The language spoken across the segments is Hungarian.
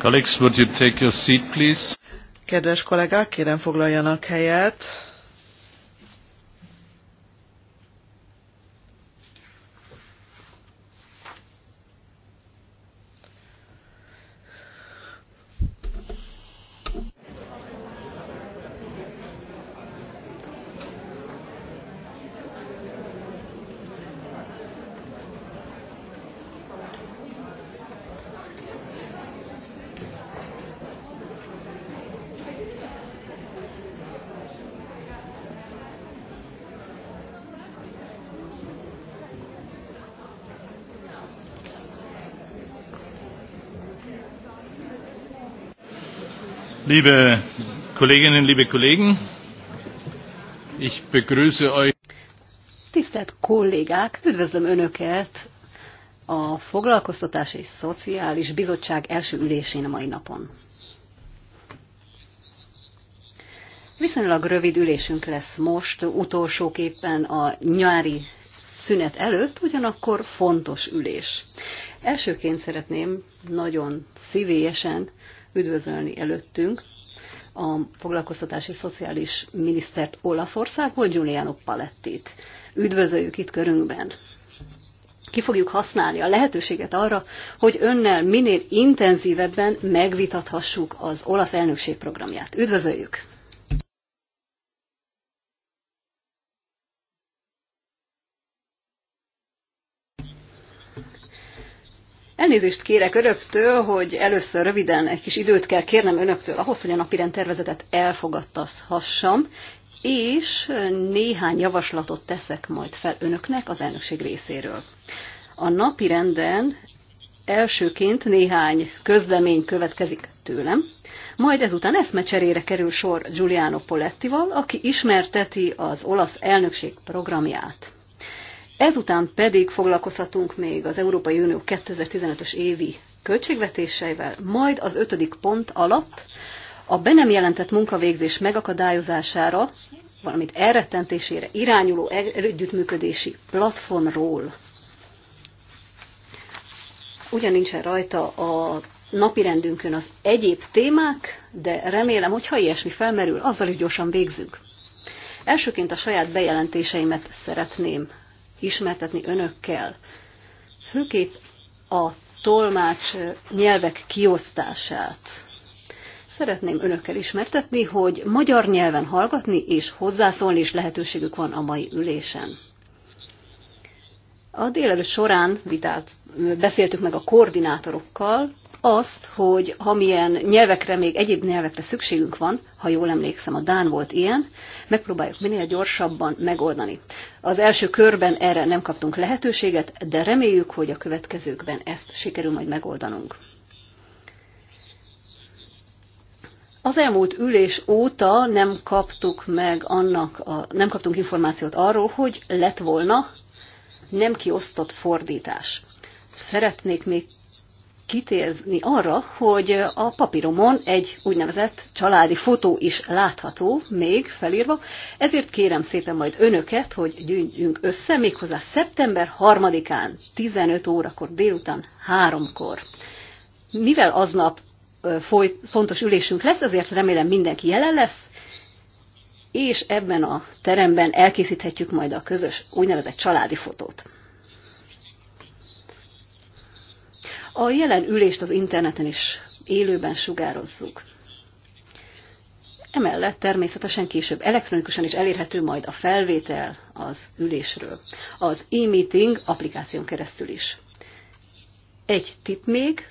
Colleagues, would you take your seat, please? Kedves kollégák, kérem foglaljanak helyet. Liebe Kolleginnen, liebe Kollegen, ich begrüße euch. Tisztelt kollégák, üdvözlöm Önöket a foglalkoztatás és Szociális Bizottság első ülésén a mai napon. Viszonylag rövid ülésünk lesz most, utolsóképpen a nyári szünet előtt, ugyanakkor fontos ülés. Elsőként szeretném nagyon szívélyesen üdvözölni előttünk a foglalkoztatási szociális minisztert Olaszországból, Giuliano Palettit. Üdvözöljük itt körünkben. Ki fogjuk használni a lehetőséget arra, hogy önnel minél intenzívebben megvitathassuk az olasz elnökség programját. Üdvözöljük! Elnézést kérek önöktől, hogy először röviden egy kis időt kell kérnem önöktől ahhoz, hogy a napirend tervezetet elfogadtathassam, és néhány javaslatot teszek majd fel önöknek az elnökség részéről. A napi renden elsőként néhány közlemény következik tőlem, majd ezután eszmecserére kerül sor Giuliano Polettival, aki ismerteti az olasz elnökség programját. Ezután pedig foglalkozhatunk még az Európai Unió 2015-ös évi költségvetéseivel, majd az ötödik pont alatt a be nem jelentett munkavégzés megakadályozására, valamint elrettentésére irányuló együttműködési platformról. Ugyan nincsen rajta a napirendünkön az egyéb témák, de remélem, hogy ha ilyesmi felmerül, azzal is gyorsan végzünk. Elsőként a saját bejelentéseimet szeretném ismertetni önökkel. Főképp a tolmács nyelvek kiosztását. Szeretném önökkel ismertetni, hogy magyar nyelven hallgatni és hozzászólni is lehetőségük van a mai ülésen. A délelőtt során vitát beszéltük meg a koordinátorokkal, azt, hogy ha milyen nyelvekre, még egyéb nyelvekre szükségünk van, ha jól emlékszem, a Dán volt ilyen, megpróbáljuk minél gyorsabban megoldani. Az első körben erre nem kaptunk lehetőséget, de reméljük, hogy a következőkben ezt sikerül majd megoldanunk. Az elmúlt ülés óta nem kaptuk meg annak, a, nem kaptunk információt arról, hogy lett volna nem kiosztott fordítás. Szeretnék még kitérni arra, hogy a papíromon egy úgynevezett családi fotó is látható, még felírva, ezért kérem szépen majd önöket, hogy gyűjjünk össze méghozzá szeptember 3-án 15 órakor délután 3-kor. Mivel aznap foly, fontos ülésünk lesz, ezért remélem mindenki jelen lesz, és ebben a teremben elkészíthetjük majd a közös úgynevezett családi fotót. A jelen ülést az interneten is élőben sugározzuk. Emellett természetesen később elektronikusan is elérhető majd a felvétel az ülésről. Az e-meeting applikáción keresztül is. Egy tip még,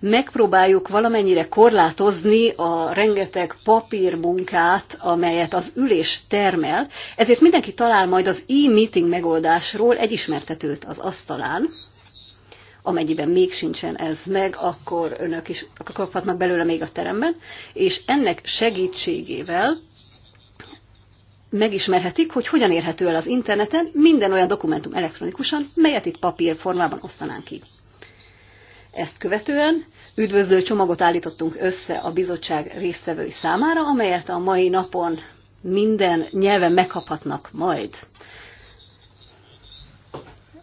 megpróbáljuk valamennyire korlátozni a rengeteg papírmunkát, amelyet az ülés termel, ezért mindenki talál majd az e-meeting megoldásról egy ismertetőt az asztalán, amennyiben még sincsen ez meg, akkor önök is kaphatnak belőle még a teremben, és ennek segítségével megismerhetik, hogy hogyan érhető el az interneten minden olyan dokumentum elektronikusan, melyet itt papírformában osztanánk ki. Ezt követően üdvözlő csomagot állítottunk össze a bizottság résztvevői számára, amelyet a mai napon minden nyelven megkaphatnak majd.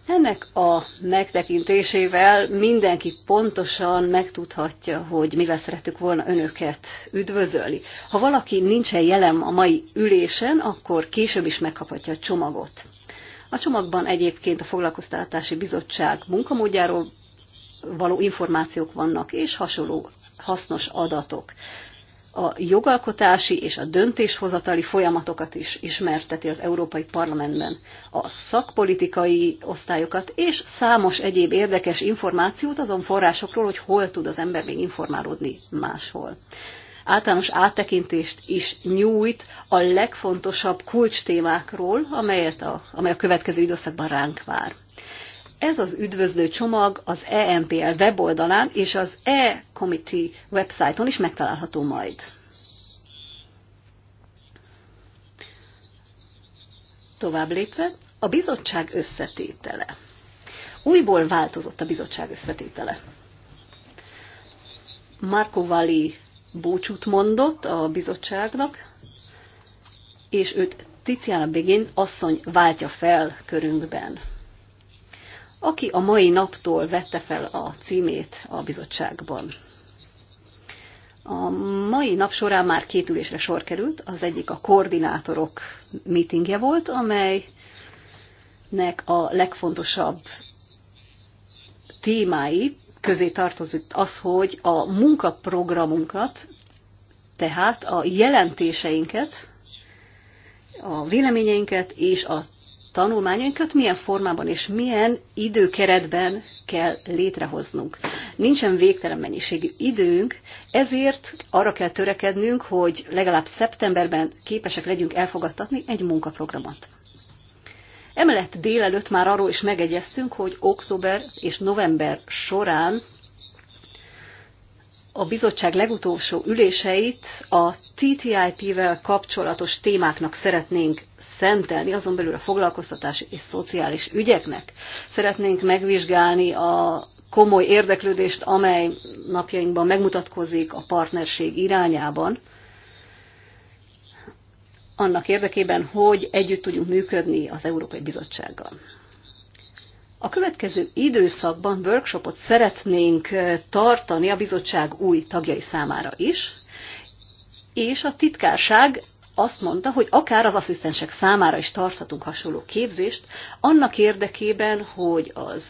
Ennek a megtekintésével mindenki pontosan megtudhatja, hogy mivel szerettük volna önöket üdvözölni. Ha valaki nincsen jelen a mai ülésen, akkor később is megkaphatja a csomagot. A csomagban egyébként a Foglalkoztatási Bizottság munkamódjáról való információk vannak, és hasonló hasznos adatok a jogalkotási és a döntéshozatali folyamatokat is ismerteti az Európai Parlamentben, a szakpolitikai osztályokat és számos egyéb érdekes információt azon forrásokról, hogy hol tud az ember még informálódni máshol. Általános áttekintést is nyújt a legfontosabb kulcs amelyet a, amely a következő időszakban ránk vár. Ez az üdvözlő csomag az EMPL weboldalán és az E-Committee websájton is megtalálható majd. Tovább lépve, a bizottság összetétele. Újból változott a bizottság összetétele. Marco Valli búcsút mondott a bizottságnak, és őt Tiziana Begin asszony váltja fel körünkben aki a mai naptól vette fel a címét a bizottságban. A mai nap során már két ülésre sor került, az egyik a koordinátorok meetingje volt, amelynek a legfontosabb témái közé tartozott az, hogy a munkaprogramunkat, tehát a jelentéseinket, a véleményeinket és a tanulmányainkat milyen formában és milyen időkeretben kell létrehoznunk. Nincsen végtelen mennyiségű időnk, ezért arra kell törekednünk, hogy legalább szeptemberben képesek legyünk elfogadtatni egy munkaprogramot. Emellett délelőtt már arról is megegyeztünk, hogy október és november során a bizottság legutolsó üléseit a TTIP-vel kapcsolatos témáknak szeretnénk szentelni, azon belül a foglalkoztatási és szociális ügyeknek. Szeretnénk megvizsgálni a komoly érdeklődést, amely napjainkban megmutatkozik a partnerség irányában, annak érdekében, hogy együtt tudjunk működni az Európai Bizottsággal. A következő időszakban workshopot szeretnénk tartani a bizottság új tagjai számára is, és a titkárság azt mondta, hogy akár az asszisztensek számára is tarthatunk hasonló képzést, annak érdekében, hogy az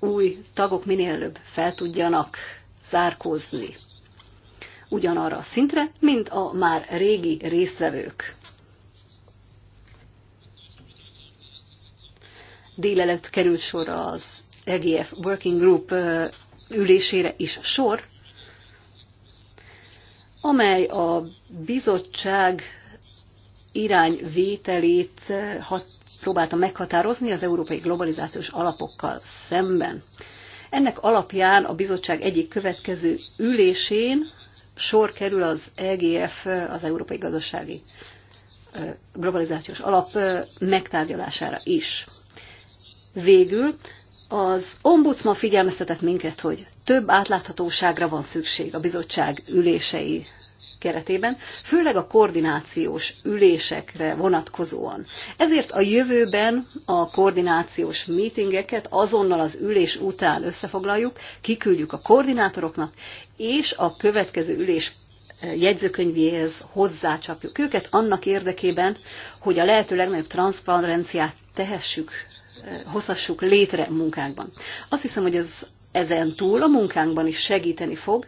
új tagok minél előbb fel tudjanak zárkózni ugyanarra a szintre, mint a már régi részvevők. délelőtt került sor az EGF Working Group ülésére is sor, amely a bizottság irányvételét hat, próbálta meghatározni az európai globalizációs alapokkal szemben. Ennek alapján a bizottság egyik következő ülésén sor kerül az EGF, az Európai Gazdasági Globalizációs Alap megtárgyalására is. Végül az ombudsman figyelmeztetett minket, hogy több átláthatóságra van szükség a bizottság ülései keretében, főleg a koordinációs ülésekre vonatkozóan. Ezért a jövőben a koordinációs meetingeket azonnal az ülés után összefoglaljuk, kiküldjük a koordinátoroknak, és a következő ülés eh, jegyzőkönyvéhez hozzácsapjuk őket annak érdekében, hogy a lehető legnagyobb transzparenciát tehessük hozhassuk létre munkánkban. Azt hiszem, hogy ez ezen túl a munkánkban is segíteni fog,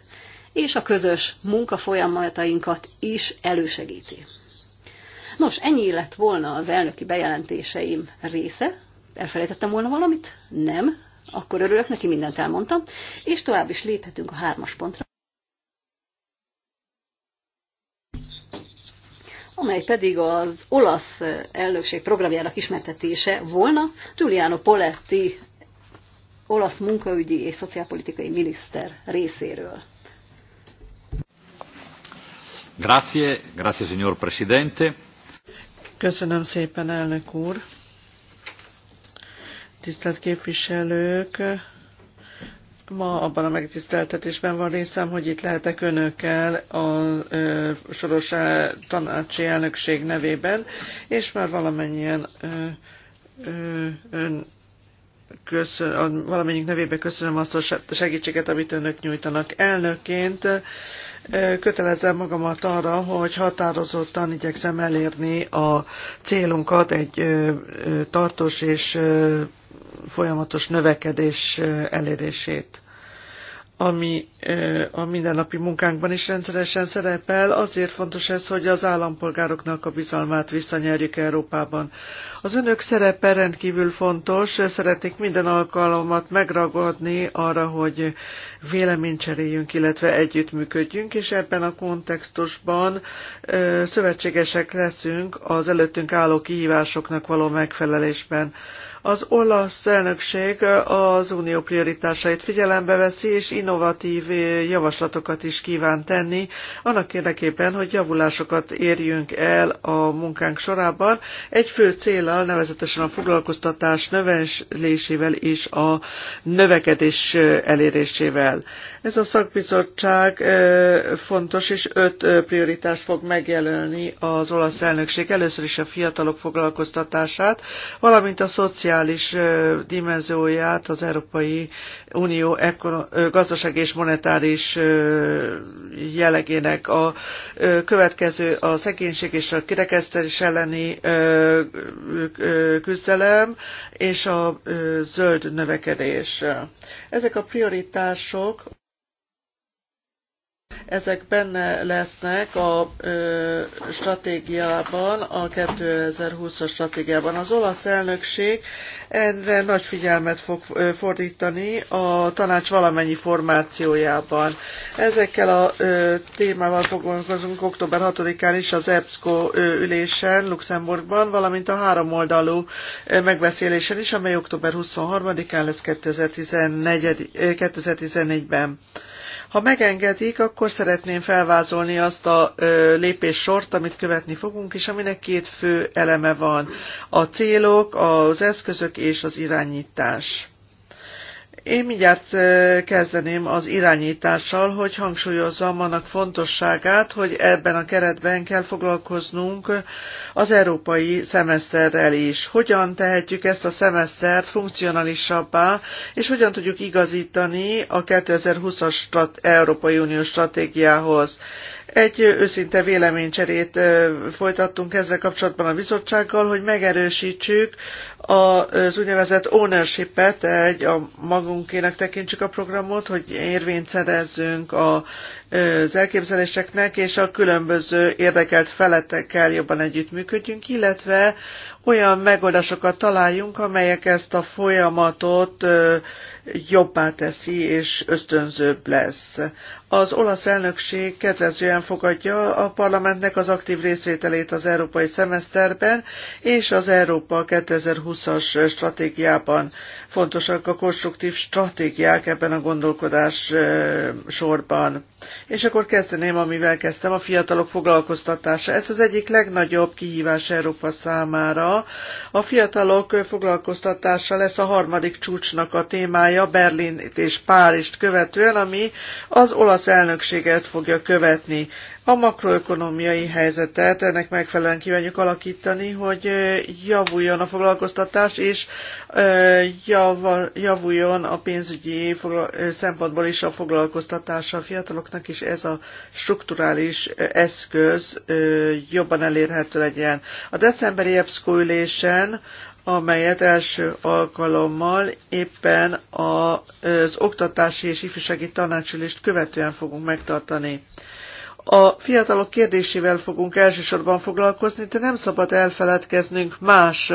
és a közös munka folyamatainkat is elősegíti. Nos, ennyi lett volna az elnöki bejelentéseim része. Elfelejtettem volna valamit? Nem. Akkor örülök neki, mindent elmondtam. És tovább is léphetünk a hármas pontra. amely pedig az olasz elnökség programjának ismertetése volna. Giuliano Poletti olasz munkaügyi és szociálpolitikai miniszter részéről. Grazie, grazie signor Presidente. Köszönöm szépen, elnök úr. Tisztelt képviselők, Ma abban a megtiszteltetésben van részem, hogy itt lehetek önökkel a ö, soros tanácsi elnökség nevében, és már valamennyien ö, ö, ön köszön, valamennyiük nevében köszönöm azt a segítséget, amit önök nyújtanak elnökként kötelezem magamat arra, hogy határozottan igyekszem elérni a célunkat egy tartós és folyamatos növekedés elérését ami a mindennapi munkánkban is rendszeresen szerepel. Azért fontos ez, hogy az állampolgároknak a bizalmát visszanyerjük Európában. Az önök szerepe rendkívül fontos. Szeretnék minden alkalmat megragadni arra, hogy véleményt cseréljünk, illetve együttműködjünk, és ebben a kontextusban szövetségesek leszünk az előttünk álló kihívásoknak való megfelelésben. Az olasz elnökség az unió prioritásait figyelembe veszi, és innovatív javaslatokat is kíván tenni, annak érdekében, hogy javulásokat érjünk el a munkánk sorában. Egy fő célral, nevezetesen a foglalkoztatás növelésével és a növekedés elérésével. Ez a szakbizottság fontos, és öt prioritást fog megjelölni az olasz elnökség. Először is a fiatalok foglalkoztatását, valamint a szociális szociális dimenzióját az Európai Unió gazdasági és monetáris jellegének. A következő a szegénység és a kirekesztés elleni küzdelem és a zöld növekedés. Ezek a prioritások ezek benne lesznek a ö, stratégiában, a 2020-as stratégiában. Az olasz elnökség erre nagy figyelmet fog fordítani a tanács valamennyi formációjában. Ezekkel a ö, témával foglalkozunk október 6-án is az EBSCO ö, ülésen Luxemburgban, valamint a háromoldalú ö, megbeszélésen is, amely október 23-án lesz 2014, 2014-ben. Ha megengedik, akkor szeretném felvázolni azt a lépéssort, amit követni fogunk, és aminek két fő eleme van. A célok, az eszközök és az irányítás. Én mindjárt kezdeném az irányítással, hogy hangsúlyozzam annak fontosságát, hogy ebben a keretben kell foglalkoznunk az európai szemeszterrel is. Hogyan tehetjük ezt a szemesztert funkcionálisabbá, és hogyan tudjuk igazítani a 2020-as Európai Unió stratégiához. Egy őszinte véleménycserét folytattunk ezzel kapcsolatban a bizottsággal, hogy megerősítsük az úgynevezett ownership-et, egy a magunkének tekintsük a programot, hogy érvényt szerezzünk a, az elképzeléseknek, és a különböző érdekelt feletekkel jobban együttműködjünk, illetve olyan megoldásokat találjunk, amelyek ezt a folyamatot jobbá teszi és ösztönzőbb lesz. Az olasz elnökség kedvezően fogadja a parlamentnek az aktív részvételét az európai szemeszterben és az Európa 2020-as stratégiában. Fontosak a konstruktív stratégiák ebben a gondolkodás sorban. És akkor kezdeném, amivel kezdtem, a fiatalok foglalkoztatása. Ez az egyik legnagyobb kihívás Európa számára. A fiatalok foglalkoztatása lesz a harmadik csúcsnak a témája, a Berlint és Párizst követően, ami az olasz elnökséget fogja követni. A makroökonomiai helyzetet ennek megfelelően kívánjuk alakítani, hogy javuljon a foglalkoztatás, és javuljon a pénzügyi szempontból is a foglalkoztatás a fiataloknak, és ez a strukturális eszköz jobban elérhető legyen. A decemberi EBSCO ülésen amelyet első alkalommal éppen az Oktatási és Ifjúsági Tanácsülést követően fogunk megtartani. A fiatalok kérdésével fogunk elsősorban foglalkozni, de nem szabad elfeledkeznünk más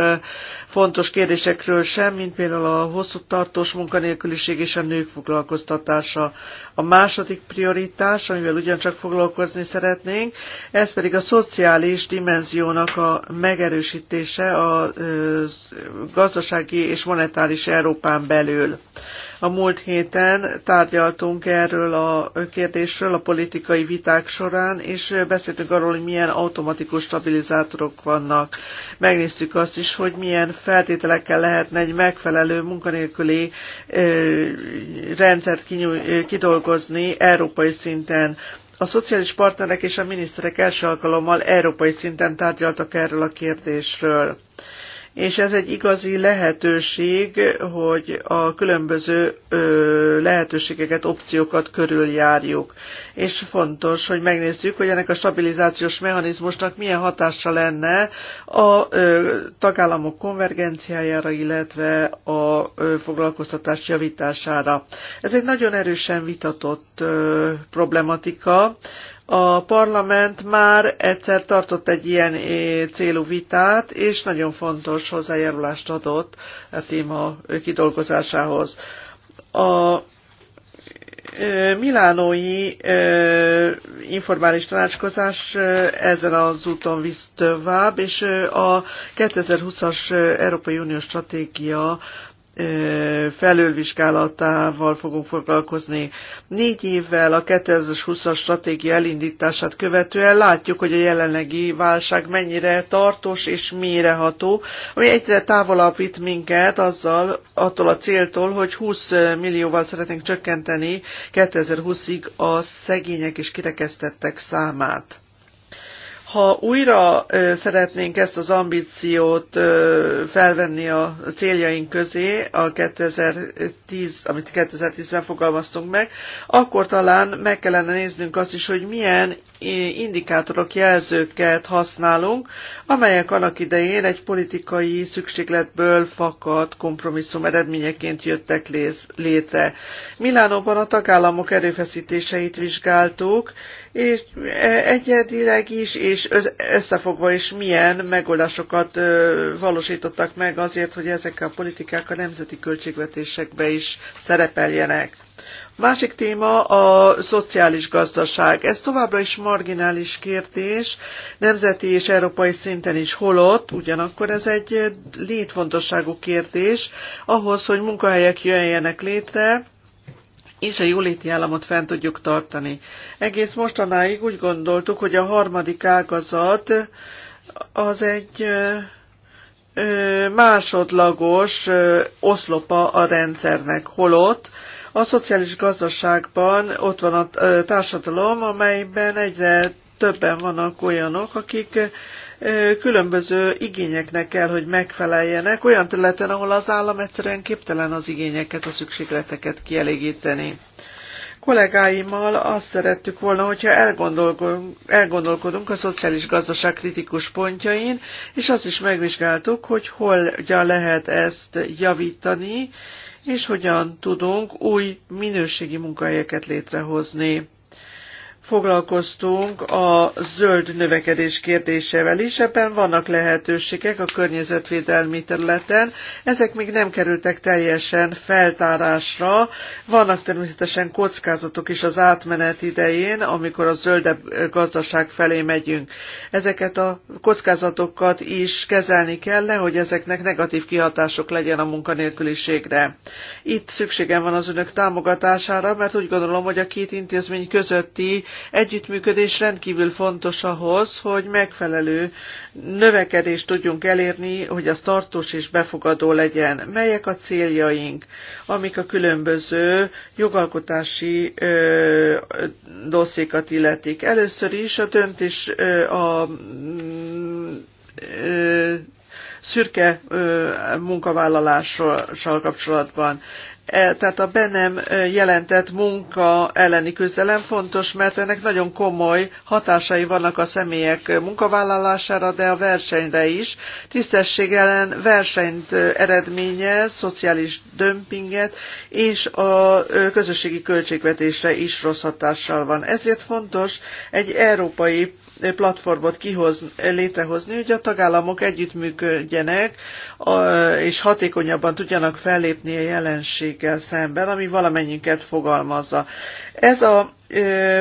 fontos kérdésekről sem, mint például a hosszú tartós munkanélküliség és a nők foglalkoztatása. A második prioritás, amivel ugyancsak foglalkozni szeretnénk, ez pedig a szociális dimenziónak a megerősítése a gazdasági és monetáris Európán belül. A múlt héten tárgyaltunk erről a kérdésről a politikai viták során, és beszéltünk arról, hogy milyen automatikus stabilizátorok vannak. Megnéztük azt is, hogy milyen feltételekkel lehetne egy megfelelő munkanélküli rendszert kidolgozni európai szinten. A szociális partnerek és a miniszterek első alkalommal európai szinten tárgyaltak erről a kérdésről és ez egy igazi lehetőség, hogy a különböző lehetőségeket, opciókat körüljárjuk. És fontos, hogy megnézzük, hogy ennek a stabilizációs mechanizmusnak milyen hatása lenne a tagállamok konvergenciájára, illetve a foglalkoztatás javítására. Ez egy nagyon erősen vitatott problematika, a parlament már egyszer tartott egy ilyen eh, célú vitát, és nagyon fontos hozzájárulást adott a téma kidolgozásához. A eh, Milánói eh, informális tanácskozás ezen az úton visz tovább, és a 2020-as Európai Unió stratégia felülvizsgálatával fogunk foglalkozni. Négy évvel a 2020-as stratégia elindítását követően látjuk, hogy a jelenlegi válság mennyire tartós és méreható, ami egyre távolabb itt minket azzal, attól a céltól, hogy 20 millióval szeretnénk csökkenteni 2020-ig a szegények és kirekesztettek számát. Ha újra szeretnénk ezt az ambíciót felvenni a céljaink közé, a 2010, amit 2010-ben fogalmaztunk meg, akkor talán meg kellene néznünk azt is, hogy milyen indikátorok, jelzőket használunk, amelyek annak idején egy politikai szükségletből fakadt kompromisszum eredményeként jöttek létre. Milánóban a tagállamok erőfeszítéseit vizsgáltuk, és e, egyedileg is, és összefogva is milyen megoldásokat valósítottak meg azért, hogy ezek a politikák a nemzeti költségvetésekbe is szerepeljenek. Másik téma a szociális gazdaság. Ez továbbra is marginális kérdés, nemzeti és európai szinten is holott, ugyanakkor ez egy létfontosságú kérdés ahhoz, hogy munkahelyek jöjjenek létre, és a jóléti államot fent tudjuk tartani. Egész mostanáig úgy gondoltuk, hogy a harmadik ágazat az egy másodlagos oszlopa a rendszernek, holott a szociális gazdaságban ott van a társadalom, amelyben egyre többen vannak olyanok, akik különböző igényeknek kell, hogy megfeleljenek olyan területen, ahol az állam egyszerűen képtelen az igényeket, a szükségleteket kielégíteni kollégáimmal azt szerettük volna, hogyha elgondolkodunk, elgondolkodunk a szociális gazdaság kritikus pontjain, és azt is megvizsgáltuk, hogy hol lehet ezt javítani, és hogyan tudunk új minőségi munkahelyeket létrehozni foglalkoztunk a zöld növekedés kérdésével is. Ebben vannak lehetőségek a környezetvédelmi területen. Ezek még nem kerültek teljesen feltárásra. Vannak természetesen kockázatok is az átmenet idején, amikor a zöldebb gazdaság felé megyünk. Ezeket a kockázatokat is kezelni kell, hogy ezeknek negatív kihatások legyen a munkanélküliségre. Itt szükségem van az önök támogatására, mert úgy gondolom, hogy a két intézmény közötti együttműködés rendkívül fontos ahhoz, hogy megfelelő növekedést tudjunk elérni, hogy az tartós és befogadó legyen. Melyek a céljaink, amik a különböző jogalkotási ö, dosszékat illetik. Először is a döntés ö, a ö, szürke ö, munkavállalással kapcsolatban. E, tehát a bennem e, jelentett munka elleni küzdelem fontos, mert ennek nagyon komoly hatásai vannak a személyek munkavállalására, de a versenyre is. ellen versenyt e, eredménye, szociális dömpinget, és a közösségi költségvetésre is rossz hatással van. Ezért fontos egy európai platformot kihoz, létrehozni, hogy a tagállamok együttműködjenek, és hatékonyabban tudjanak fellépni a jelenséggel szemben, ami valamennyinket fogalmazza. Ez a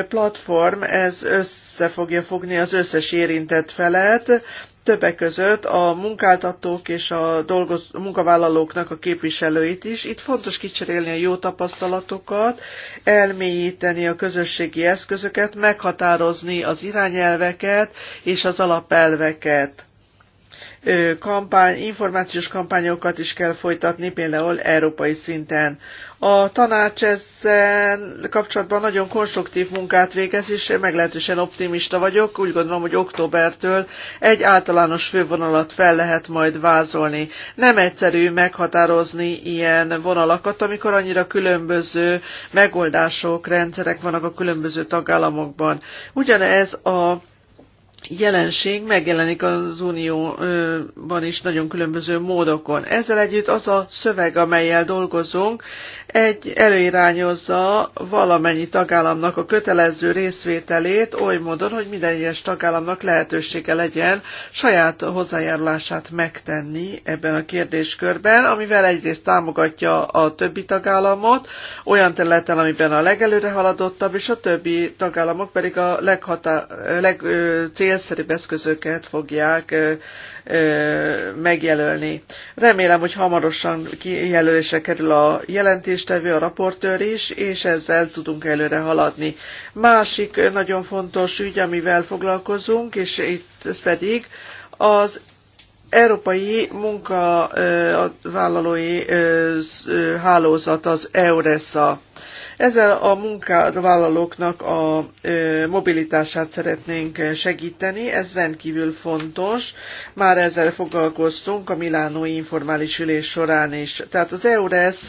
platform, ez össze fogja fogni az összes érintett felet, többek között a munkáltatók és a dolgoz, munkavállalóknak a képviselőit is. Itt fontos kicserélni a jó tapasztalatokat, elmélyíteni a közösségi eszközöket, meghatározni az irányelveket és az alapelveket kampány, információs kampányokat is kell folytatni, például európai szinten. A tanács ezzel kapcsolatban nagyon konstruktív munkát végez, és meglehetősen optimista vagyok. Úgy gondolom, hogy októbertől egy általános fővonalat fel lehet majd vázolni. Nem egyszerű meghatározni ilyen vonalakat, amikor annyira különböző megoldások, rendszerek vannak a különböző tagállamokban. Ugyanez a jelenség megjelenik az Unióban is nagyon különböző módokon. Ezzel együtt az a szöveg, amelyel dolgozunk, egy előirányozza valamennyi tagállamnak a kötelező részvételét oly módon, hogy minden egyes tagállamnak lehetősége legyen saját hozzájárulását megtenni ebben a kérdéskörben, amivel egyrészt támogatja a többi tagállamot olyan területen, amiben a legelőre haladottabb, és a többi tagállamok pedig a legcélszerűbb eszközöket fogják megjelölni. Remélem, hogy hamarosan kijelölése kerül a jelentéstevő, a raportőr is, és ezzel tudunk előre haladni. Másik nagyon fontos ügy, amivel foglalkozunk, és itt ez pedig az Európai Munkavállalói Hálózat, az EURESA. Ezzel a munkavállalóknak a mobilitását szeretnénk segíteni, ez rendkívül fontos. Már ezzel foglalkoztunk a Milánói informális ülés során is. Tehát az EURES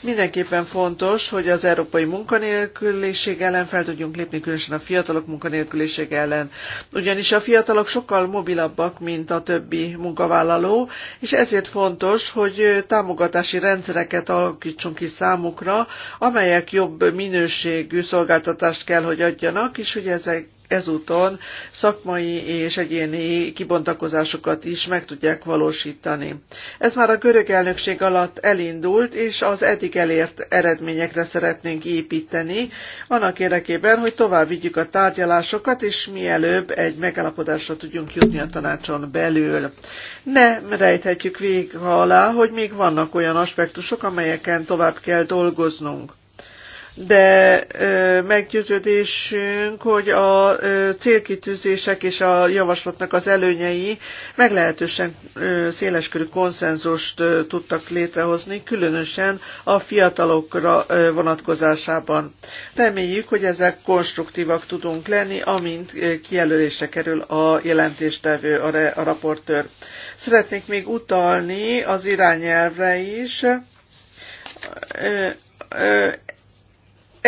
mindenképpen fontos, hogy az európai munkanélküliség ellen fel tudjunk lépni, különösen a fiatalok munkanélküliség ellen. Ugyanis a fiatalok sokkal mobilabbak, mint a többi munkavállaló, és ezért fontos, hogy támogatási rendszereket alakítsunk ki számukra, amelyek jobb jobb minőségű szolgáltatást kell, hogy adjanak, és hogy ezek ezúton szakmai és egyéni kibontakozásokat is meg tudják valósítani. Ez már a görög elnökség alatt elindult, és az eddig elért eredményekre szeretnénk építeni, annak érdekében, hogy tovább vigyük a tárgyalásokat, és mielőbb egy megállapodásra tudjunk jutni a tanácson belül. Ne, rejthetjük végig alá, hogy még vannak olyan aspektusok, amelyeken tovább kell dolgoznunk de meggyőződésünk, hogy a célkitűzések és a javaslatnak az előnyei meglehetősen széleskörű konszenzust tudtak létrehozni, különösen a fiatalokra vonatkozásában. Reméljük, hogy ezek konstruktívak tudunk lenni, amint kijelölése kerül a jelentéstevő, a raportőr. Szeretnék még utalni az irányelvre is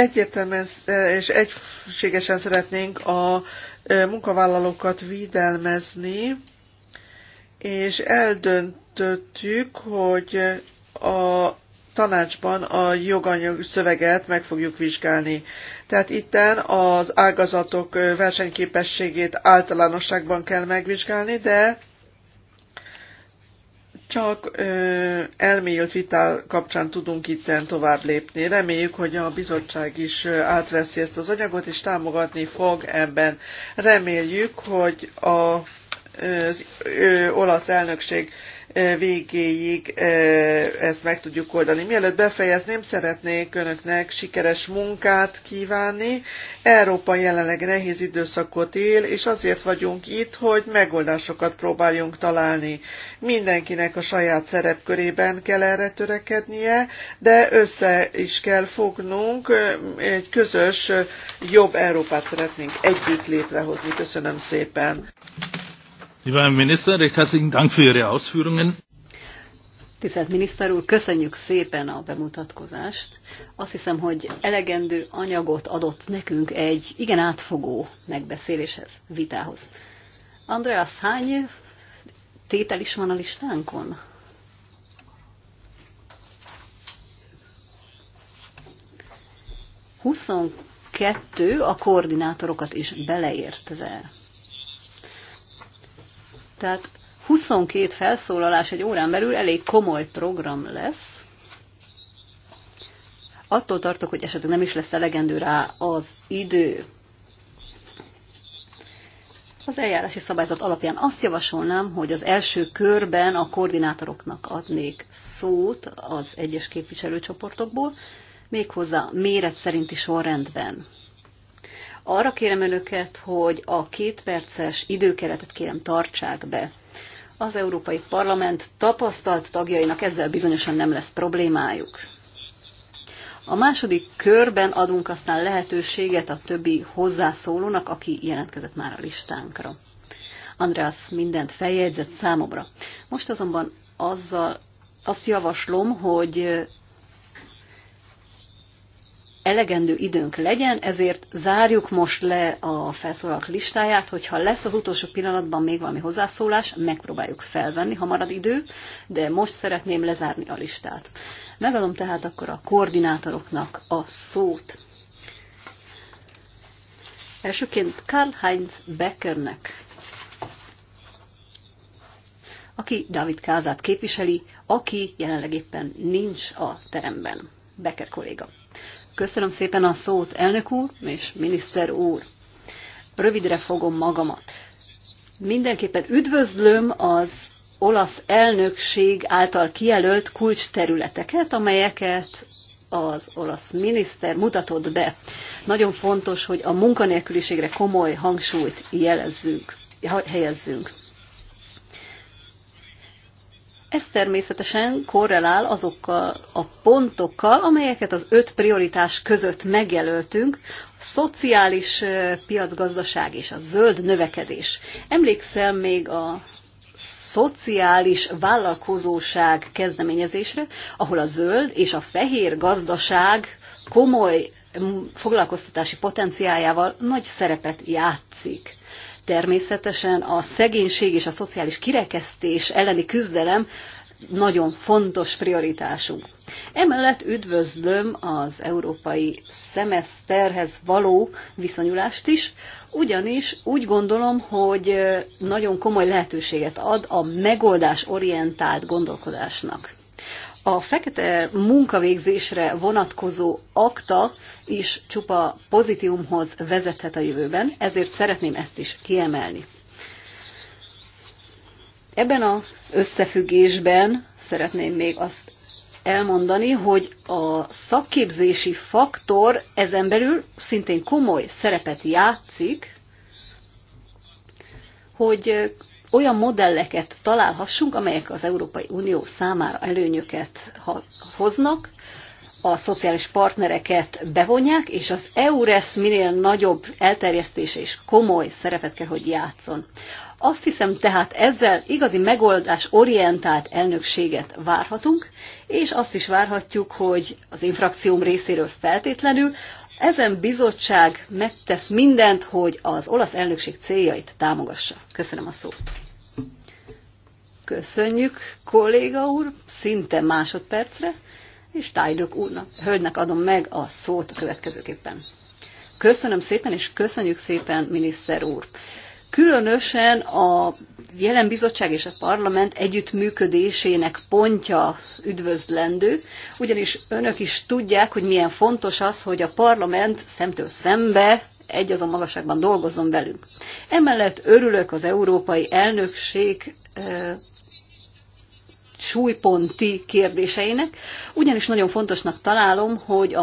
egyértelműen és egységesen szeretnénk a munkavállalókat védelmezni, és eldöntöttük, hogy a tanácsban a joganyag szöveget meg fogjuk vizsgálni. Tehát itten az ágazatok versenyképességét általánosságban kell megvizsgálni, de csak ö, elmélt vitál kapcsán tudunk itten tovább lépni. Reméljük, hogy a bizottság is átveszi ezt az anyagot, és támogatni fog ebben. Reméljük, hogy a, az ö, olasz elnökség végéig ezt meg tudjuk oldani. Mielőtt befejezném, szeretnék Önöknek sikeres munkát kívánni. Európa jelenleg nehéz időszakot él, és azért vagyunk itt, hogy megoldásokat próbáljunk találni. Mindenkinek a saját szerepkörében kell erre törekednie, de össze is kell fognunk, egy közös, jobb Európát szeretnénk együtt létrehozni. Köszönöm szépen! Lieber Herr Minister, recht herzlichen Dank für Ihre Ausführungen. Tisztelt miniszter úr, köszönjük szépen a bemutatkozást. Azt hiszem, hogy elegendő anyagot adott nekünk egy igen átfogó megbeszéléshez, vitához. Andreas, hány tétel is van a listánkon? Huszonkettő a koordinátorokat is beleértve. Tehát 22 felszólalás egy órán belül elég komoly program lesz. Attól tartok, hogy esetleg nem is lesz elegendő rá az idő. Az eljárási szabályzat alapján azt javasolnám, hogy az első körben a koordinátoroknak adnék szót az egyes képviselőcsoportokból, méghozzá méret szerinti sorrendben. Arra kérem önöket, hogy a két perces időkeretet kérem tartsák be. Az Európai Parlament tapasztalt tagjainak ezzel bizonyosan nem lesz problémájuk. A második körben adunk aztán lehetőséget a többi hozzászólónak, aki jelentkezett már a listánkra. András mindent feljegyzett számomra. Most azonban azzal azt javaslom, hogy elegendő időnk legyen, ezért zárjuk most le a felszólalók listáját, hogyha lesz az utolsó pillanatban még valami hozzászólás, megpróbáljuk felvenni, ha marad idő, de most szeretném lezárni a listát. Megadom tehát akkor a koordinátoroknak a szót. Elsőként Karl-Heinz Beckernek, aki David Kázát képviseli, aki jelenleg éppen nincs a teremben. Becker kolléga. Köszönöm szépen a szót, elnök úr és miniszter úr. Rövidre fogom magamat. Mindenképpen üdvözlöm az olasz elnökség által kijelölt kulcsterületeket, amelyeket az olasz miniszter mutatott be. Nagyon fontos, hogy a munkanélküliségre komoly hangsúlyt jelezzünk, helyezzünk. Ez természetesen korrelál azokkal a pontokkal, amelyeket az öt prioritás között megjelöltünk, a szociális piacgazdaság és a zöld növekedés. Emlékszel még a szociális vállalkozóság kezdeményezésre, ahol a zöld és a fehér gazdaság komoly foglalkoztatási potenciájával nagy szerepet játszik. Természetesen a szegénység és a szociális kirekesztés elleni küzdelem nagyon fontos prioritásunk. Emellett üdvözlöm az európai szemeszterhez való viszonyulást is, ugyanis úgy gondolom, hogy nagyon komoly lehetőséget ad a megoldás orientált gondolkodásnak. A fekete munkavégzésre vonatkozó akta is csupa pozitívumhoz vezethet a jövőben, ezért szeretném ezt is kiemelni. Ebben az összefüggésben szeretném még azt elmondani, hogy a szakképzési faktor ezen belül szintén komoly szerepet játszik, hogy olyan modelleket találhassunk, amelyek az Európai Unió számára előnyöket hoznak, a szociális partnereket bevonják, és az EURES minél nagyobb elterjesztés és komoly szerepet kell, hogy játszon. Azt hiszem tehát ezzel igazi megoldás orientált elnökséget várhatunk, és azt is várhatjuk, hogy az infrakcióm részéről feltétlenül ezen bizottság megtesz mindent, hogy az olasz elnökség céljait támogassa. Köszönöm a szót. Köszönjük, kolléga úr, szinte másodpercre, és Tájdok úrnak, hölgynek adom meg a szót a következőképpen. Köszönöm szépen, és köszönjük szépen, miniszter úr. Különösen a jelen bizottság és a parlament együttműködésének pontja üdvözlendő, ugyanis önök is tudják, hogy milyen fontos az, hogy a parlament szemtől szembe egy azon magasságban dolgozzon velünk. Emellett örülök az európai elnökség eh, súlyponti kérdéseinek, ugyanis nagyon fontosnak találom, hogy a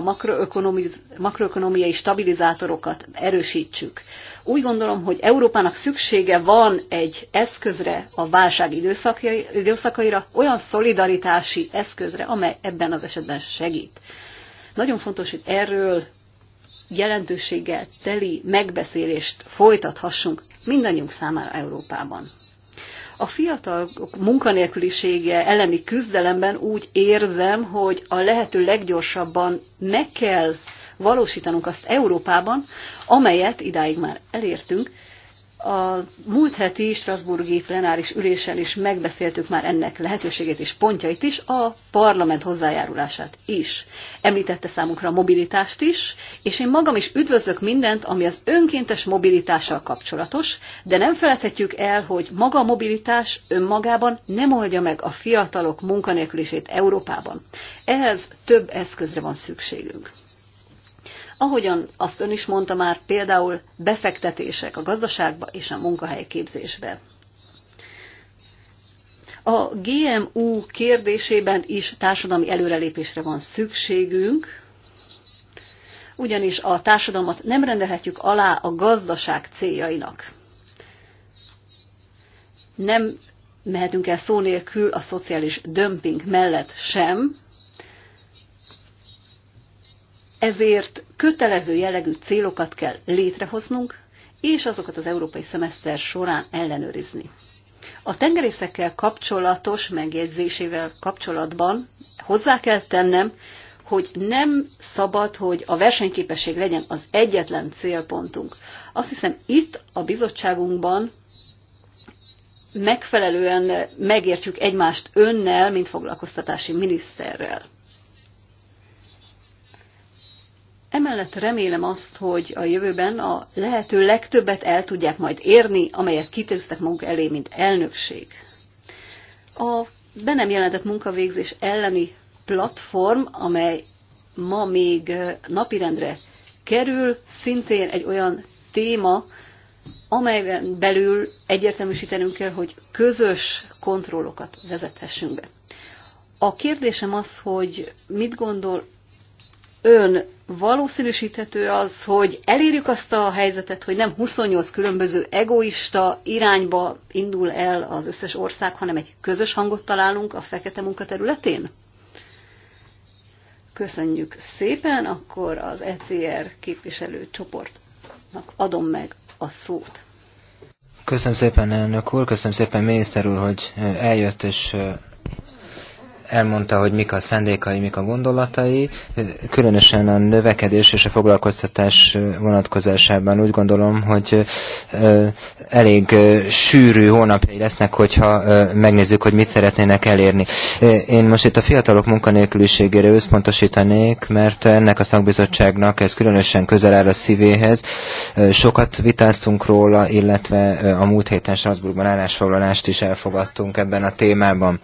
makroökonomiai stabilizátorokat erősítsük. Úgy gondolom, hogy Európának szüksége van egy eszközre a válság időszakaira, olyan szolidaritási eszközre, amely ebben az esetben segít. Nagyon fontos, hogy erről jelentőséggel teli megbeszélést folytathassunk mindannyiunk számára Európában. A fiatal munkanélkülisége elleni küzdelemben úgy érzem, hogy a lehető leggyorsabban meg kell valósítanunk azt Európában, amelyet idáig már elértünk, a múlt heti Strasburgi plenáris ülésen is megbeszéltük már ennek lehetőségét és pontjait is, a parlament hozzájárulását is. Említette számunkra a mobilitást is, és én magam is üdvözlök mindent, ami az önkéntes mobilitással kapcsolatos, de nem felejthetjük el, hogy maga a mobilitás önmagában nem oldja meg a fiatalok munkanélkülését Európában. Ehhez több eszközre van szükségünk. Ahogyan azt ön is mondta már, például befektetések a gazdaságba és a munkahelyképzésbe. A GMU kérdésében is társadalmi előrelépésre van szükségünk, ugyanis a társadalmat nem rendelhetjük alá a gazdaság céljainak. Nem mehetünk el szó nélkül a szociális dömping mellett sem, ezért kötelező jellegű célokat kell létrehoznunk, és azokat az európai szemeszter során ellenőrizni. A tengerészekkel kapcsolatos megjegyzésével kapcsolatban hozzá kell tennem, hogy nem szabad, hogy a versenyképesség legyen az egyetlen célpontunk. Azt hiszem itt a bizottságunkban megfelelően megértjük egymást önnel, mint foglalkoztatási miniszterrel. Emellett remélem azt, hogy a jövőben a lehető legtöbbet el tudják majd érni, amelyet kitűztek maguk elé, mint elnökség. A be nem jelentett munkavégzés elleni platform, amely ma még napirendre kerül, szintén egy olyan téma, amelyben belül egyértelműsítenünk kell, hogy közös kontrollokat vezethessünk be. A kérdésem az, hogy mit gondol ön valószínűsíthető az, hogy elérjük azt a helyzetet, hogy nem 28 különböző egoista irányba indul el az összes ország, hanem egy közös hangot találunk a fekete munkaterületén. Köszönjük szépen, akkor az ECR képviselő csoportnak adom meg a szót. Köszönöm szépen, elnök úr, köszönöm szépen, miniszter úr, hogy eljött és elmondta, hogy mik a szándékai, mik a gondolatai, különösen a növekedés és a foglalkoztatás vonatkozásában úgy gondolom, hogy elég sűrű hónapjai lesznek, hogyha megnézzük, hogy mit szeretnének elérni. Én most itt a fiatalok munkanélküliségére összpontosítanék, mert ennek a szakbizottságnak ez különösen közel áll a szívéhez. Sokat vitáztunk róla, illetve a múlt héten Strasbourgban állásfoglalást is elfogadtunk ebben a témában.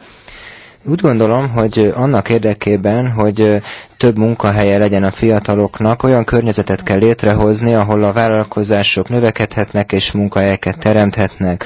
Úgy gondolom, hogy annak érdekében, hogy több munkahelye legyen a fiataloknak, olyan környezetet kell létrehozni, ahol a vállalkozások növekedhetnek és munkahelyeket teremthetnek.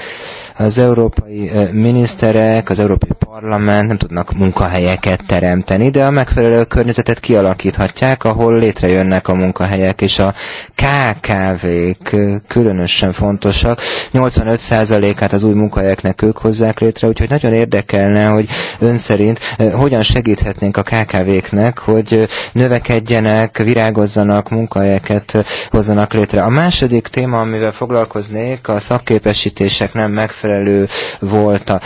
Az európai miniszterek, az európai parlament nem tudnak munkahelyeket teremteni, de a megfelelő környezetet kialakíthatják, ahol létrejönnek a munkahelyek, és a KKV-k különösen fontosak. 85%-át az új munkahelyeknek ők hozzák létre, úgyhogy nagyon érdekelne, hogy ön szerint hogyan segíthetnénk a KKV-knek, hogy növekedjenek, virágozzanak, munkahelyeket hozzanak létre. A második téma, amivel foglalkoznék, a szakképesítések nem megfelelő volt. A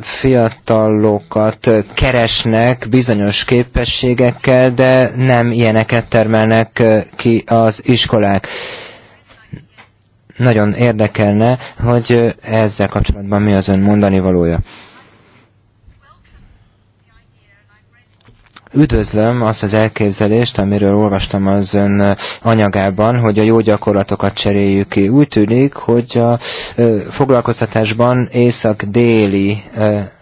fiatalokat keresnek bizonyos képességekkel, de nem ilyeneket termelnek ki az iskolák nagyon érdekelne, hogy ezzel kapcsolatban mi az ön mondani valója. Üdvözlöm azt az elképzelést, amiről olvastam az ön anyagában, hogy a jó gyakorlatokat cseréljük ki. Úgy tűnik, hogy a foglalkoztatásban észak-déli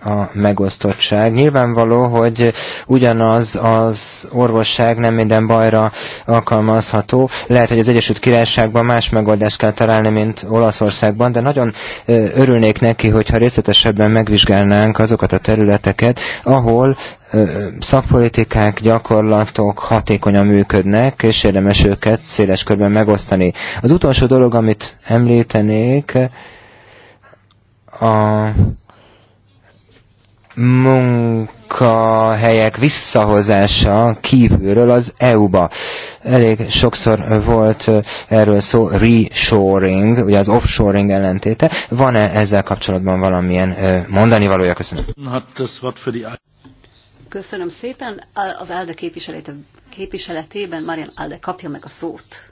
a megosztottság. Nyilvánvaló, hogy ugyanaz az orvosság nem minden bajra alkalmazható. Lehet, hogy az Egyesült Királyságban más megoldást kell találni, mint Olaszországban, de nagyon örülnék neki, hogyha részletesebben megvizsgálnánk azokat a területeket, ahol szakpolitikák, gyakorlatok hatékonyan működnek, és érdemes őket széles körben megosztani. Az utolsó dolog, amit említenék, a munkahelyek visszahozása kívülről az EU-ba. Elég sokszor volt erről szó reshoring, ugye az offshoring ellentéte. Van-e ezzel kapcsolatban valamilyen mondani valója? Köszönöm. Köszönöm szépen. Az ALDE képviseletében Marian ALDE kapja meg a szót.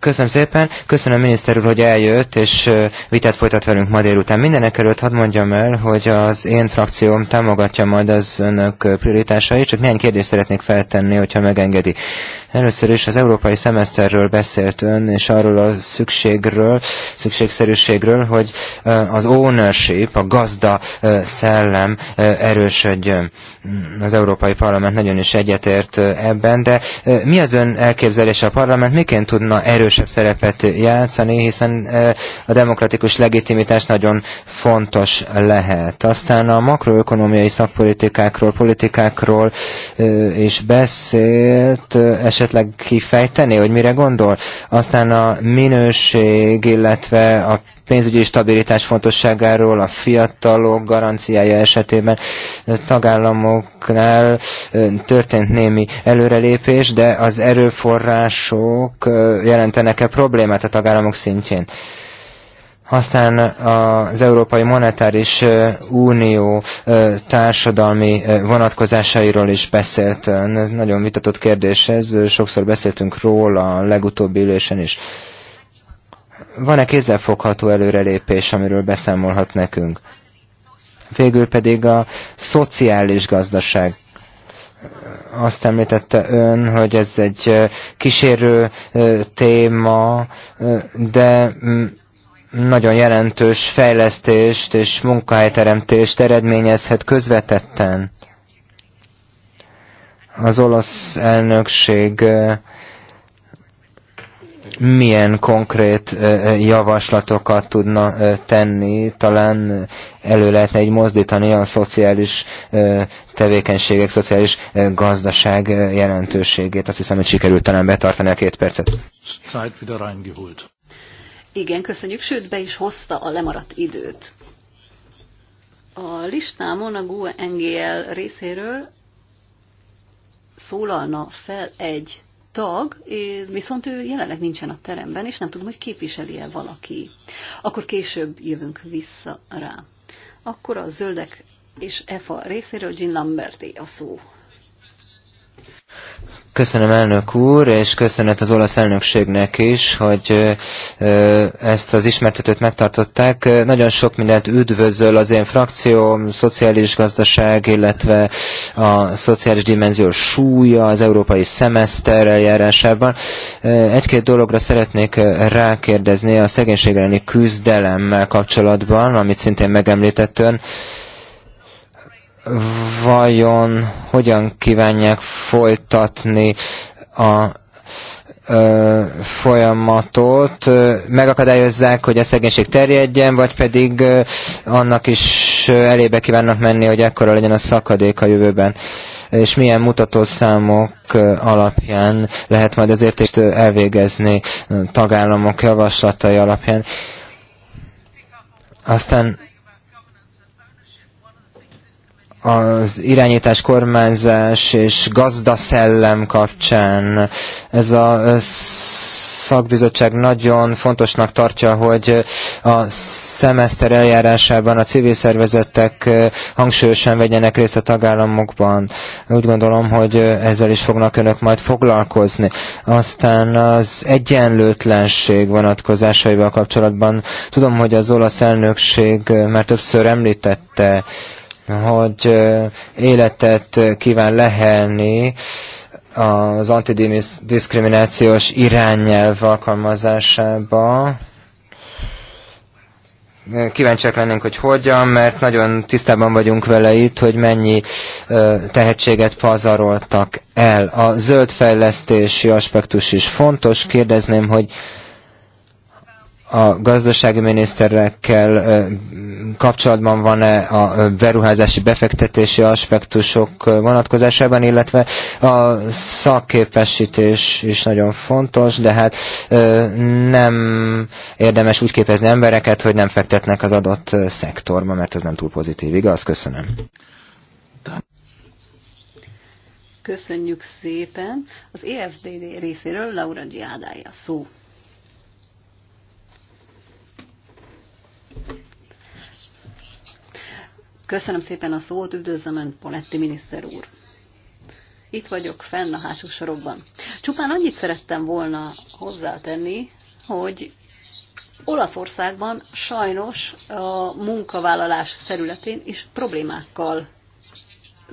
Köszönöm szépen, köszönöm miniszter úr, hogy eljött, és vitát folytat velünk ma délután. Mindenek előtt hadd mondjam el, hogy az én frakcióm támogatja majd az önök prioritásait, csak néhány kérdést szeretnék feltenni, hogyha megengedi. Először is az európai szemeszterről beszélt ön, és arról a szükségről, szükségszerűségről, hogy az ownership, a gazda szellem erősödjön. Az Európai Parlament nagyon is egyetért ebben, de mi az ön elképzelése a parlament, miként tudna erősebb szerepet játszani, hiszen a demokratikus legitimitás nagyon fontos lehet. Aztán a makroökonomiai szakpolitikákról, politikákról is beszélt, esetleg kifejteni, hogy mire gondol? Aztán a minőség, illetve a pénzügyi stabilitás fontosságáról, a fiatalok garanciája esetében a tagállamoknál történt némi előrelépés, de az erőforrások jelentenek-e problémát a tagállamok szintjén? Aztán az Európai Monetáris Unió társadalmi vonatkozásairól is beszélt. Nagyon vitatott kérdés ez, sokszor beszéltünk róla a legutóbbi ülésen is. Van-e kézzelfogható előrelépés, amiről beszámolhat nekünk? Végül pedig a szociális gazdaság azt említette ön, hogy ez egy kísérő téma, de mm, nagyon jelentős fejlesztést és munkahelyteremtést eredményezhet közvetetten. Az olasz elnökség milyen konkrét javaslatokat tudna tenni, talán elő lehetne egy mozdítani a szociális tevékenységek, szociális gazdaság jelentőségét. Azt hiszem, hogy sikerült talán betartani a két percet. Igen, köszönjük, sőt be is hozta a lemaradt időt. A listámon a GUNGL részéről szólalna fel egy tag, viszont ő jelenleg nincsen a teremben, és nem tudom, hogy képviseli-e valaki. Akkor később jövünk vissza rá. Akkor a zöldek és EFA részéről Jean Lamberti a szó. Köszönöm elnök úr, és köszönet az olasz elnökségnek is, hogy ezt az ismertetőt megtartották. Nagyon sok mindent üdvözöl az én frakcióm, szociális gazdaság, illetve a szociális dimenzió súlya az európai szemeszter eljárásában. Egy-két dologra szeretnék rákérdezni a szegénység elleni küzdelemmel kapcsolatban, amit szintén megemlített ön vajon hogyan kívánják folytatni a ö, folyamatot, ö, megakadályozzák, hogy a szegénység terjedjen, vagy pedig ö, annak is elébe kívánnak menni, hogy ekkora legyen a szakadék a jövőben. És milyen mutatószámok ö, alapján lehet majd az értést elvégezni tagállamok javaslatai alapján. Aztán az irányítás, kormányzás és gazdaszellem kapcsán. Ez a szakbizottság nagyon fontosnak tartja, hogy a szemeszter eljárásában a civil szervezetek hangsúlyosan vegyenek részt a tagállamokban. Úgy gondolom, hogy ezzel is fognak önök majd foglalkozni. Aztán az egyenlőtlenség vonatkozásaival kapcsolatban tudom, hogy az olasz elnökség már többször említette, hogy életet kíván lehelni az antidiskriminációs irányelv alkalmazásába. Kíváncsiak lennénk, hogy hogyan, mert nagyon tisztában vagyunk vele itt, hogy mennyi tehetséget pazaroltak el. A zöldfejlesztési aspektus is fontos. Kérdezném, hogy a gazdasági miniszterekkel kapcsolatban van-e a beruházási befektetési aspektusok vonatkozásában, illetve a szakképesítés is nagyon fontos, de hát nem érdemes úgy képezni embereket, hogy nem fektetnek az adott szektorba, mert ez nem túl pozitív, igaz? Köszönöm. Köszönjük szépen. Az EFDD részéről Laura Giádája szó. Köszönöm szépen a szót, üdvözlöm Ön, Poletti miniszter úr. Itt vagyok, fenn a hátsó sorokban. Csupán annyit szerettem volna hozzátenni, hogy Olaszországban sajnos a munkavállalás területén is problémákkal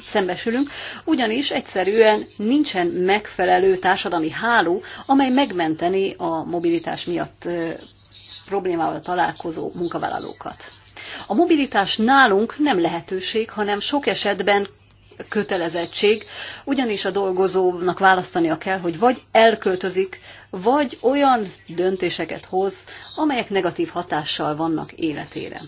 szembesülünk, ugyanis egyszerűen nincsen megfelelő társadalmi háló, amely megmenteni a mobilitás miatt problémával találkozó munkavállalókat. A mobilitás nálunk nem lehetőség, hanem sok esetben kötelezettség, ugyanis a dolgozónak választania kell, hogy vagy elköltözik, vagy olyan döntéseket hoz, amelyek negatív hatással vannak életére.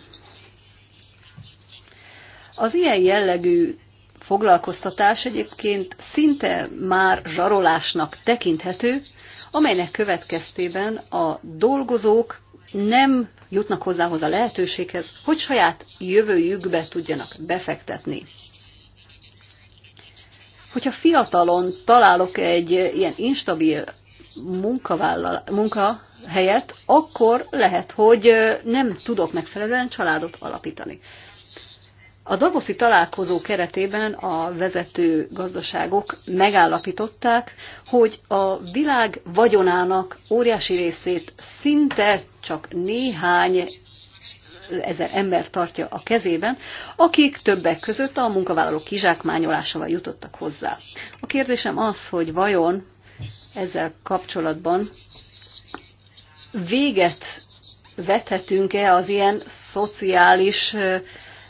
Az ilyen jellegű foglalkoztatás egyébként szinte már zsarolásnak tekinthető, amelynek következtében a dolgozók nem jutnak hozzához a lehetőséghez, hogy saját jövőjükbe tudjanak befektetni. Hogyha fiatalon találok egy ilyen instabil munkahelyet, akkor lehet, hogy nem tudok megfelelően családot alapítani. A Davoszi találkozó keretében a vezető gazdaságok megállapították, hogy a világ vagyonának óriási részét szinte csak néhány ezer ember tartja a kezében, akik többek között a munkavállalók kizsákmányolásával jutottak hozzá. A kérdésem az, hogy vajon ezzel kapcsolatban véget vethetünk-e az ilyen szociális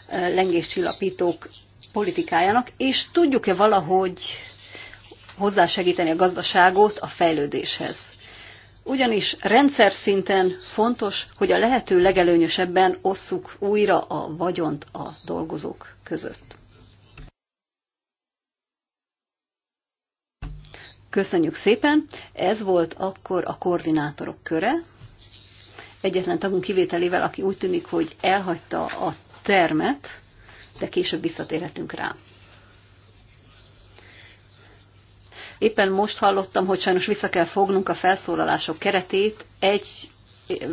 lengéscsillapítók politikájának, és tudjuk-e valahogy hozzásegíteni a gazdaságot a fejlődéshez. Ugyanis rendszer szinten fontos, hogy a lehető legelőnyösebben osszuk újra a vagyont a dolgozók között. Köszönjük szépen! Ez volt akkor a koordinátorok köre. Egyetlen tagunk kivételével, aki úgy tűnik, hogy elhagyta a termet, de később visszatérhetünk rá. Éppen most hallottam, hogy sajnos vissza kell fognunk a felszólalások keretét egy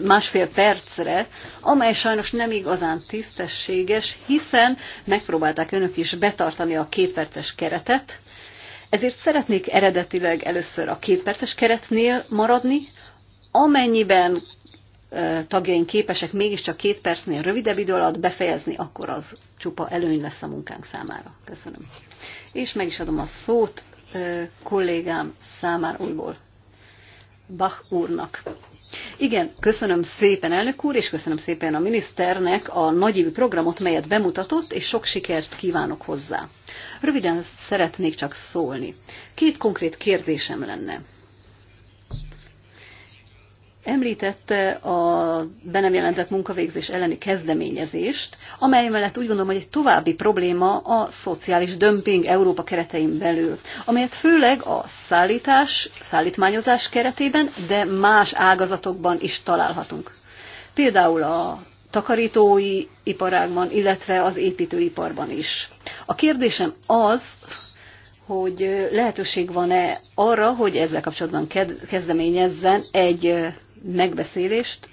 másfél percre, amely sajnos nem igazán tisztességes, hiszen megpróbálták önök is betartani a kétperces keretet, ezért szeretnék eredetileg először a kétperces keretnél maradni, amennyiben tagjaink képesek mégiscsak két percnél rövidebb idő alatt befejezni, akkor az csupa előny lesz a munkánk számára. Köszönöm. És meg is adom a szót kollégám számára újból. Bach úrnak. Igen, köszönöm szépen elnök úr, és köszönöm szépen a miniszternek a nagyévi programot, melyet bemutatott, és sok sikert kívánok hozzá. Röviden szeretnék csak szólni. Két konkrét kérdésem lenne. Említette a be nem jelentett munkavégzés elleni kezdeményezést, amely mellett úgy gondolom, hogy egy további probléma a szociális dömping Európa keretein belül, amelyet főleg a szállítás, szállítmányozás keretében, de más ágazatokban is találhatunk. Például a takarítói iparágban, illetve az építőiparban is. A kérdésem az, hogy lehetőség van-e arra, hogy ezzel kapcsolatban kezdeményezzen egy megbeszélést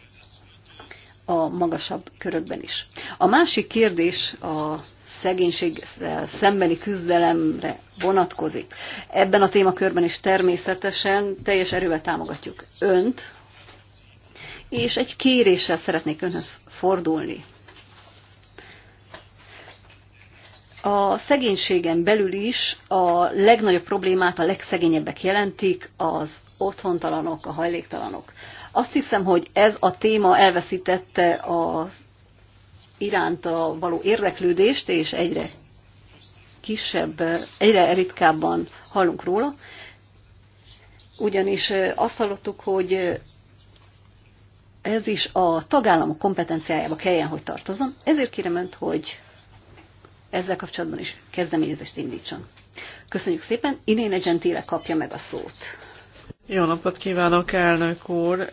a magasabb körökben is. A másik kérdés a szegénység e, szembeni küzdelemre vonatkozik. Ebben a témakörben is természetesen teljes erővel támogatjuk önt, és egy kéréssel szeretnék önhöz fordulni. A szegénységen belül is a legnagyobb problémát a legszegényebbek jelentik, az otthontalanok, a hajléktalanok. Azt hiszem, hogy ez a téma elveszítette a iránt a való érdeklődést, és egyre kisebb, egyre ritkábban hallunk róla. Ugyanis azt hallottuk, hogy ez is a tagállamok kompetenciájába kelljen, hogy tartozom. Ezért kérem önt, hogy ezzel kapcsolatban is kezdeményezést indítson. Köszönjük szépen, Inéne Gentile kapja meg a szót. Jó napot kívánok, elnök úr,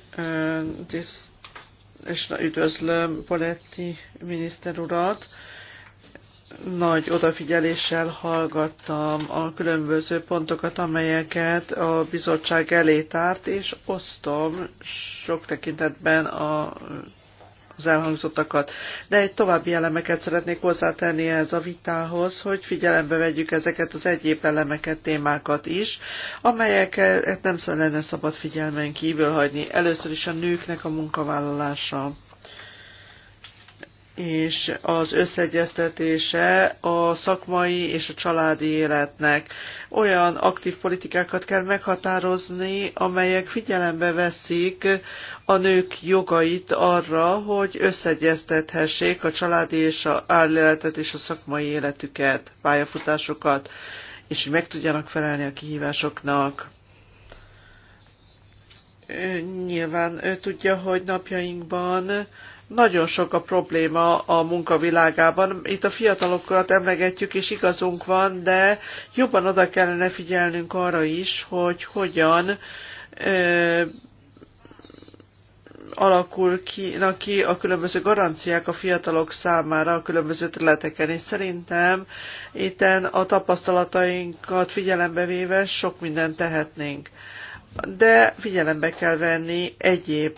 és üdvözlöm Poletti miniszter urat nagy odafigyeléssel hallgattam a különböző pontokat, amelyeket a bizottság elé tárt, és osztom sok tekintetben a az elhangzottakat. De egy további elemeket szeretnék hozzátenni ehhez a vitához, hogy figyelembe vegyük ezeket az egyéb elemeket, témákat is, amelyeket nem lenne szabad figyelmen kívül hagyni. Először is a nőknek a munkavállalása és az összeegyeztetése a szakmai és a családi életnek. Olyan aktív politikákat kell meghatározni, amelyek figyelembe veszik a nők jogait arra, hogy összeegyeztethessék a családi és a álléletet és a szakmai életüket, pályafutásokat, és hogy meg tudjanak felelni a kihívásoknak nyilván ő tudja, hogy napjainkban nagyon sok a probléma a munkavilágában. Itt a fiatalokat emlegetjük, és igazunk van, de jobban oda kellene figyelnünk arra is, hogy hogyan ö, alakul ki, na ki a különböző garanciák a fiatalok számára a különböző területeken, és szerintem itten a tapasztalatainkat figyelembe véve sok mindent tehetnénk. De figyelembe kell venni egyéb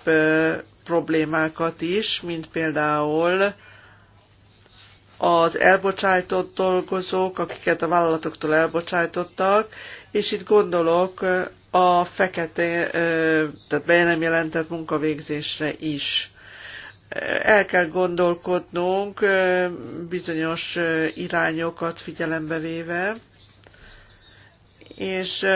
problémákat is, mint például az elbocsájtott dolgozók, akiket a vállalatoktól elbocsájtottak, és itt gondolok a fekete, tehát be nem jelentett munkavégzésre is. El kell gondolkodnunk bizonyos irányokat figyelembe véve, és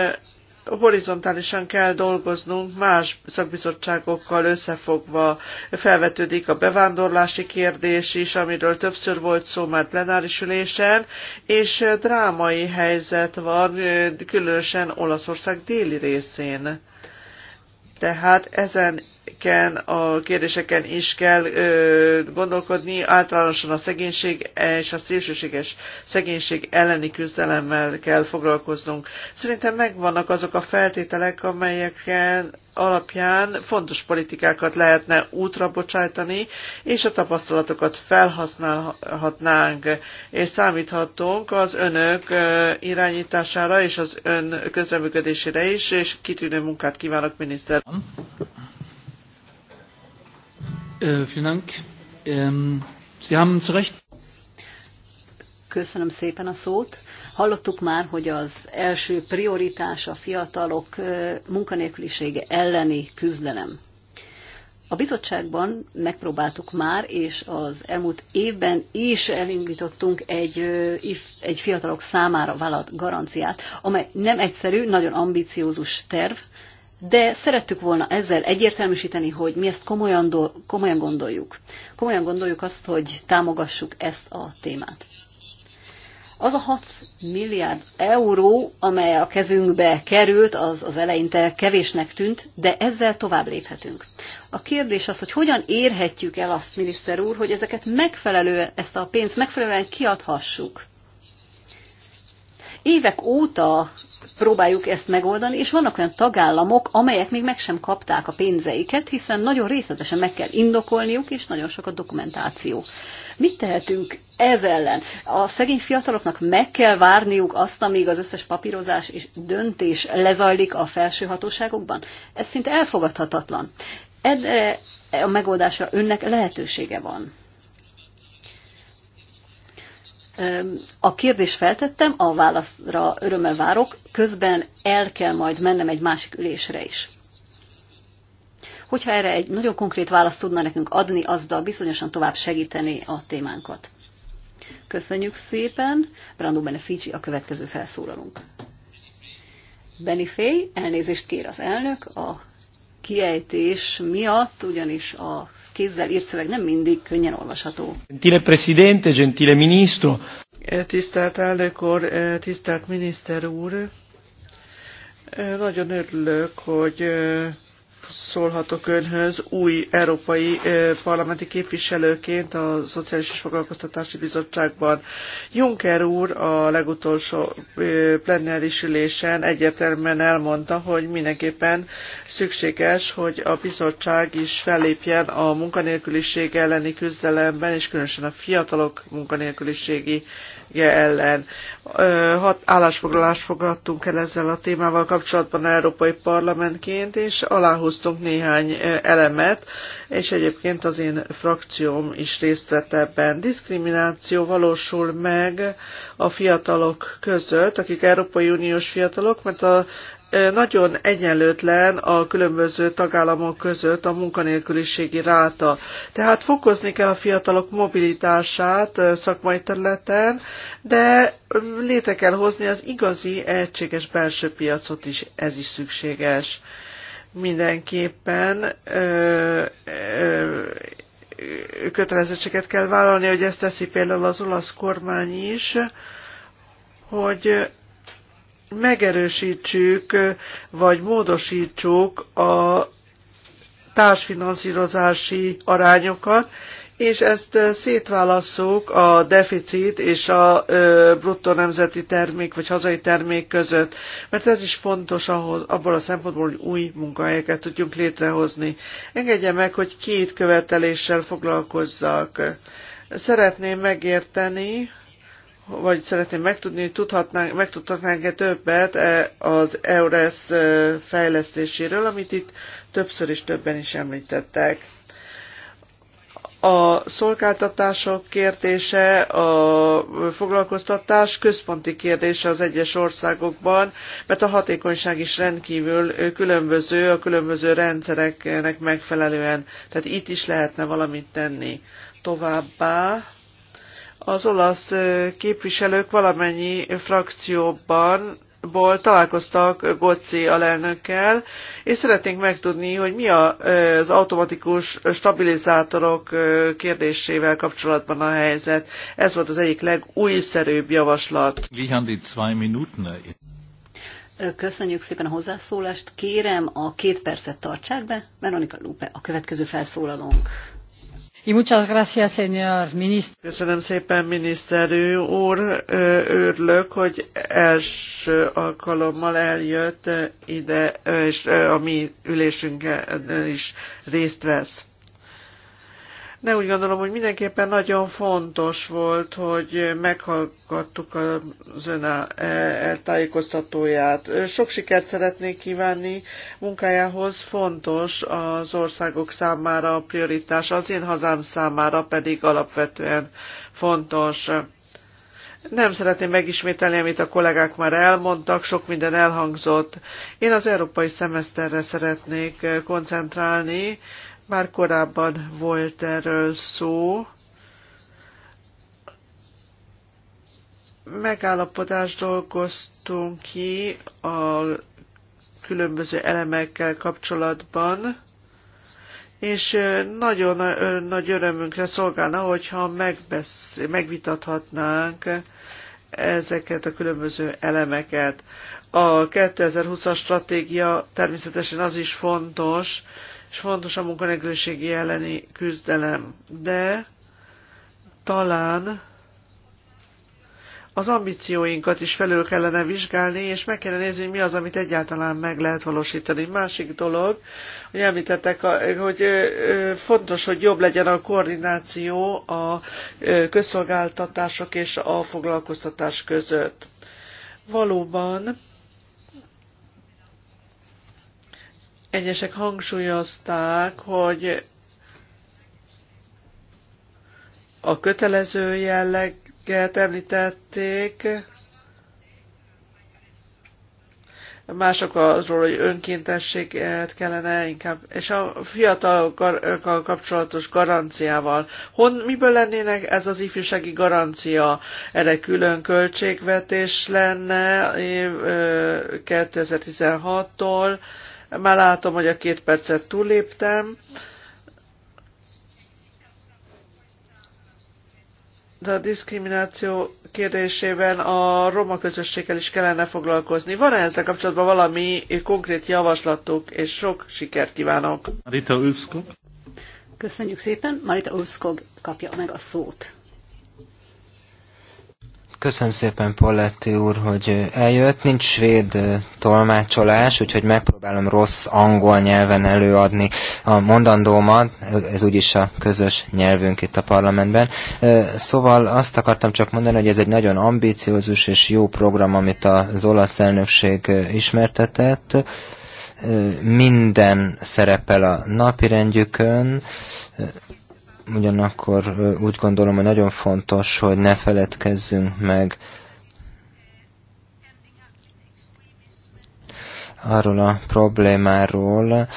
horizontálisan kell dolgoznunk más szakbizottságokkal összefogva. Felvetődik a bevándorlási kérdés is, amiről többször volt szó már plenáris ülésen, és drámai helyzet van, különösen Olaszország déli részén. Tehát ezen ezeken a kérdéseken is kell ö, gondolkodni, általánosan a szegénység és a szélsőséges szegénység elleni küzdelemmel kell foglalkoznunk. Szerintem megvannak azok a feltételek, amelyeken alapján fontos politikákat lehetne útra bocsájtani, és a tapasztalatokat felhasználhatnánk, és számíthatunk az önök irányítására és az ön közreműködésére is, és kitűnő munkát kívánok, miniszter vielen Dank. Ähm, Sie haben zu Recht. Köszönöm szépen a szót. Hallottuk már, hogy az első prioritás a fiatalok munkanélkülisége elleni küzdelem. A bizottságban megpróbáltuk már, és az elmúlt évben is elindítottunk egy, egy fiatalok számára vállalt garanciát, amely nem egyszerű, nagyon ambiciózus terv, de szerettük volna ezzel egyértelműsíteni, hogy mi ezt komolyan, do, komolyan gondoljuk. Komolyan gondoljuk azt, hogy támogassuk ezt a témát. Az a 6 milliárd euró, amely a kezünkbe került, az az eleinte kevésnek tűnt, de ezzel tovább léphetünk. A kérdés az, hogy hogyan érhetjük el azt, miniszter úr, hogy ezeket megfelelő, ezt a pénzt megfelelően kiadhassuk. Évek óta próbáljuk ezt megoldani, és vannak olyan tagállamok, amelyek még meg sem kapták a pénzeiket, hiszen nagyon részletesen meg kell indokolniuk, és nagyon sok a dokumentáció. Mit tehetünk ez ellen? A szegény fiataloknak meg kell várniuk azt, amíg az összes papírozás és döntés lezajlik a felső hatóságokban? Ez szinte elfogadhatatlan. Erre a megoldásra önnek lehetősége van a kérdést feltettem, a válaszra örömmel várok, közben el kell majd mennem egy másik ülésre is. Hogyha erre egy nagyon konkrét választ tudna nekünk adni, azzal bizonyosan tovább segíteni a témánkat. Köszönjük szépen. Brando Benefici a következő felszólalunk. Benifé, elnézést kér az elnök, a kiejtés miatt, ugyanis a kézzel írt szöveg nem mindig könnyen olvasható. Gentile Presidente, gentile Ministro. Eh, tisztelt elnök úr, eh, tisztelt miniszter úr, eh, nagyon örülök, hogy szólhatok önhöz új európai parlamenti képviselőként a Szociális és Foglalkoztatási Bizottságban. Juncker úr a legutolsó plenáris ülésen egyértelműen elmondta, hogy mindenképpen szükséges, hogy a bizottság is fellépjen a munkanélküliség elleni küzdelemben, és különösen a fiatalok munkanélküliségi ellen. Hat állásfoglalást fogadtunk el ezzel a témával kapcsolatban Európai Parlamentként, és aláhúztunk néhány elemet, és egyébként az én frakcióm is részt vett ebben. Diszkrimináció valósul meg a fiatalok között, akik Európai Uniós fiatalok, mert a nagyon egyenlőtlen a különböző tagállamok között a munkanélküliségi ráta. Tehát fokozni kell a fiatalok mobilitását szakmai területen, de létre kell hozni az igazi egységes belső piacot is, ez is szükséges. Mindenképpen ö, ö, kötelezettséget kell vállalni, hogy ezt teszi például az olasz kormány is, hogy megerősítsük, vagy módosítsuk a társfinanszírozási arányokat, és ezt szétválasszuk a deficit és a bruttó nemzeti termék vagy hazai termék között, mert ez is fontos ahhoz, abból a szempontból, hogy új munkahelyeket tudjunk létrehozni. Engedje meg, hogy két követeléssel foglalkozzak. Szeretném megérteni, vagy szeretném megtudni, hogy tudhatnánk, megtudhatnánk-e többet e, az EURES e, fejlesztéséről, amit itt többször is többen is említettek. A szolgáltatások kérdése, a foglalkoztatás központi kérdése az egyes országokban, mert a hatékonyság is rendkívül különböző a különböző rendszereknek megfelelően. Tehát itt is lehetne valamit tenni. Továbbá az olasz képviselők valamennyi frakcióban ból találkoztak Gocci alelnökkel, és szeretnénk megtudni, hogy mi az automatikus stabilizátorok kérdésével kapcsolatban a helyzet. Ez volt az egyik legújszerűbb javaslat. Köszönjük szépen a hozzászólást. Kérem, a két percet tartsák be. Veronika Lupe, a következő felszólalónk. Köszönöm szépen, miniszter úr. Örülök, hogy első alkalommal eljött ide, és a mi ülésünkön is részt vesz de úgy gondolom, hogy mindenképpen nagyon fontos volt, hogy meghallgattuk az ön e- tájékoztatóját. Sok sikert szeretnék kívánni munkájához, fontos az országok számára a prioritás, az én hazám számára pedig alapvetően fontos. Nem szeretném megismételni, amit a kollégák már elmondtak, sok minden elhangzott. Én az európai szemeszterre szeretnék koncentrálni, már korábban volt erről szó. Megállapodást dolgoztunk ki a különböző elemekkel kapcsolatban, és nagyon nagy örömünkre szolgálna, hogyha megbesz, megvitathatnánk ezeket a különböző elemeket. A 2020-as stratégia természetesen az is fontos, és fontos a munkanélküliségi elleni küzdelem. De talán az ambícióinkat is felül kellene vizsgálni, és meg kellene nézni, mi az, amit egyáltalán meg lehet valósítani. Másik dolog, hogy említettek, hogy fontos, hogy jobb legyen a koordináció a közszolgáltatások és a foglalkoztatás között. Valóban egyesek hangsúlyozták, hogy a kötelező jelleget említették, mások azról, hogy önkéntességet kellene inkább, és a fiatalokkal kapcsolatos garanciával. Hon, miből lennének ez az ifjúsági garancia? Erre külön költségvetés lenne 2016-tól, már látom, hogy a két percet túléptem. de a diszkrimináció kérdésében a roma közösséggel is kellene foglalkozni. Van-e ezzel kapcsolatban valami konkrét javaslatuk, és sok sikert kívánok! Marita Ulfskog. Köszönjük szépen! Marita Ulfskog kapja meg a szót. Köszönöm szépen Polletti úr, hogy eljött. Nincs svéd tolmácsolás, úgyhogy megpróbálom rossz angol nyelven előadni a mondandómat. Ez úgyis a közös nyelvünk itt a parlamentben. Szóval azt akartam csak mondani, hogy ez egy nagyon ambiciózus és jó program, amit az olasz elnökség ismertetett. Minden szerepel a napirendjükön ugyanakkor úgy gondolom, hogy nagyon fontos, hogy ne feledkezzünk meg arról a problémáról,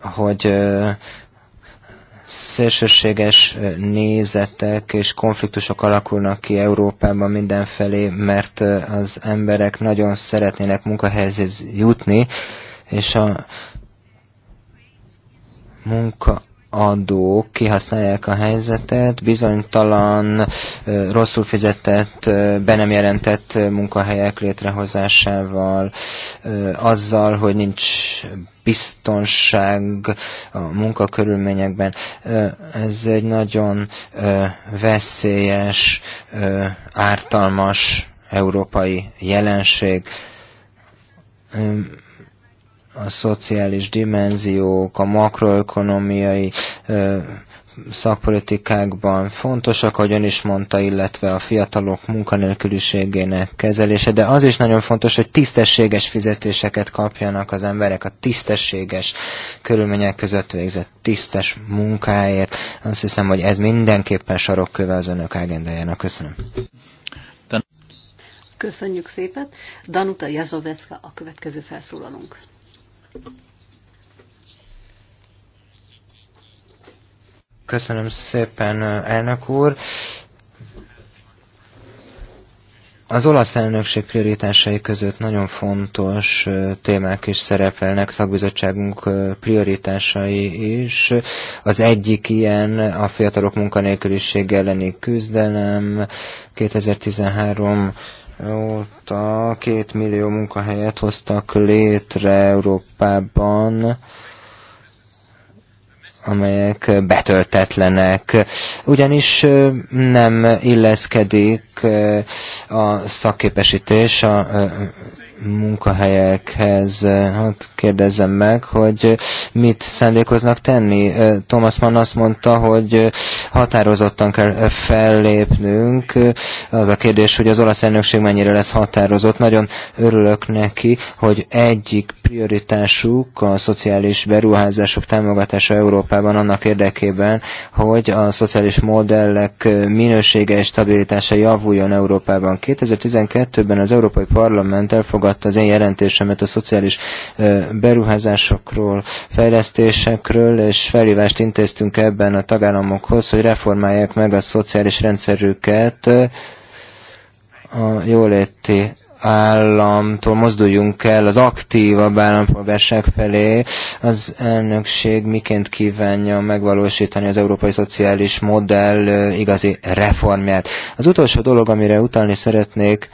hogy szélsőséges nézetek és konfliktusok alakulnak ki Európában mindenfelé, mert az emberek nagyon szeretnének munkahelyhez jutni, és a munka adók kihasználják a helyzetet, bizonytalan, rosszul fizetett, be nem jelentett munkahelyek létrehozásával, azzal, hogy nincs biztonság a munkakörülményekben. Ez egy nagyon veszélyes, ártalmas európai jelenség a szociális dimenziók, a makroökonomiai szakpolitikákban fontosak, ahogyan is mondta, illetve a fiatalok munkanélküliségének kezelése, de az is nagyon fontos, hogy tisztességes fizetéseket kapjanak az emberek a tisztességes körülmények között végzett tisztes munkáért. Azt hiszem, hogy ez mindenképpen sarokköve az önök agendájának. Köszönöm. Köszönjük szépen. Danuta Jazovetska a következő felszólalunk. Köszönöm szépen, elnök úr. Az olasz elnökség prioritásai között nagyon fontos témák is szerepelnek, szakbizottságunk prioritásai is. Az egyik ilyen a fiatalok munkanélküliség elleni küzdelem 2013 óta két millió munkahelyet hoztak létre Európában, amelyek betöltetlenek, ugyanis nem illeszkedik a szakképesítés a munkahelyekhez. Eh, hát kérdezzem meg, hogy eh, mit szándékoznak tenni. Eh, Thomas Mann azt mondta, hogy határozottan kell fellépnünk. Az a kérdés, hogy az olasz elnökség mennyire lesz határozott. Nagyon örülök neki, hogy egyik prioritásuk a szociális beruházások támogatása Európában annak érdekében, hogy a szociális modellek minősége és stabilitása javuljon Európában. 2012-ben az Európai Parlament elfogadta támogatta az én jelentésemet a szociális beruházásokról, fejlesztésekről, és felhívást intéztünk ebben a tagállamokhoz, hogy reformálják meg a szociális rendszerüket a jóléti államtól mozduljunk el az aktívabb állampolgárság felé, az elnökség miként kívánja megvalósítani az európai szociális modell igazi reformját. Az utolsó dolog, amire utalni szeretnék,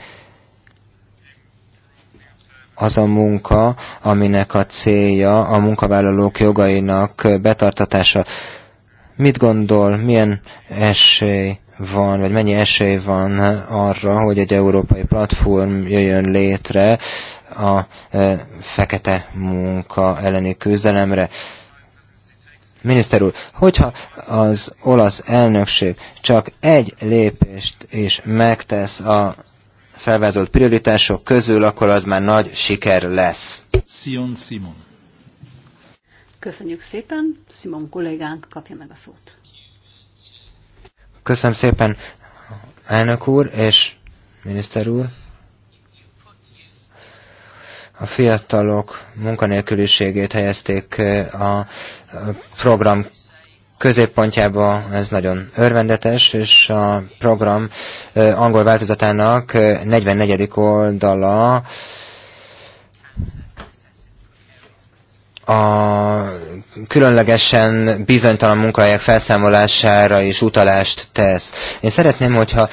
az a munka, aminek a célja a munkavállalók jogainak betartatása. Mit gondol, milyen esély van, vagy mennyi esély van arra, hogy egy európai platform jöjjön létre a e, fekete munka elleni küzdelemre? Miniszter úr, hogyha az olasz elnökség csak egy lépést is megtesz a felvázolt prioritások közül, akkor az már nagy siker lesz. Sion Simon. Köszönjük szépen, Simon kollégánk kapja meg a szót. Köszönöm szépen, elnök úr és miniszter úr. A fiatalok munkanélküliségét helyezték eh, a program középpontjába ez nagyon örvendetes, és a program angol változatának 44. oldala a különlegesen bizonytalan munkahelyek felszámolására is utalást tesz. Én szeretném, hogyha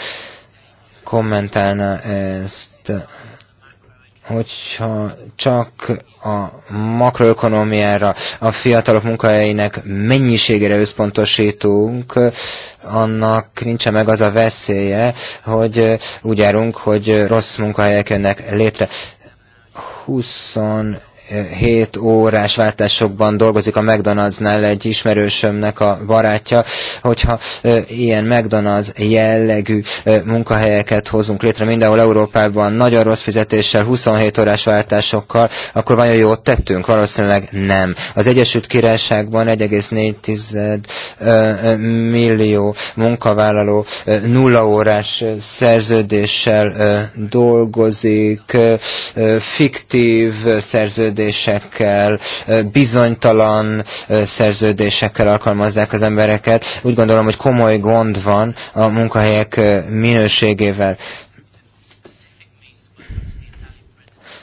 kommentálna ezt hogyha csak a makroökonomiára, a fiatalok munkahelyének mennyiségére összpontosítunk, annak nincsen meg az a veszélye, hogy úgy járunk, hogy rossz munkahelyek jönnek létre. 20 7 órás váltásokban dolgozik a McDonald'snál egy ismerősömnek a barátja, hogyha ilyen McDonald's jellegű munkahelyeket hozunk létre mindenhol Európában nagyon rossz fizetéssel, 27 órás váltásokkal, akkor vajon jót tettünk? Valószínűleg nem. Az Egyesült Királyságban 1,4 millió munkavállaló nulla órás szerződéssel dolgozik, fiktív szerződéssel, szerződésekkel, bizonytalan szerződésekkel alkalmazzák az embereket. Úgy gondolom, hogy komoly gond van a munkahelyek minőségével.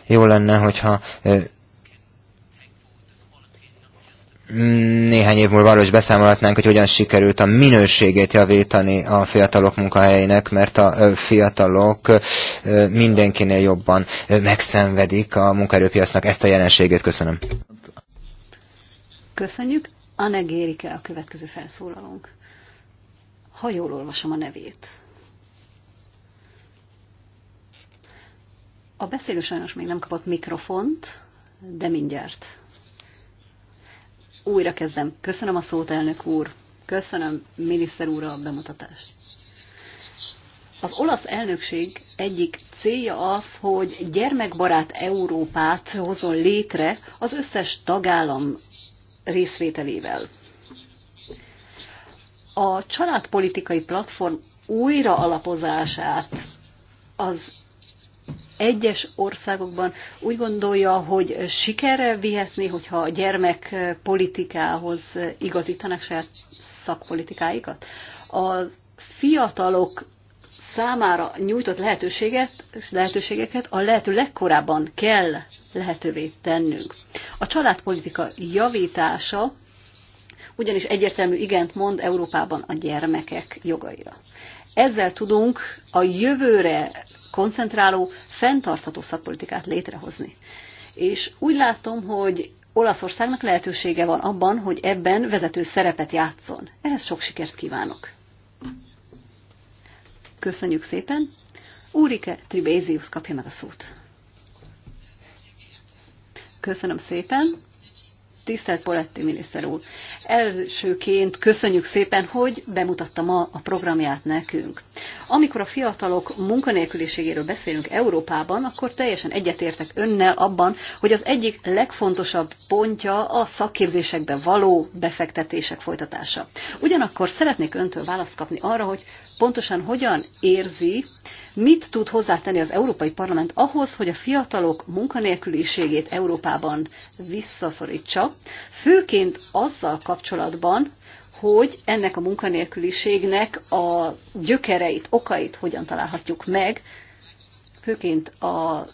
Jó lenne, hogyha néhány év múlva arról is beszámolhatnánk, hogy hogyan sikerült a minőségét javítani a fiatalok munkahelyének, mert a fiatalok mindenkinél jobban megszenvedik a munkaerőpiasznak ezt a jelenségét. Köszönöm. Köszönjük. anegérike Gérike a következő felszólalónk. Ha jól olvasom a nevét. A beszélő sajnos még nem kapott mikrofont, de mindjárt. Újra kezdem. Köszönöm a szót, elnök úr. Köszönöm, miniszter úr, a bemutatást. Az olasz elnökség egyik célja az, hogy gyermekbarát Európát hozon létre az összes tagállam részvételével. A családpolitikai platform újra alapozását az egyes országokban úgy gondolja, hogy sikerre vihetni, hogyha a gyermekpolitikához igazítanak saját szakpolitikáikat? A fiatalok számára nyújtott lehetőséget, lehetőségeket a lehető legkorábban kell lehetővé tennünk. A családpolitika javítása ugyanis egyértelmű igent mond Európában a gyermekek jogaira. Ezzel tudunk a jövőre koncentráló, fenntartható szakpolitikát létrehozni. És úgy látom, hogy Olaszországnak lehetősége van abban, hogy ebben vezető szerepet játszon. Ehhez sok sikert kívánok! Köszönjük szépen! Úrike Tribézius kapja meg a szót. Köszönöm szépen! Tisztelt Poletti miniszter úr! Elsőként köszönjük szépen, hogy bemutatta ma a programját nekünk. Amikor a fiatalok munkanélküliségéről beszélünk Európában, akkor teljesen egyetértek önnel abban, hogy az egyik legfontosabb pontja a szakképzésekbe való befektetések folytatása. Ugyanakkor szeretnék öntől választ kapni arra, hogy pontosan hogyan érzi, Mit tud hozzátenni az Európai Parlament ahhoz, hogy a fiatalok munkanélküliségét Európában visszaszorítsa, főként azzal kapcsolatban, hogy ennek a munkanélküliségnek a gyökereit, okait hogyan találhatjuk meg, főként a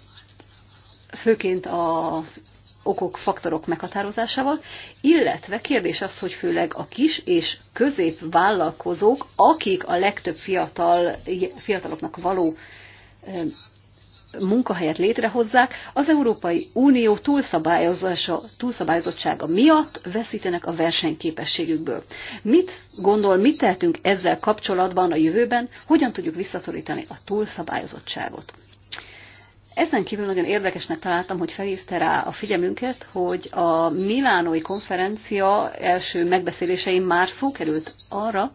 főként az okok, faktorok meghatározásával, illetve kérdés az, hogy főleg a kis és középvállalkozók, akik a legtöbb fiatal, fiataloknak való munkahelyet létrehozzák, az Európai Unió túlszabályozása, túlszabályozottsága miatt veszítenek a versenyképességükből. Mit gondol, mit tehetünk ezzel kapcsolatban a jövőben, hogyan tudjuk visszatorítani a túlszabályozottságot? Ezen kívül nagyon érdekesnek találtam, hogy felhívta rá a figyelmünket, hogy a Milánói konferencia első megbeszéléseim már szó került arra,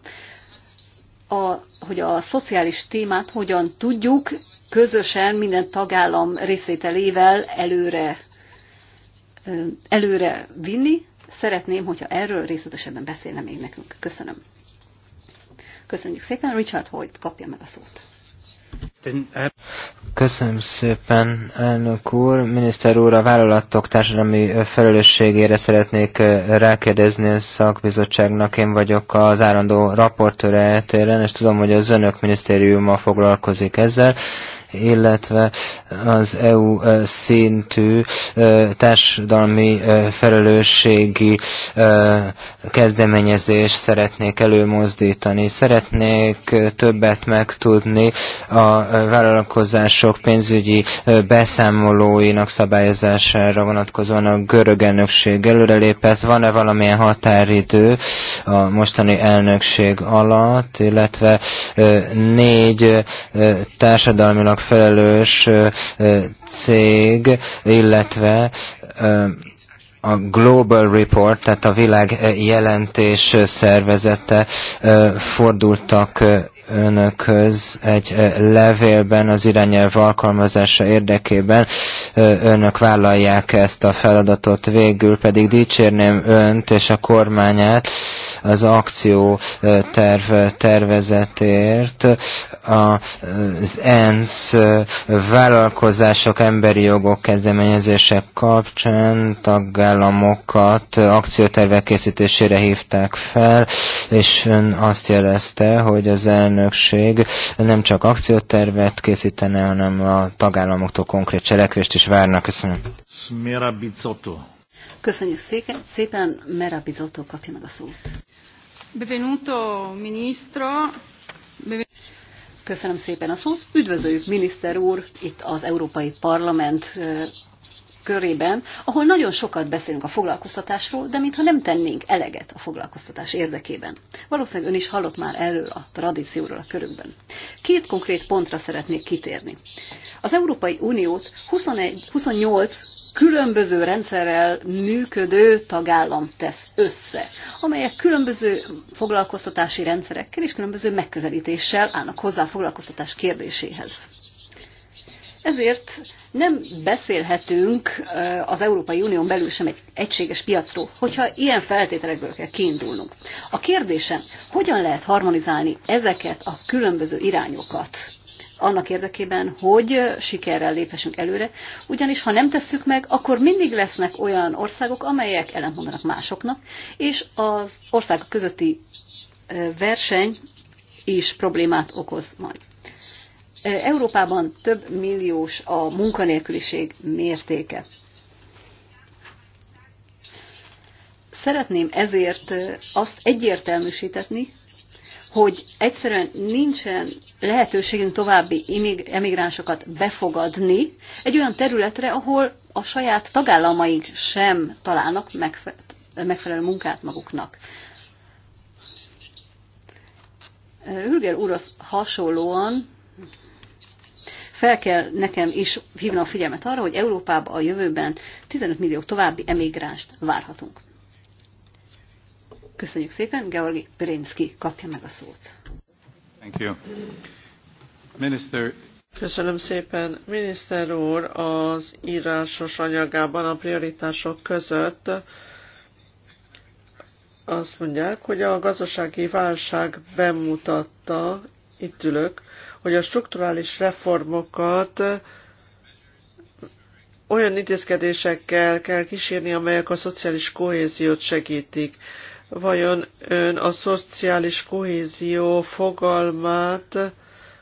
a, hogy a szociális témát hogyan tudjuk közösen minden tagállam részvételével előre, előre vinni. Szeretném, hogyha erről részletesebben beszélne még nekünk. Köszönöm. Köszönjük szépen. Richard Hoyt kapja meg a szót. Köszönöm szépen, elnök úr. Miniszter úr, a vállalatok társadalmi felelősségére szeretnék rákérdezni a szakbizottságnak. Én vagyok az állandó raportőre e téren, és tudom, hogy az önök minisztériuma foglalkozik ezzel illetve az EU szintű társadalmi felelősségi kezdeményezést szeretnék előmozdítani. Szeretnék többet megtudni a vállalkozások pénzügyi beszámolóinak szabályozására vonatkozóan a görög elnökség előrelépett. Van-e valamilyen határidő a mostani elnökség alatt, illetve négy társadalmilag felelős cég, illetve a Global Report, tehát a világ jelentés szervezete fordultak önökhöz egy levélben az irányelv alkalmazása érdekében. Önök vállalják ezt a feladatot végül, pedig dicsérném önt és a kormányát, az akció terv tervezetért. Az ENSZ vállalkozások emberi jogok kezdeményezése kapcsán tagállamokat akciótervek készítésére hívták fel, és ön azt jelezte, hogy az elnökség nem csak akciótervet készítene, hanem a tagállamoktól konkrét cselekvést is várnak. Köszönöm. Smera Bizotto. Köszönjük szépen, szépen a bizottó kapja meg a szót. Bevenuto, ministro. Beven... Köszönöm szépen a szót. Üdvözöljük, miniszter úr, itt az Európai Parlament körében, ahol nagyon sokat beszélünk a foglalkoztatásról, de mintha nem tennénk eleget a foglalkoztatás érdekében. Valószínűleg ön is hallott már erről a tradícióról a körükben. Két konkrét pontra szeretnék kitérni. Az Európai Uniót 21, 28 különböző rendszerrel működő tagállam tesz össze, amelyek különböző foglalkoztatási rendszerekkel és különböző megközelítéssel állnak hozzá a foglalkoztatás kérdéséhez. Ezért nem beszélhetünk az Európai Unión belül sem egy egységes piacról, hogyha ilyen feltételekből kell kiindulnunk. A kérdésem, hogyan lehet harmonizálni ezeket a különböző irányokat? annak érdekében, hogy sikerrel léphessünk előre, ugyanis ha nem tesszük meg, akkor mindig lesznek olyan országok, amelyek ellentmondanak másoknak, és az országok közötti verseny is problémát okoz majd. Európában több milliós a munkanélküliség mértéke. Szeretném ezért azt egyértelműsítetni, hogy egyszerűen nincsen lehetőségünk további emigránsokat befogadni egy olyan területre, ahol a saját tagállamaink sem találnak megfelelő munkát maguknak. Ürger úrhoz hasonlóan fel kell nekem is hívnom a figyelmet arra, hogy Európában a jövőben 15 millió további emigránst várhatunk. Köszönjük szépen, Georgi Pirinski kapja meg a szót. Thank you. Minister, Köszönöm szépen. Miniszter úr, az írásos anyagában a prioritások között azt mondják, hogy a gazdasági válság bemutatta, itt ülök, hogy a strukturális reformokat olyan intézkedésekkel kell kísérni, amelyek a szociális kohéziót segítik. Vajon ön a szociális kohézió fogalmát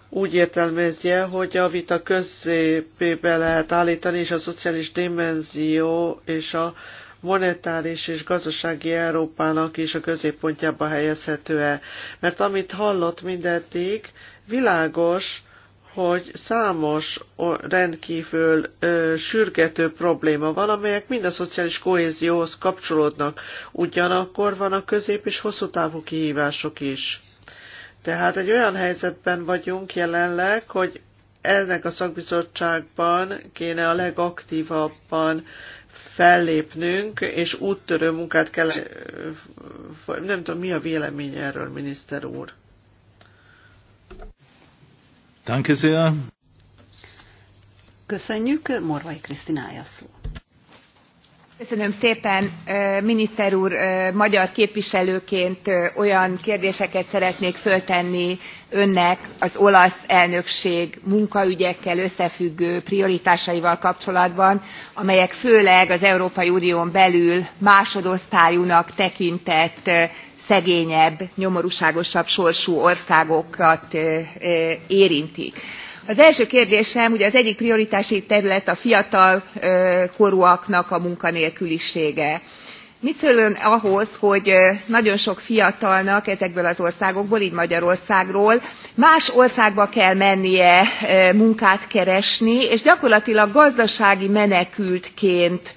úgy értelmezje, hogy a vita közzépébe lehet állítani, és a szociális dimenzió és a monetáris és gazdasági Európának is a középpontjába helyezhető-e. Mert amit hallott mindeddig, világos, hogy számos rendkívül ö, sürgető probléma van, amelyek mind a szociális kohézióhoz kapcsolódnak. Ugyanakkor van a közép és hosszú távú kihívások is. Tehát egy olyan helyzetben vagyunk jelenleg, hogy ennek a szakbizottságban kéne a legaktívabban fellépnünk, és úttörő munkát kell... Nem tudom, mi a vélemény erről, miniszter úr? Danke sehr. Köszönjük, Morvai Krisztinája szó. Köszönöm szépen, miniszter úr, magyar képviselőként olyan kérdéseket szeretnék föltenni önnek az olasz elnökség munkaügyekkel összefüggő prioritásaival kapcsolatban, amelyek főleg az Európai Unión belül másodosztályúnak tekintett szegényebb nyomorúságosabb sorsú országokat érintik. az első kérdésem ugye az egyik prioritási terület a fiatalkorúaknak a munkanélkülisége. mit szól ön ahhoz hogy nagyon sok fiatalnak ezekből az országokból gy magyarországról más országba kell mennie munkát keresni és gyakorlatilag gazdasági menekültként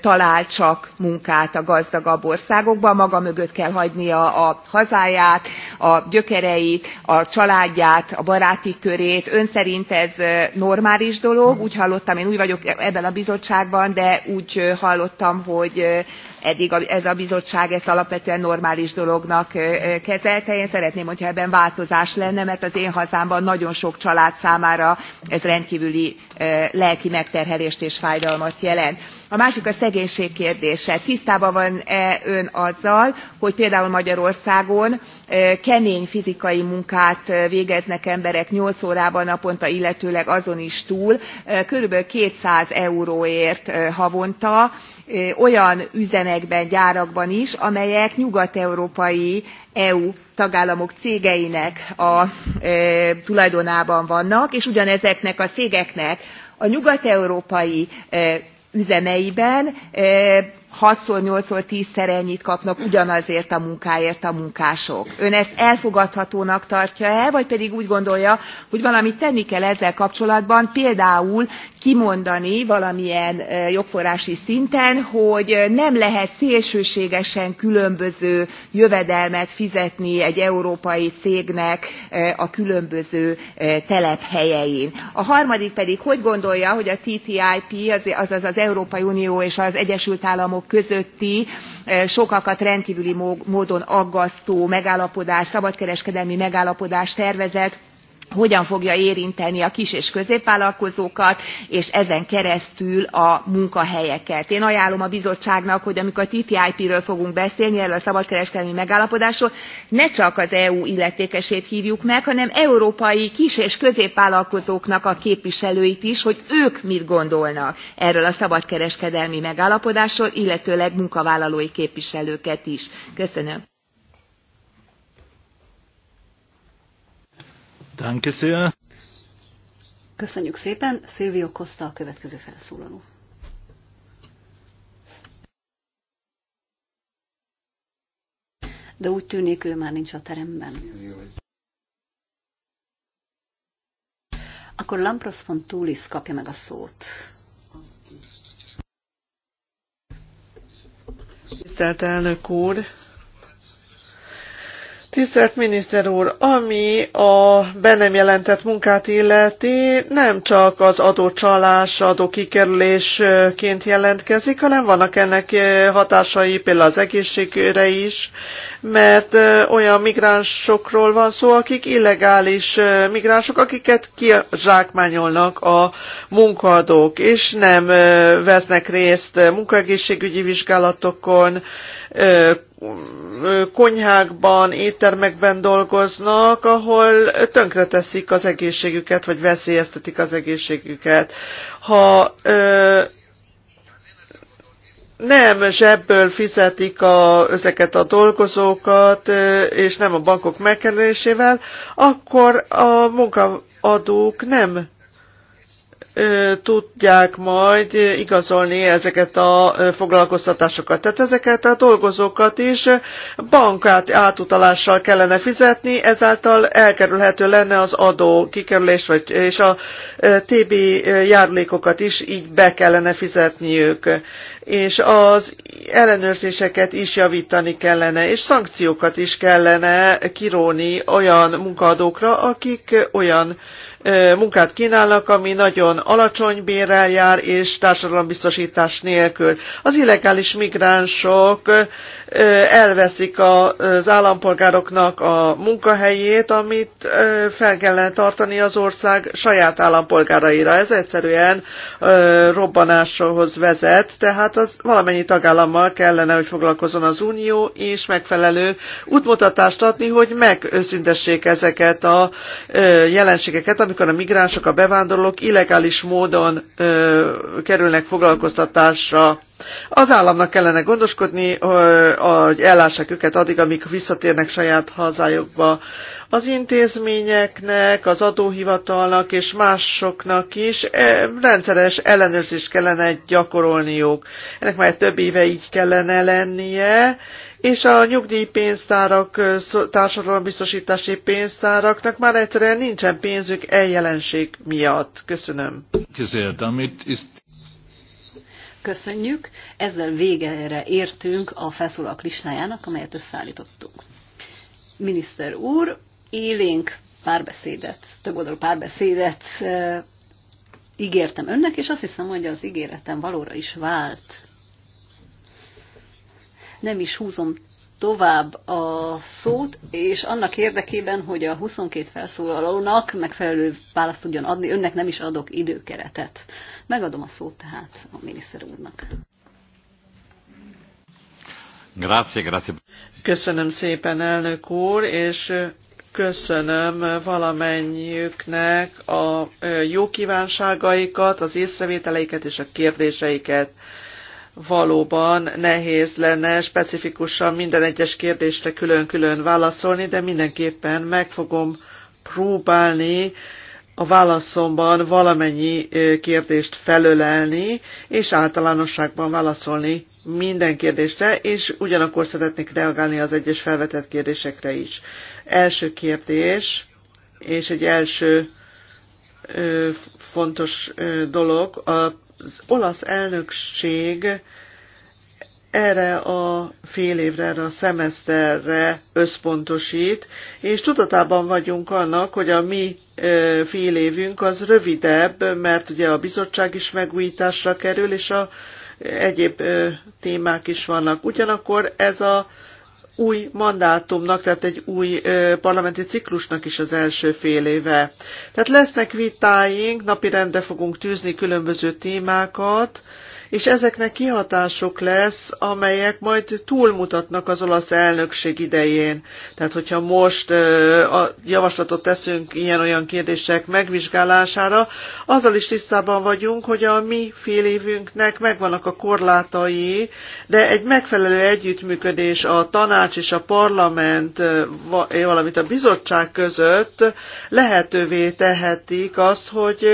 talál csak munkát a gazdagabb országokban maga mögött kell hagynia a hazáját a gyökereit a családját a baráti körét ön szerint ez normális dolog úgy hallottam én új vagyok ebben a bizottságban de úgy hallottam hogy eddig ez a bizottság ezt alapvetően normális dolognak kezelte. én szeretném hogyha ebben változás lenne mert az én hazámban nagyon sok család számára ez rendkvüli lelki megterhelést és fájdalmat jelent a másik a szegénység kérdése tisztában van e ön azzal hogy például magyarországon kemény fizikai munkát végeznek emberek nyolc órában naponta illetőleg azon is túl körülbelül two hundred euróért havonta olyan üzemekben gyárakban is amelyek nyugat európai eu tagállamok cégeinek a tulajdonában vannak és ugyanezeknek a cégeknek a nyugat európai üzemeiben hatszor nyolcszor tzszer ennyit kapnak ugyanazért a munkáért a munkások. ön ezt elfogadhatónak tartja el, vagy pedig úgy gondolja hogy valamit tenni kell ezzel kapcsolatban például kimondani valamilyen jogforrási szinten hogy nem lehet szélsőségesen különböző jövedelmet fizetni egy európai cégnek a különböző telephelyein. a harmadik pedig hogy gondolja hogy a ttip azaz az európai unió és az egyesült államok államok közötti eh, sokakat rendkvüli módon aggasztó megállapodás szabadkereskedelmi megállapodás tervezet hogyan fogja érinteni a kis és középvállalkozókat és ezen keresztül a munkahelyeket. én ajánlom a bizottságnak hogy amikor a ttip ről fogunk beszélni erről a szabadkereskedelmi megállapodásról ne csak az eu illetékesét hívjuk meg hanem európai kis és középvállalkozóknak a képviselőit is hogy ők mit gondolnak erről a szabadkereskedelmi megállapodásról illetőleg munkavállalói képviselőket is. köszönöm. Danke sehr. Köszönjük szépen. Silvio Costa a következő felszólaló. De úgy tűnik, ő már nincs a teremben. Akkor Lampros von Tulis kapja meg a szót. Tisztelt elnök úr, Tisztelt miniszter úr, ami a be nem jelentett munkát illeti, nem csak az adócsalás, adókikerülésként jelentkezik, hanem vannak ennek eh, hatásai például az egészségre is, mert eh, olyan migránsokról van szó, akik illegális eh, migránsok, akiket kizsákmányolnak a munkaadók, és nem vesznek részt munkaegészségügyi vizsgálatokon, konyhákban, éttermekben dolgoznak, ahol tönkreteszik az egészségüket, vagy veszélyeztetik az egészségüket. Ha ö, nem zsebből fizetik a, ezeket a dolgozókat, és nem a bankok megkerülésével, akkor a munkaadók nem tudják majd igazolni ezeket a foglalkoztatásokat. Tehát ezeket a dolgozókat is bankát átutalással kellene fizetni, ezáltal elkerülhető lenne az adó kikerülés, vagy, és a TB járulékokat is így be kellene fizetniük. És az ellenőrzéseket is javítani kellene, és szankciókat is kellene kiróni olyan munkaadókra, akik olyan munkát kínálnak, ami nagyon alacsony bérrel jár és társadalombiztosítás nélkül. Az illegális migránsok elveszik az állampolgároknak a munkahelyét, amit fel kellene tartani az ország saját állampolgáraira. Ez egyszerűen robbanáshoz vezet, tehát az valamennyi tagállammal kellene, hogy foglalkozon az Unió, és megfelelő útmutatást adni, hogy megőszintessék ezeket a jelenségeket, amikor a migránsok, a bevándorlók illegális módon kerülnek foglalkoztatásra az államnak kellene gondoskodni, hogy ellássák őket addig, amíg visszatérnek saját hazájukba. Az intézményeknek, az adóhivatalnak és másoknak is rendszeres ellenőrzést kellene gyakorolniuk. Ennek már több éve így kellene lennie, és a nyugdíjpénztárak, társadalombiztosítási pénztáraknak már egyszerűen nincsen pénzük eljelenség miatt. Köszönöm. Köszönjük. Ezzel végére értünk a felszólalók listájának, amelyet összeállítottunk. Miniszter úr, élénk párbeszédet, több oldalú párbeszédet e, ígértem önnek, és azt hiszem, hogy az ígéretem valóra is vált. Nem is húzom tovább a szót, és annak érdekében, hogy a 22 felszólalónak megfelelő választ tudjon adni, önnek nem is adok időkeretet. Megadom a szót tehát a miniszter úrnak. Grazie, grazie. Köszönöm szépen, elnök úr, és köszönöm valamennyiüknek a jó kívánságaikat, az észrevételeiket és a kérdéseiket. Valóban nehéz lenne specifikusan minden egyes kérdésre külön-külön válaszolni, de mindenképpen meg fogom próbálni a válaszomban valamennyi kérdést felölelni, és általánosságban válaszolni minden kérdésre, és ugyanakkor szeretnék reagálni az egyes felvetett kérdésekre is. Első kérdés, és egy első ö, fontos ö, dolog, az olasz elnökség erre a fél évre, erre a szemeszterre összpontosít, és tudatában vagyunk annak, hogy a mi fél évünk az rövidebb, mert ugye a bizottság is megújításra kerül, és a egyéb témák is vannak. Ugyanakkor ez a új mandátumnak, tehát egy új parlamenti ciklusnak is az első fél éve. Tehát lesznek vitáink, napirendre fogunk tűzni különböző témákat, és ezeknek kihatások lesz, amelyek majd túlmutatnak az olasz elnökség idején. Tehát, hogyha most a javaslatot teszünk ilyen-olyan kérdések megvizsgálására, azzal is tisztában vagyunk, hogy a mi fél évünknek megvannak a korlátai, de egy megfelelő együttműködés a tanács és a parlament, valamint a bizottság között lehetővé tehetik azt, hogy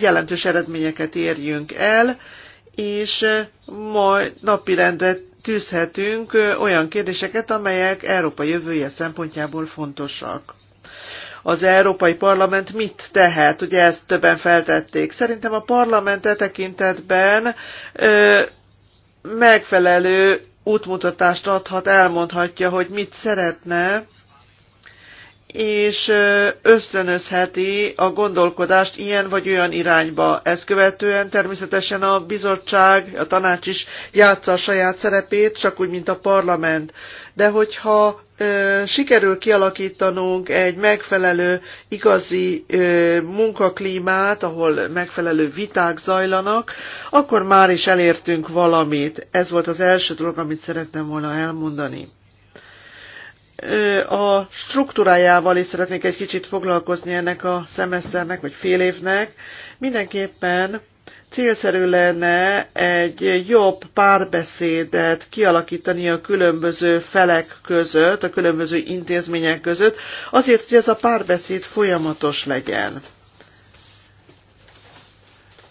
jelentős eredményeket érjünk el, és majd napirendre tűzhetünk olyan kérdéseket, amelyek Európa jövője szempontjából fontosak az Európai Parlament mit tehet, ugye ezt többen feltették. Szerintem a parlament e tekintetben ö, megfelelő útmutatást adhat, elmondhatja, hogy mit szeretne, és ösztönözheti a gondolkodást ilyen vagy olyan irányba. Ezt követően természetesen a bizottság, a tanács is játsza a saját szerepét, csak úgy, mint a parlament. De hogyha ö, sikerül kialakítanunk egy megfelelő igazi ö, munkaklímát, ahol megfelelő viták zajlanak, akkor már is elértünk valamit. Ez volt az első dolog, amit szerettem volna elmondani a struktúrájával is szeretnék egy kicsit foglalkozni ennek a szemeszternek, vagy fél évnek. Mindenképpen célszerű lenne egy jobb párbeszédet kialakítani a különböző felek között, a különböző intézmények között, azért, hogy ez a párbeszéd folyamatos legyen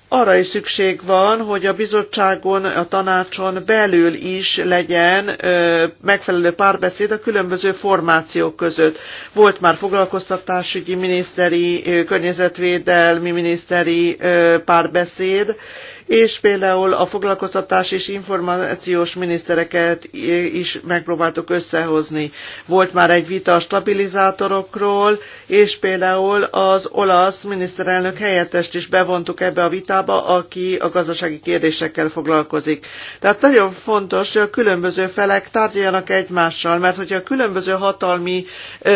arra is szükség van, hogy a bizottságon, a tanácson belül is legyen megfelelő párbeszéd a különböző formációk között. Volt már foglalkoztatásügyi miniszteri, környezetvédelmi miniszteri párbeszéd, és például a foglalkoztatás és információs minisztereket is megpróbáltuk összehozni. Volt már egy vita a stabilizátorokról, és például az olasz miniszterelnök helyettest is bevontuk ebbe a vitába, aki a gazdasági kérdésekkel foglalkozik. Tehát nagyon fontos, hogy a különböző felek tárgyaljanak egymással, mert hogyha a különböző hatalmi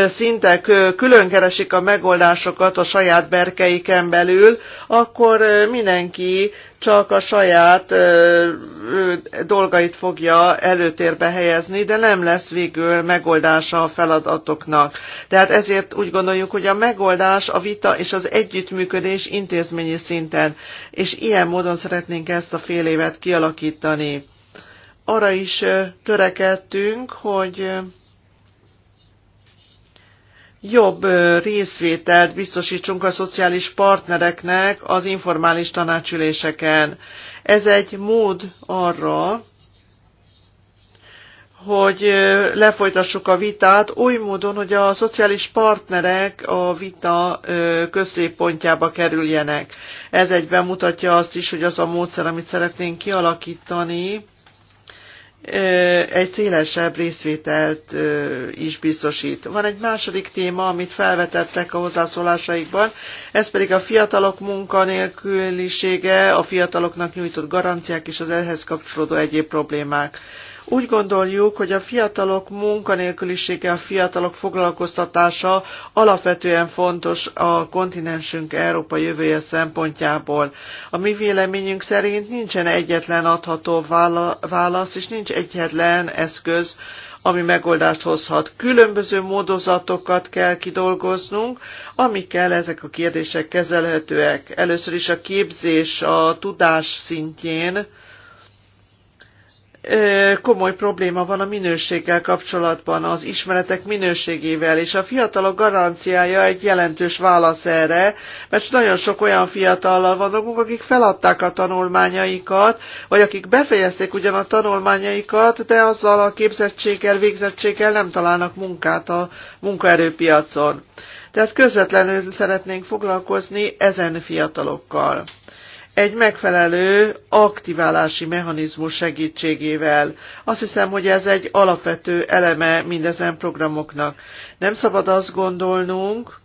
szintek külön keresik a megoldásokat a saját berkeiken belül, akkor mindenki csak a saját ö, ö, dolgait fogja előtérbe helyezni, de nem lesz végül megoldása a feladatoknak. Tehát ezért úgy gondoljuk, hogy a megoldás, a vita és az együttműködés intézményi szinten, és ilyen módon szeretnénk ezt a fél évet kialakítani. Arra is törekedtünk, hogy jobb részvételt biztosítsunk a szociális partnereknek az informális tanácsüléseken. Ez egy mód arra, hogy lefolytassuk a vitát oly módon, hogy a szociális partnerek a vita középpontjába kerüljenek. Ez egyben mutatja azt is, hogy az a módszer, amit szeretnénk kialakítani, egy szélesebb részvételt is biztosít. Van egy második téma, amit felvetettek a hozzászólásaikban, ez pedig a fiatalok munkanélkülisége, a fiataloknak nyújtott garanciák és az ehhez kapcsolódó egyéb problémák. Úgy gondoljuk, hogy a fiatalok munkanélkülisége, a fiatalok foglalkoztatása alapvetően fontos a kontinensünk Európa jövője szempontjából. A mi véleményünk szerint nincsen egyetlen adható válasz, és nincs egyetlen eszköz, ami megoldást hozhat. Különböző módozatokat kell kidolgoznunk, amikkel ezek a kérdések kezelhetőek. Először is a képzés a tudás szintjén, komoly probléma van a minőséggel kapcsolatban, az ismeretek minőségével, és a fiatalok garanciája egy jelentős válasz erre, mert nagyon sok olyan fiatallal van dolgunk, akik feladták a tanulmányaikat, vagy akik befejezték ugyan a tanulmányaikat, de azzal a képzettséggel, végzettséggel nem találnak munkát a munkaerőpiacon. Tehát közvetlenül szeretnénk foglalkozni ezen fiatalokkal egy megfelelő aktiválási mechanizmus segítségével. Azt hiszem, hogy ez egy alapvető eleme mindezen programoknak. Nem szabad azt gondolnunk,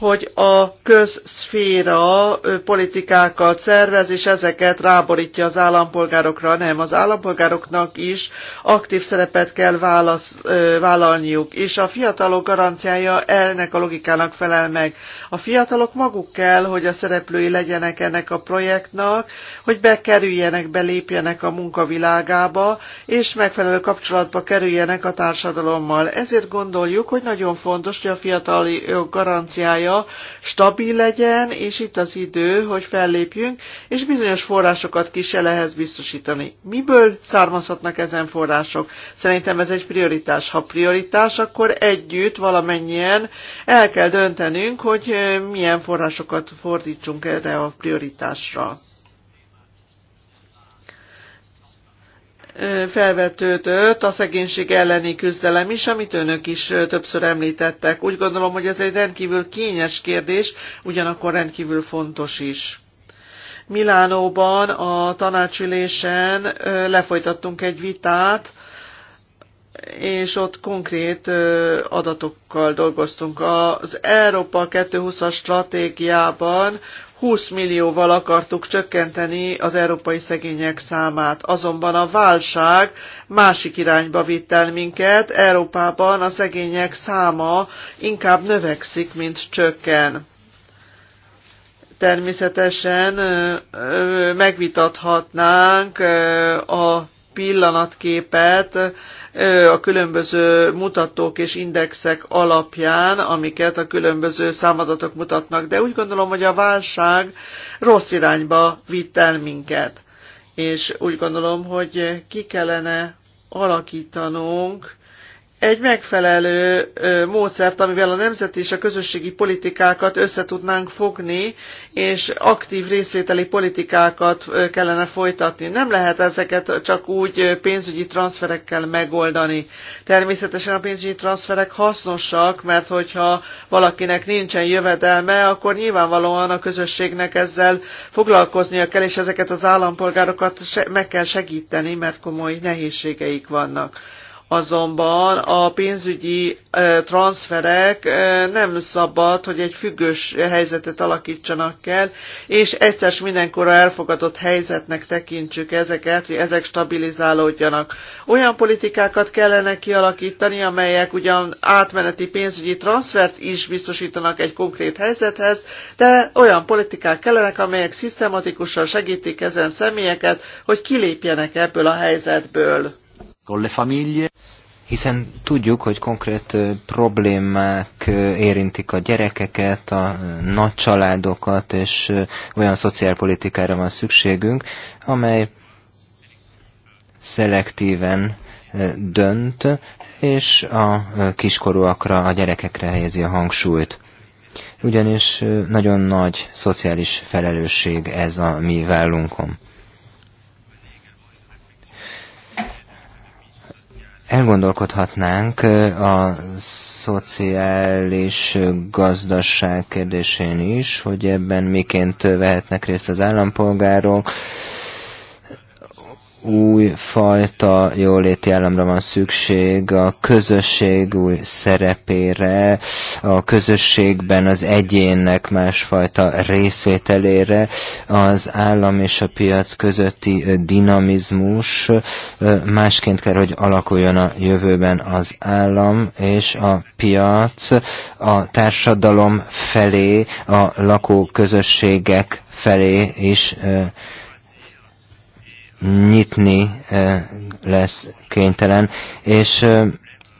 hogy a közszféra politikákat szervez, és ezeket ráborítja az állampolgárokra, nem, az állampolgároknak is aktív szerepet kell válasz, vállalniuk, és a fiatalok garanciája ennek a logikának felel meg. A fiatalok maguk kell, hogy a szereplői legyenek ennek a projektnak, hogy bekerüljenek, belépjenek a munkavilágába, és megfelelő kapcsolatba kerüljenek a társadalommal. Ezért gondoljuk, hogy nagyon fontos, hogy a fiatali garanciája pálya stabil legyen, és itt az idő, hogy fellépjünk, és bizonyos forrásokat ki se lehez biztosítani. Miből származhatnak ezen források? Szerintem ez egy prioritás. Ha prioritás, akkor együtt valamennyien el kell döntenünk, hogy eh, milyen forrásokat fordítsunk erre a prioritásra. felvetődött a szegénység elleni küzdelem is, amit önök is többször említettek. Úgy gondolom, hogy ez egy rendkívül kényes kérdés, ugyanakkor rendkívül fontos is. Milánóban a tanácsülésen lefolytattunk egy vitát, és ott konkrét adatokkal dolgoztunk. Az Európa 2020-as stratégiában 20 millióval akartuk csökkenteni az európai szegények számát. Azonban a válság másik irányba vitt el minket, Európában a szegények száma inkább növekszik, mint csökken. Természetesen megvitathatnánk a pillanatképet a különböző mutatók és indexek alapján, amiket a különböző számadatok mutatnak. De úgy gondolom, hogy a válság rossz irányba vitt el minket. És úgy gondolom, hogy ki kellene alakítanunk egy megfelelő módszert, amivel a nemzeti és a közösségi politikákat összetudnánk fogni, és aktív részvételi politikákat kellene folytatni. Nem lehet ezeket csak úgy pénzügyi transferekkel megoldani. Természetesen a pénzügyi transferek hasznosak, mert hogyha valakinek nincsen jövedelme, akkor nyilvánvalóan a közösségnek ezzel foglalkoznia kell, és ezeket az állampolgárokat meg kell segíteni, mert komoly nehézségeik vannak Azonban a pénzügyi transferek nem szabad, hogy egy függős helyzetet alakítsanak kell, és egyszer mindenkorra elfogadott helyzetnek tekintsük ezeket, hogy ezek stabilizálódjanak. Olyan politikákat kellene kialakítani, amelyek ugyan átmeneti pénzügyi transfert is biztosítanak egy konkrét helyzethez, de olyan politikák kellenek, amelyek szisztematikusan segítik ezen személyeket, hogy kilépjenek ebből a helyzetből con le famiglie. Hiszen tudjuk, hogy konkrét problémák érintik a gyerekeket, a nagy családokat, és olyan szociálpolitikára van szükségünk, amely szelektíven dönt, és a kiskorúakra, a gyerekekre helyezi a hangsúlyt. Ugyanis nagyon nagy szociális felelősség ez a mi vállunkon. elgondolkodhatnánk a szociális gazdaság kérdésén is, hogy ebben miként vehetnek részt az állampolgárok, új fajta jóléti államra van szükség, a közösség új szerepére, a közösségben az egyénnek másfajta részvételére, az állam és a piac közötti dinamizmus másként kell, hogy alakuljon a jövőben az állam és a piac a társadalom felé, a lakóközösségek felé is nyitni eh, lesz kénytelen, és eh,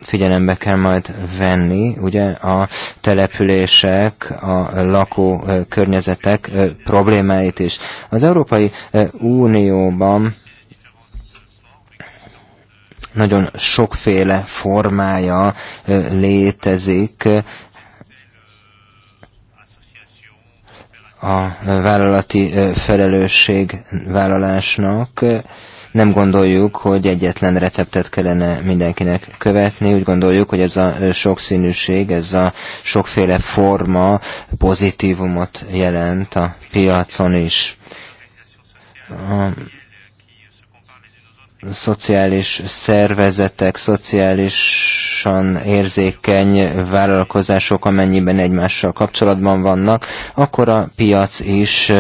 figyelembe kell majd venni, ugye a települések, a lakó eh, környezetek problémáit is. Az Európai Unióban nagyon sokféle formája létezik a vállalati felelősség vállalásnak. Nem gondoljuk, hogy egyetlen receptet kellene mindenkinek követni, úgy gondoljuk, hogy ez a sokszínűség, ez a sokféle forma pozitívumot jelent a piacon is. A szociális szervezetek, szociálisan érzékeny vállalkozások, amennyiben egymással kapcsolatban vannak, akkor a piac is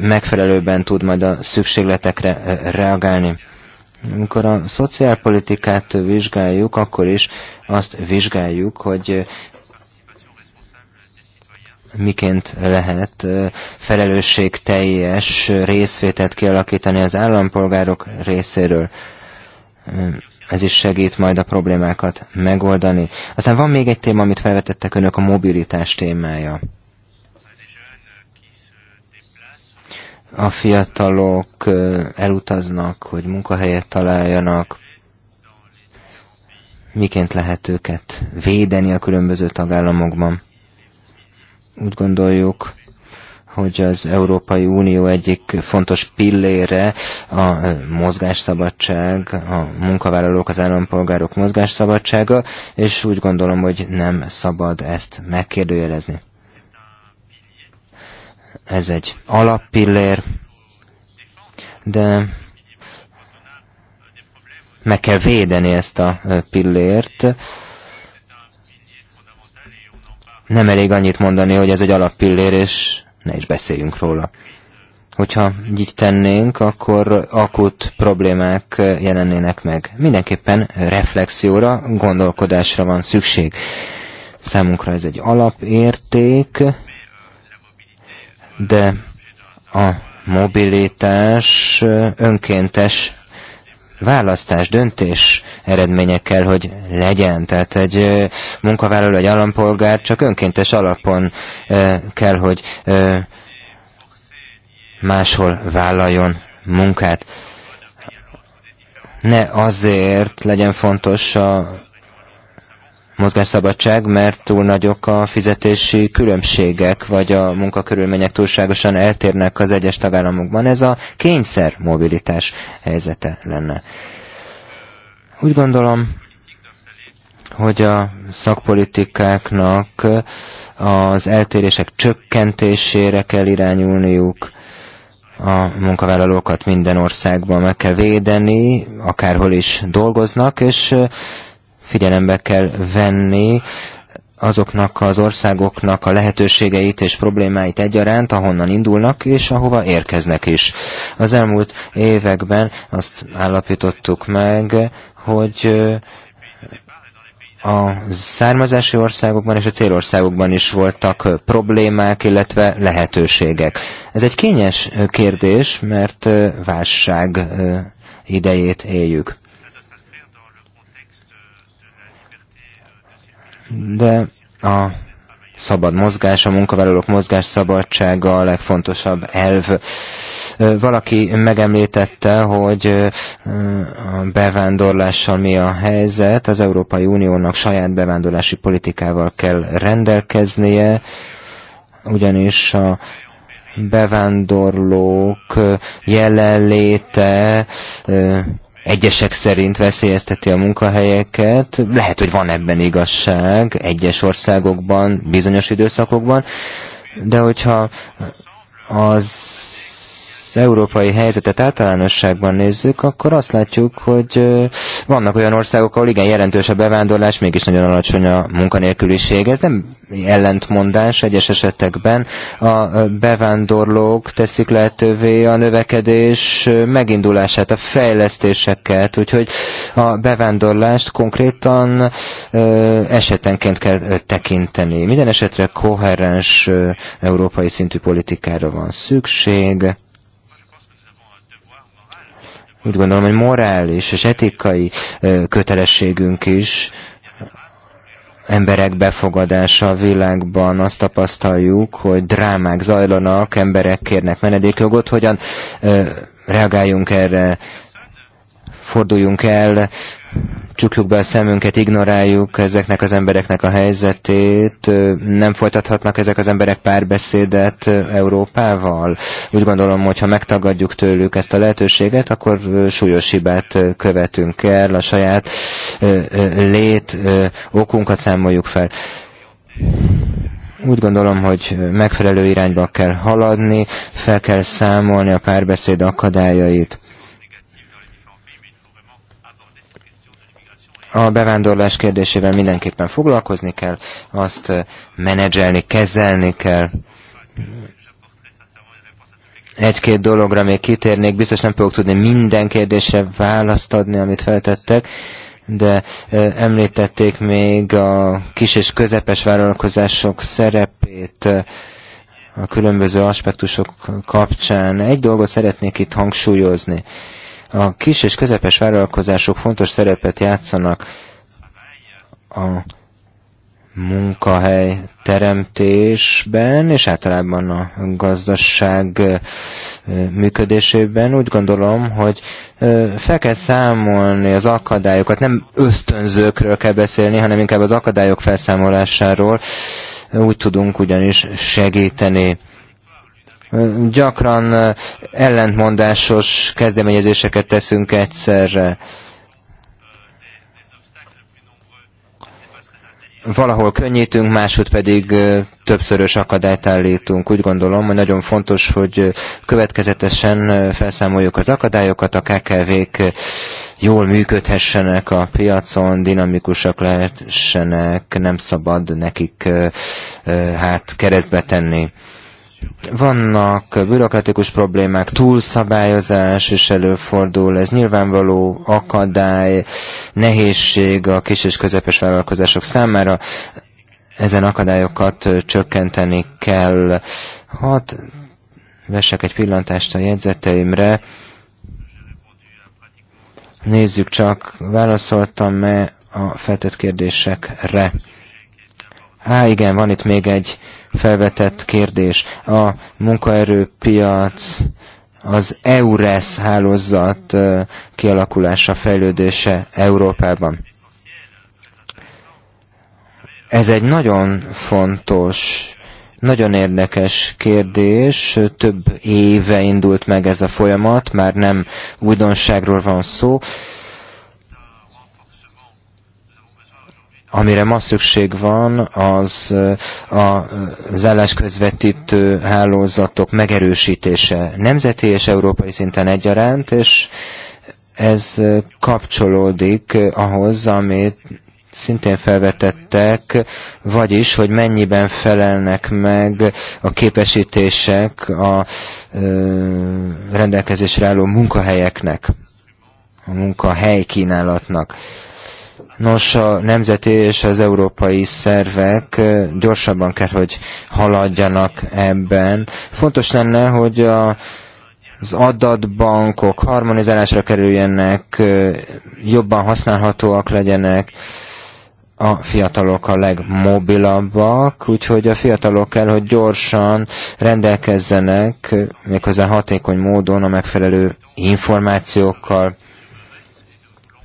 megfelelőben tud majd a szükségletekre reagálni. Amikor a szociálpolitikát vizsgáljuk, akkor is azt vizsgáljuk, hogy miként lehet felelősség teljes részvételt kialakítani az állampolgárok részéről. Ez is segít majd a problémákat megoldani. Aztán van még egy téma, amit felvetettek önök, a mobilitás témája. A fiatalok elutaznak, hogy munkahelyet találjanak, miként lehet őket védeni a különböző tagállamokban. Úgy gondoljuk, hogy az Európai Unió egyik fontos pillére a mozgásszabadság, a munkavállalók, az állampolgárok mozgásszabadsága, és úgy gondolom, hogy nem szabad ezt megkérdőjelezni. Ez egy alappillér, de meg kell védeni ezt a pillért, nem elég annyit mondani, hogy ez egy alappillér, és ne is beszéljünk róla. Hogyha így tennénk, akkor akut problémák jelennének meg. Mindenképpen reflexióra, gondolkodásra van szükség. Számunkra ez egy alapérték, de a mobilitás önkéntes választás, döntés eredménye kell, hogy legyen. Tehát egy munkavállaló, egy állampolgár csak önkéntes alapon kell, hogy máshol vállaljon munkát. Ne azért legyen fontos a mozgásszabadság, mert túl nagyok a fizetési különbségek, vagy a munkakörülmények túlságosan eltérnek az egyes tagállamokban. Ez a kényszer mobilitás helyzete lenne. Úgy gondolom, hogy a szakpolitikáknak az eltérések csökkentésére kell irányulniuk, a munkavállalókat minden országban meg kell védeni, akárhol is dolgoznak, és figyelembe kell venni azoknak az országoknak a lehetőségeit és problémáit egyaránt, ahonnan indulnak és ahova érkeznek is. Az elmúlt években azt állapítottuk meg, hogy a származási országokban és a célországokban is voltak problémák, illetve lehetőségek. Ez egy kényes kérdés, mert válság idejét éljük. de a szabad mozgás, a munkavállalók mozgás szabadsága a legfontosabb elv. Valaki megemlítette, hogy a bevándorlással mi a helyzet. Az Európai Uniónak saját bevándorlási politikával kell rendelkeznie, ugyanis a bevándorlók jelenléte egyesek szerint veszélyezteti a munkahelyeket. Lehet, hogy van ebben igazság egyes országokban, bizonyos időszakokban, de hogyha az európai helyzetet általánosságban nézzük, akkor azt látjuk, hogy vannak olyan országok, ahol igen jelentős a bevándorlás, mégis nagyon alacsony a munkanélküliség. Ez nem ellentmondás egyes esetekben. A bevándorlók teszik lehetővé a növekedés megindulását, a fejlesztéseket, úgyhogy a bevándorlást konkrétan esetenként kell tekinteni. Minden esetre koherens európai szintű politikára van szükség úgy gondolom, hogy morális és etikai kötelességünk is emberek befogadása a világban. Azt tapasztaljuk, hogy drámák zajlanak, emberek kérnek menedékjogot. Hogyan reagáljunk erre? forduljunk el, csukjuk be a szemünket, ignoráljuk ezeknek az embereknek a helyzetét, nem folytathatnak ezek az emberek párbeszédet Európával? Úgy gondolom, hogy ha megtagadjuk tőlük ezt a lehetőséget, akkor súlyos hibát követünk el, a saját lét okunkat számoljuk fel úgy gondolom, hogy megfelelő irányba kell haladni, fel kell számolni a párbeszéd akadályait. A bevándorlás kérdésével mindenképpen foglalkozni kell, azt menedzselni, kezelni kell. Egy-két dologra még kitérnék, biztos nem fogok tudni minden kérdésre választ adni, amit feltettek, de említették még a kis és közepes vállalkozások szerepét, a különböző aspektusok kapcsán. Egy dolgot szeretnék itt hangsúlyozni. A kis és közepes vállalkozások fontos szerepet játszanak a munkahely teremtésben, és általában a gazdaság működésében. Úgy gondolom, hogy fel kell számolni az akadályokat, nem ösztönzőkről kell beszélni, hanem inkább az akadályok felszámolásáról. Úgy tudunk ugyanis segíteni Gyakran ellentmondásos kezdeményezéseket teszünk egyszerre. valahol könnyítünk, máshogy pedig többszörös akadályt állítunk. Úgy gondolom, hogy nagyon fontos, hogy következetesen felszámoljuk az akadályokat, a KKV-k jól működhessenek a piacon, dinamikusak lehessenek, nem szabad nekik hát keresztbe tenni. Vannak bürokratikus problémák, túlszabályozás is előfordul, ez nyilvánvaló akadály, nehézség a kis és közepes vállalkozások számára. Ezen akadályokat csökkenteni kell. Hát, vessek egy pillantást a jegyzeteimre. Nézzük csak, válaszoltam-e a feltett kérdésekre. Á, igen, van itt még egy felvetett kérdés. A munkaerőpiac az EURES hálózat kialakulása, fejlődése Európában. Ez egy nagyon fontos, nagyon érdekes kérdés. Több éve indult meg ez a folyamat, már nem újdonságról van szó. amire ma szükség van, az az közvetítő hálózatok megerősítése nemzeti és európai szinten egyaránt, és ez kapcsolódik ahhoz, amit szintén felvetettek, vagyis, hogy mennyiben felelnek meg a képesítések a rendelkezésre álló munkahelyeknek, a munkahely kínálatnak. Nos, a nemzeti és az európai szervek gyorsabban kell, hogy haladjanak ebben. Fontos lenne, hogy a az adatbankok harmonizálásra kerüljenek, jobban használhatóak legyenek, a fiatalok a legmobilabbak, úgyhogy a fiatalok kell, hogy gyorsan rendelkezzenek, méghozzá hatékony módon a megfelelő információkkal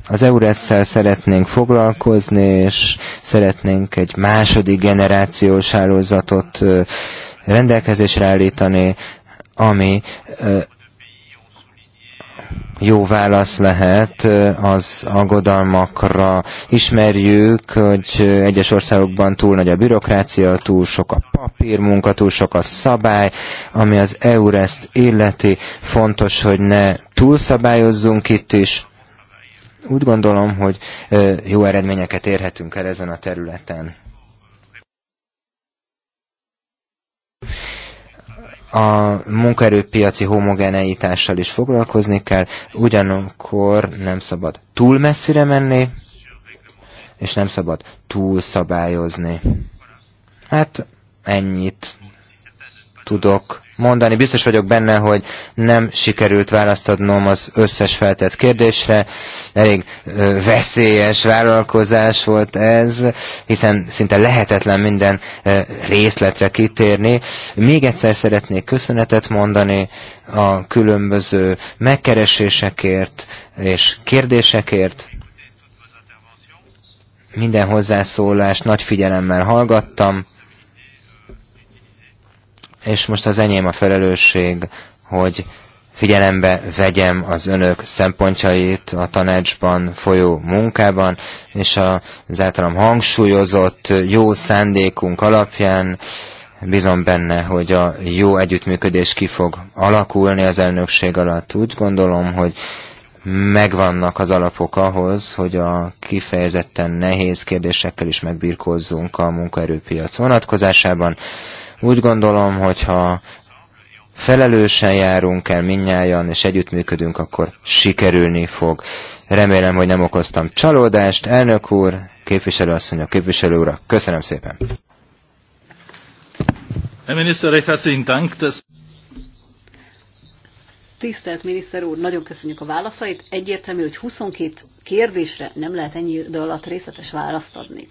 az Euresszel szeretnénk foglalkozni, és szeretnénk egy második generációs hálózatot rendelkezésre állítani, ami jó válasz lehet az aggodalmakra. Ismerjük, hogy egyes országokban túl nagy a bürokrácia, túl sok a papírmunka, túl sok a szabály, ami az Eureszt illeti. Fontos, hogy ne túlszabályozzunk itt is, úgy gondolom, hogy jó eredményeket érhetünk el ezen a területen. a munkaerőpiaci homogeneitással is foglalkozni kell, ugyanakkor nem szabad túl messzire menni, és nem szabad túl szabályozni. Hát ennyit tudok mondani. Biztos vagyok benne, hogy nem sikerült választ adnom az összes feltett kérdésre. Elég veszélyes vállalkozás volt ez, hiszen szinte lehetetlen minden részletre kitérni. Még egyszer szeretnék köszönetet mondani a különböző megkeresésekért és kérdésekért minden hozzászólást nagy figyelemmel hallgattam, és most az enyém a felelősség, hogy figyelembe vegyem az önök szempontjait a tanácsban folyó munkában, és az általam hangsúlyozott jó szándékunk alapján bizon benne, hogy a jó együttműködés ki fog alakulni az elnökség alatt. Úgy gondolom, hogy megvannak az alapok ahhoz, hogy a kifejezetten nehéz kérdésekkel is megbirkózzunk a munkaerőpiac vonatkozásában. Úgy gondolom, hogyha felelősen járunk el minnyáján, és együttműködünk, akkor sikerülni fog. Remélem, hogy nem okoztam csalódást. Elnök úr, képviselőasszonyok, képviselő úr, köszönöm szépen! Tisztelt miniszter úr, nagyon köszönjük a válaszait. Egyértelmű, hogy 22 kérdésre nem lehet ennyi idő alatt részletes választ adni.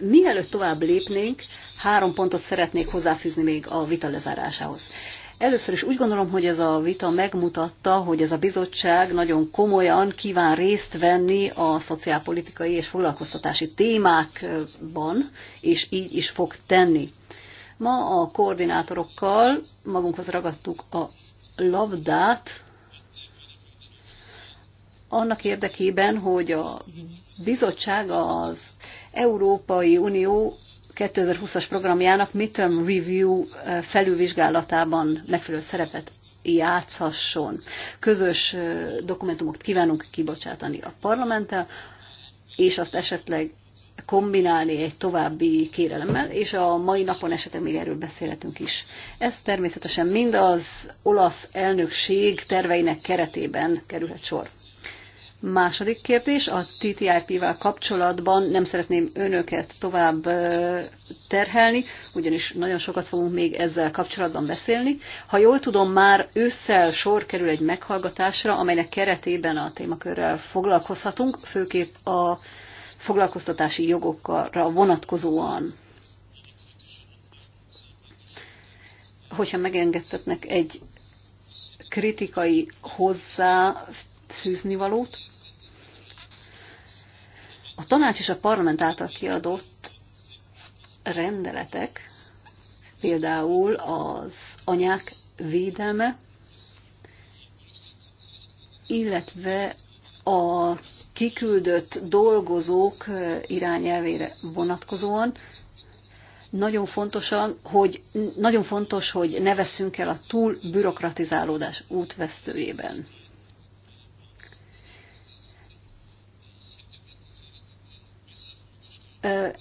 Mielőtt tovább lépnénk, három pontot szeretnék hozzáfűzni még a vita lezárásához. Először is úgy gondolom, hogy ez a vita megmutatta, hogy ez a bizottság nagyon komolyan kíván részt venni a szociálpolitikai és foglalkoztatási témákban, és így is fog tenni. Ma a koordinátorokkal magunkhoz ragadtuk a labdát, annak érdekében, hogy a bizottság az Európai Unió 2020-as programjának midterm review eh, felülvizsgálatában megfelelő szerepet játszhasson. Közös eh, dokumentumokat kívánunk kibocsátani a parlamenttel, és azt esetleg kombinálni egy további kérelemmel, és a mai napon esetleg még erről beszélhetünk is. Ez természetesen mind az olasz elnökség terveinek keretében kerülhet sor. Második kérdés, a TTIP-vel kapcsolatban nem szeretném önöket tovább terhelni, ugyanis nagyon sokat fogunk még ezzel kapcsolatban beszélni. Ha jól tudom, már ősszel sor kerül egy meghallgatásra, amelynek keretében a témakörrel foglalkozhatunk, főképp a foglalkoztatási jogokra vonatkozóan. Hogyha megengedtetnek egy kritikai hozzá fűzni valót. A tanács és a parlament által kiadott rendeletek, például az anyák védelme, illetve a kiküldött dolgozók irányelvére vonatkozóan nagyon, fontosan, hogy, nagyon fontos, hogy ne veszünk el a túl bürokratizálódás útvesztőjében.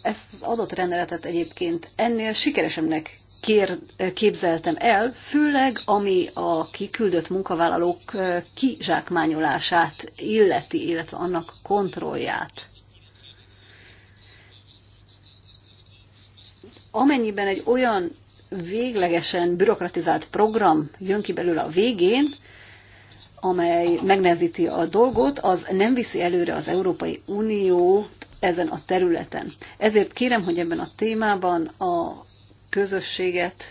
ezt az adott rendeletet egyébként ennél sikeresemnek kér, képzeltem el, főleg ami a kiküldött munkavállalók kizsákmányolását illeti, illetve annak kontrollját. Amennyiben egy olyan véglegesen bürokratizált program jön ki belőle a végén, amely megnehezíti a dolgot, az nem viszi előre az Európai Unió ezen a területen. Ezért kérem, hogy ebben a témában a közösséget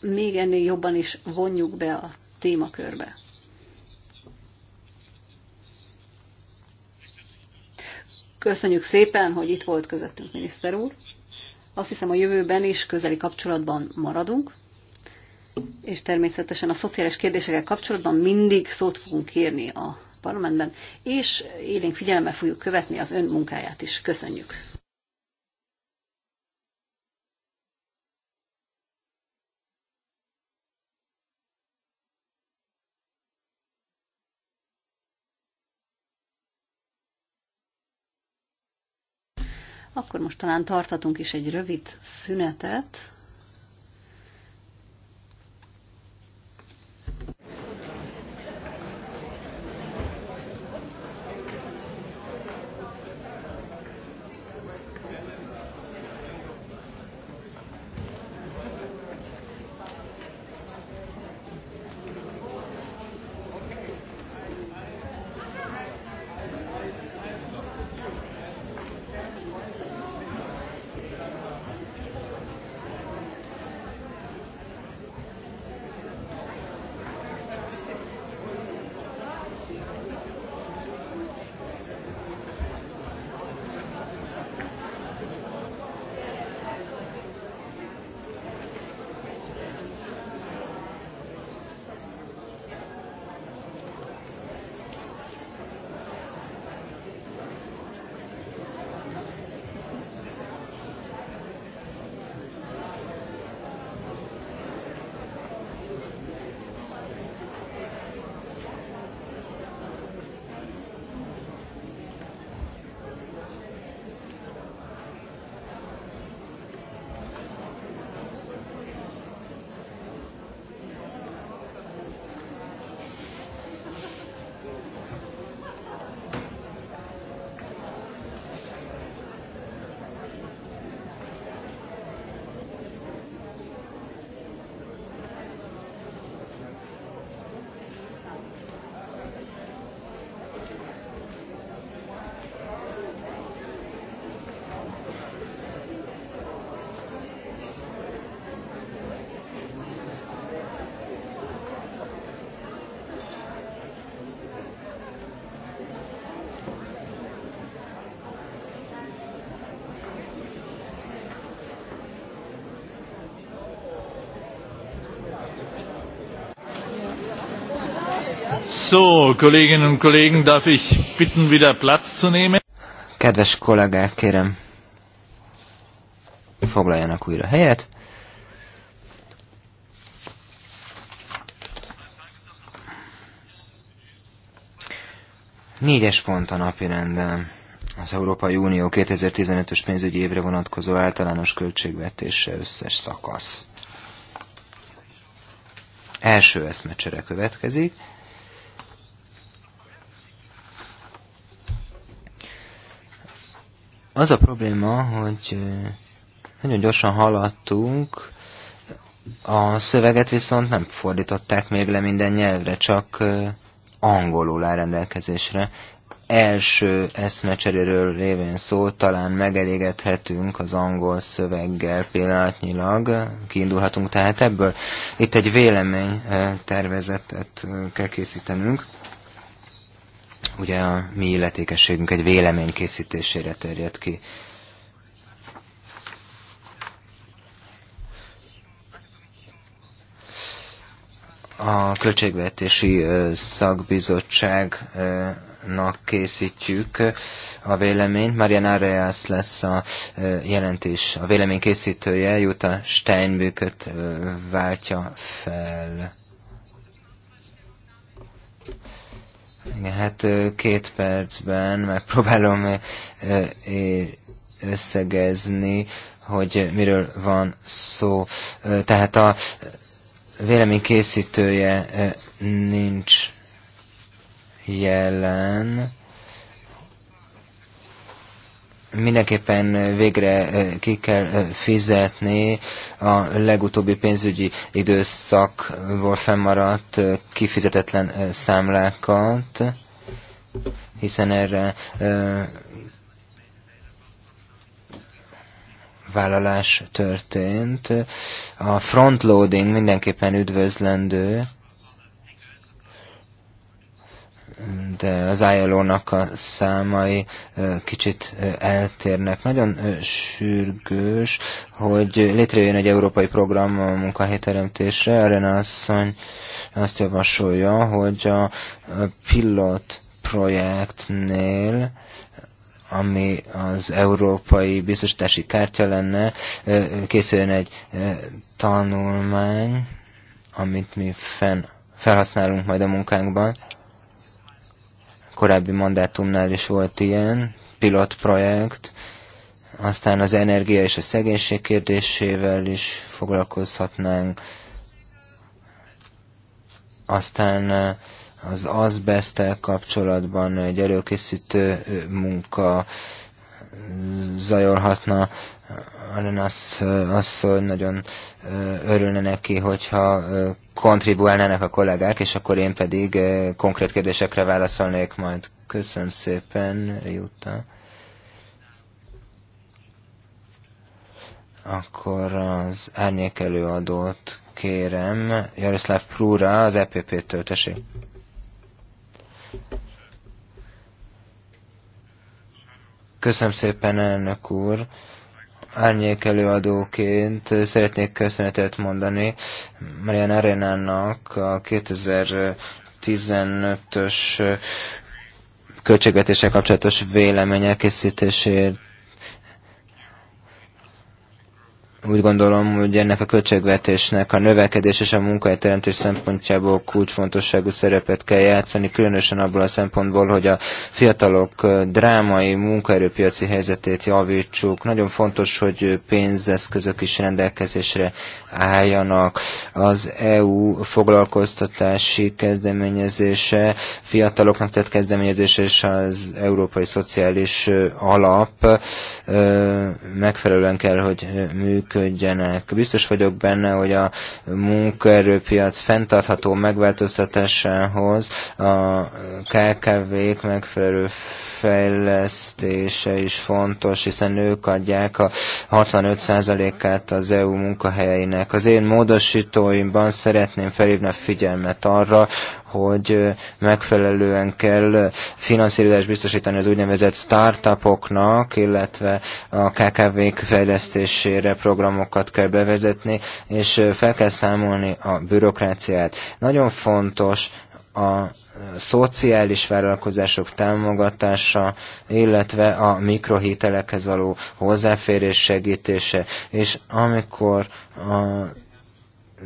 még ennél jobban is vonjuk be a témakörbe. Köszönjük szépen, hogy itt volt közöttünk, miniszter úr. Azt hiszem, a jövőben is közeli kapcsolatban maradunk, és természetesen a szociális kérdésekkel kapcsolatban mindig szót fogunk kérni a parlamentben, és élénk figyelemmel fogjuk követni az ön munkáját is. Köszönjük! Akkor most talán tartatunk is egy rövid szünetet. So, Kolleginnen und Kollegen, darf ich bitten, wieder Platz zu nehmen? Kedves kollégák, kérem, foglaljanak újra helyet. Négyes pont a napi renden. Az Európai Unió 2015-ös pénzügyi évre vonatkozó általános költségvetése összes szakasz. Első eszmecsere következik. Az a probléma, hogy nagyon gyorsan haladtunk, a szöveget viszont nem fordították még le minden nyelvre, csak angolul áll rendelkezésre. Első eszmecseréről lévén szó, talán megelégedhetünk az angol szöveggel pillanatnyilag, kiindulhatunk tehát ebből. Itt egy vélemény tervezetet kell készítenünk ugye a mi illetékességünk egy vélemény készítésére terjed ki. A Költségvetési Szakbizottságnak készítjük a véleményt. Marian Arreas lesz a jelentés, a vélemény készítője, Juta Steinbüköt váltja fel. Igen, hát két percben megpróbálom összegezni, hogy miről van szó. Tehát a vélemény készítője nincs jelen, mindenképpen végre eh, ki kell eh, fizetni a legutóbbi pénzügyi időszakból fennmaradt eh, kifizetetlen számlákat, hiszen erre vállalás történt. A frontloading mindenképpen üdvözlendő, de az ilo a számai kicsit eltérnek. Nagyon sürgős, hogy létrejön egy európai program a munkahelyteremtésre. Arena asszony azt javasolja, hogy a pilot projektnél ami az európai biztosítási kártya lenne, készüljön egy tanulmány, amit mi fenn felhasználunk majd a munkánkban korábbi mandátumnál is volt ilyen, projekt, aztán az energia és a szegénység kérdésével is foglalkozhatnánk, aztán eh, az azbesztel kapcsolatban egy előkészítő eh, munka eh, zajolhatna, Ananas asszony nagyon örülne neki, hogyha kontribuálnának a kollégák, és akkor én pedig konkrét kérdésekre válaszolnék majd. Köszönöm szépen, Jutta. Akkor az árnyékelőadót adót kérem. Jaroszláv Prúra, az epp t töltesi. Köszönöm szépen, elnök úr árnyék előadóként szeretnék köszönetet mondani Marian Arenának a 2015-ös költségvetéssel kapcsolatos vélemények készítésért úgy gondolom, hogy ennek a költségvetésnek a növekedés és a munkahelyteremtés szempontjából kulcsfontosságú szerepet kell játszani, különösen abból a szempontból, hogy a fiatalok drámai munkaerőpiaci helyzetét javítsuk. Nagyon fontos, hogy pénzeszközök is rendelkezésre álljanak. Az EU foglalkoztatási kezdeményezése, fiataloknak tett kezdeményezése és az Európai Szociális Alap megfelelően kell, hogy működjön működjenek. Biztos vagyok benne, hogy a munkaerőpiac fenntartható megváltoztatásához a KKV-k megfelelő fejlesztése is fontos, hiszen ők adják a 65%-át az EU munkahelyeinek. Az én módosítóimban szeretném felhívni a figyelmet arra, hogy megfelelően kell finanszírozást biztosítani az úgynevezett startupoknak, illetve a KKV-k fejlesztésére programokat kell bevezetni, és fel kell számolni a bürokráciát. Nagyon fontos a szociális vállalkozások támogatása, illetve a mikrohitelekhez való hozzáférés segítése. És amikor a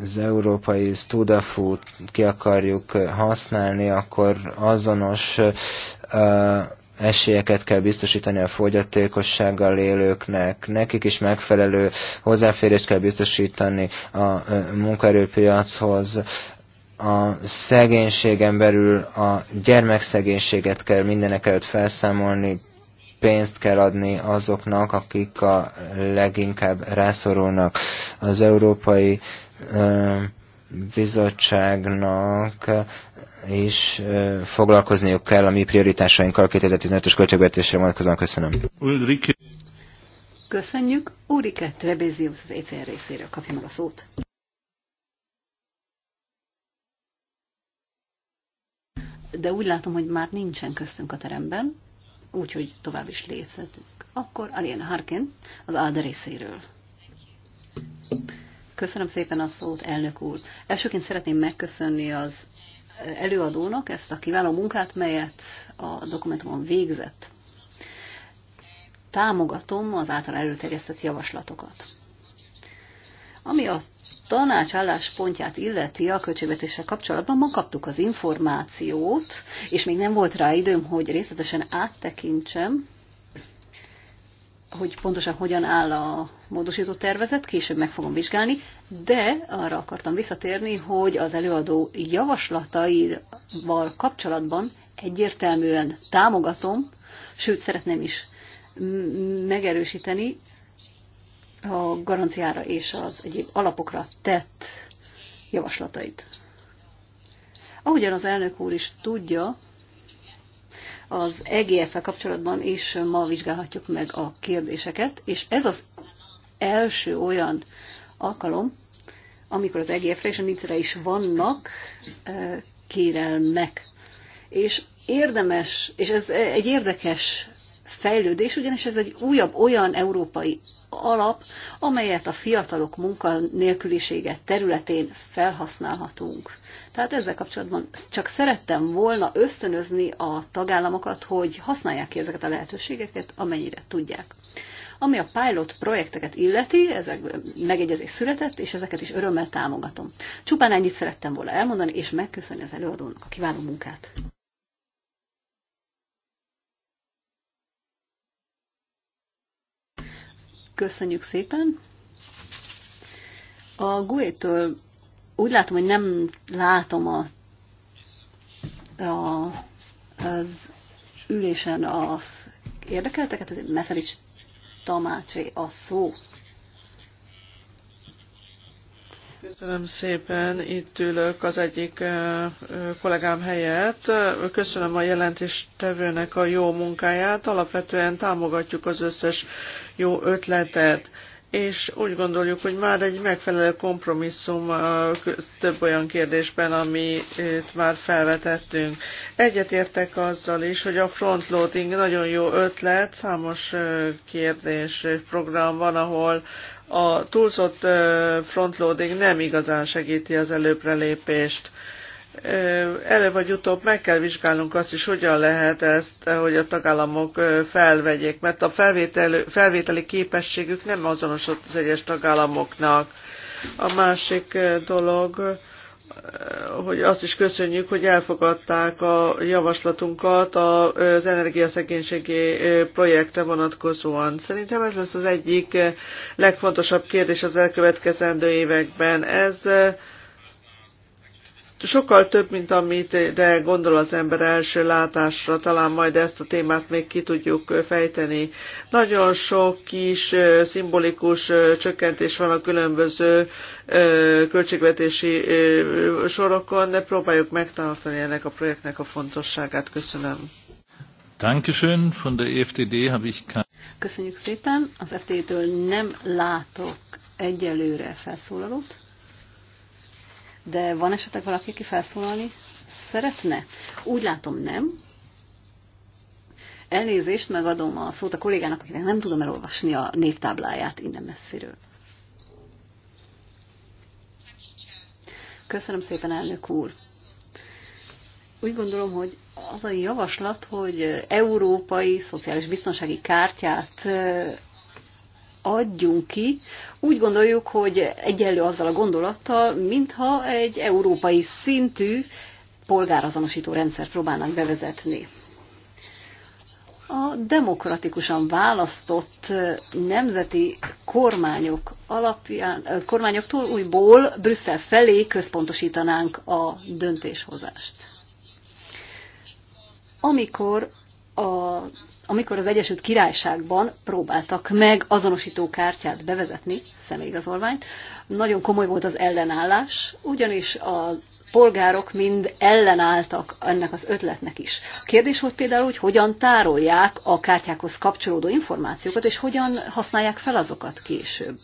az európai studafút ki akarjuk használni, akkor azonos esélyeket kell biztosítani a fogyatékossággal élőknek, nekik is megfelelő hozzáférést kell biztosítani a munkaerőpiachoz, a szegénységen belül a gyermekszegénységet kell mindenek előtt felszámolni, pénzt kell adni azoknak, akik a leginkább rászorulnak. Az európai uh, bizottságnak is foglalkozniuk kell a mi prioritásainkkal a 2015-ös költségvetésre vonatkozóan. Köszönöm. Köszönjük. Ulrike Trebezius az ECR részéről kapja meg a szót. De úgy látom, hogy már nincsen köztünk a teremben, úgyhogy tovább is létezünk. Akkor Alien Harkin az ALDE részéről. Thank you. Köszönöm szépen a szót, elnök úr. Elsőként szeretném megköszönni az előadónak ezt a kiváló munkát, melyet a dokumentumon végzett. Támogatom az által előterjesztett javaslatokat. Ami a tanács álláspontját illeti a költségvetéssel kapcsolatban, ma kaptuk az információt, és még nem volt rá időm, hogy részletesen áttekintsem, hogy pontosan hogyan áll a módosító tervezet, később meg fogom vizsgálni, de arra akartam visszatérni, hogy az előadó javaslataival kapcsolatban egyértelműen támogatom, sőt szeretném is megerősíteni a garanciára és az egyéb alapokra tett javaslatait. Ahogyan az elnök úr is tudja, az EGF-fel kapcsolatban is ma vizsgálhatjuk meg a kérdéseket, és ez az első olyan alkalom, amikor az EGF-re és a nic is vannak kérelmek. És érdemes, és ez egy érdekes fejlődés, ugyanis ez egy újabb olyan európai alap, amelyet a fiatalok munkanélkülisége területén felhasználhatunk. Tehát ezzel kapcsolatban csak szerettem volna ösztönözni a tagállamokat, hogy használják ki ezeket a lehetőségeket, amennyire tudják. Ami a pilot projekteket illeti, ezek megegyezés született, és ezeket is örömmel támogatom. Csupán ennyit szerettem volna elmondani, és megköszönni az előadónak a kiváló munkát. Köszönjük szépen! A GUE-től úgy látom, hogy nem látom a, a, az ülésen az érdekelteket, ezért Meszerics Tamácsé a szó. Köszönöm szépen, itt ülök az egyik kollégám helyett. Köszönöm a jelentéstevőnek a jó munkáját, alapvetően támogatjuk az összes jó ötletet és úgy gondoljuk, hogy már egy megfelelő kompromisszum több olyan kérdésben, amit már felvetettünk. Egyetértek azzal is, hogy a frontloading nagyon jó ötlet, számos kérdés program van, ahol a túlzott frontloading nem igazán segíti az előprelépést. lépést elő vagy utóbb meg kell vizsgálnunk azt is, hogyan lehet ezt, hogy a tagállamok felvegyék, mert a felvételi képességük nem azonos az egyes tagállamoknak. A másik dolog, hogy azt is köszönjük, hogy elfogadták a javaslatunkat az energiaszegénységi projektre vonatkozóan. Szerintem ez lesz az egyik legfontosabb kérdés az elkövetkezendő években. Ez sokkal több, mint de gondol az ember első látásra, talán majd ezt a témát még ki tudjuk fejteni. Nagyon sok kis szimbolikus csökkentés van a különböző költségvetési sorokon, de próbáljuk megtartani ennek a projektnek a fontosságát. Köszönöm. Dankeschön, von der e FDD habe ich kein... Köszönjük szépen, az FDD-től nem látok egyelőre felszólalót. De van esetleg valaki, aki felszólalni szeretne? Úgy látom, nem. Elnézést, megadom a szót a kollégának, akinek nem tudom elolvasni a névtábláját innen messziről. Köszönöm szépen, elnök úr. Úgy gondolom, hogy az a javaslat, hogy európai szociális biztonsági kártyát adjunk ki, úgy gondoljuk, hogy egyenlő azzal a gondolattal, mintha egy európai szintű polgárazonosító rendszer próbálnak bevezetni. A demokratikusan választott nemzeti kormányok alapján, kormányoktól újból Brüsszel felé központosítanánk a döntéshozást. Amikor a amikor az Egyesült Királyságban próbáltak meg azonosító kártyát bevezetni, személyigazolványt, nagyon komoly volt az ellenállás, ugyanis az polgárok mind ellenálltak ennek az ötletnek is. A kérdés volt például, hogy hogyan tárolják a kártyákhoz kapcsolódó információkat, és hogyan használják fel azokat később.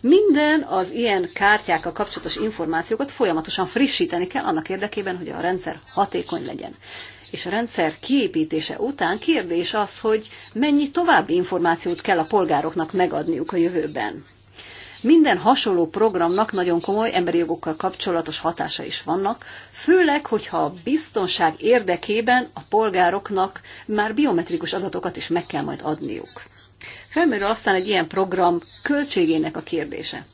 Minden az ilyen kártyákkal kapcsolatos információkat folyamatosan frissíteni kell annak érdekében, hogy a rendszer hatékony legyen. És a rendszer kiépítése után kérdés az, hogy mennyi további információt kell a polgároknak megadniuk a jövőben. Minden hasonló programnak nagyon komoly emberi jogokkal kapcsolatos hatása is vannak, főleg, hogyha a biztonság érdekében a polgároknak már biometrikus adatokat is meg kell majd adniuk. Felmerül aztán egy ilyen program költségének a kérdése.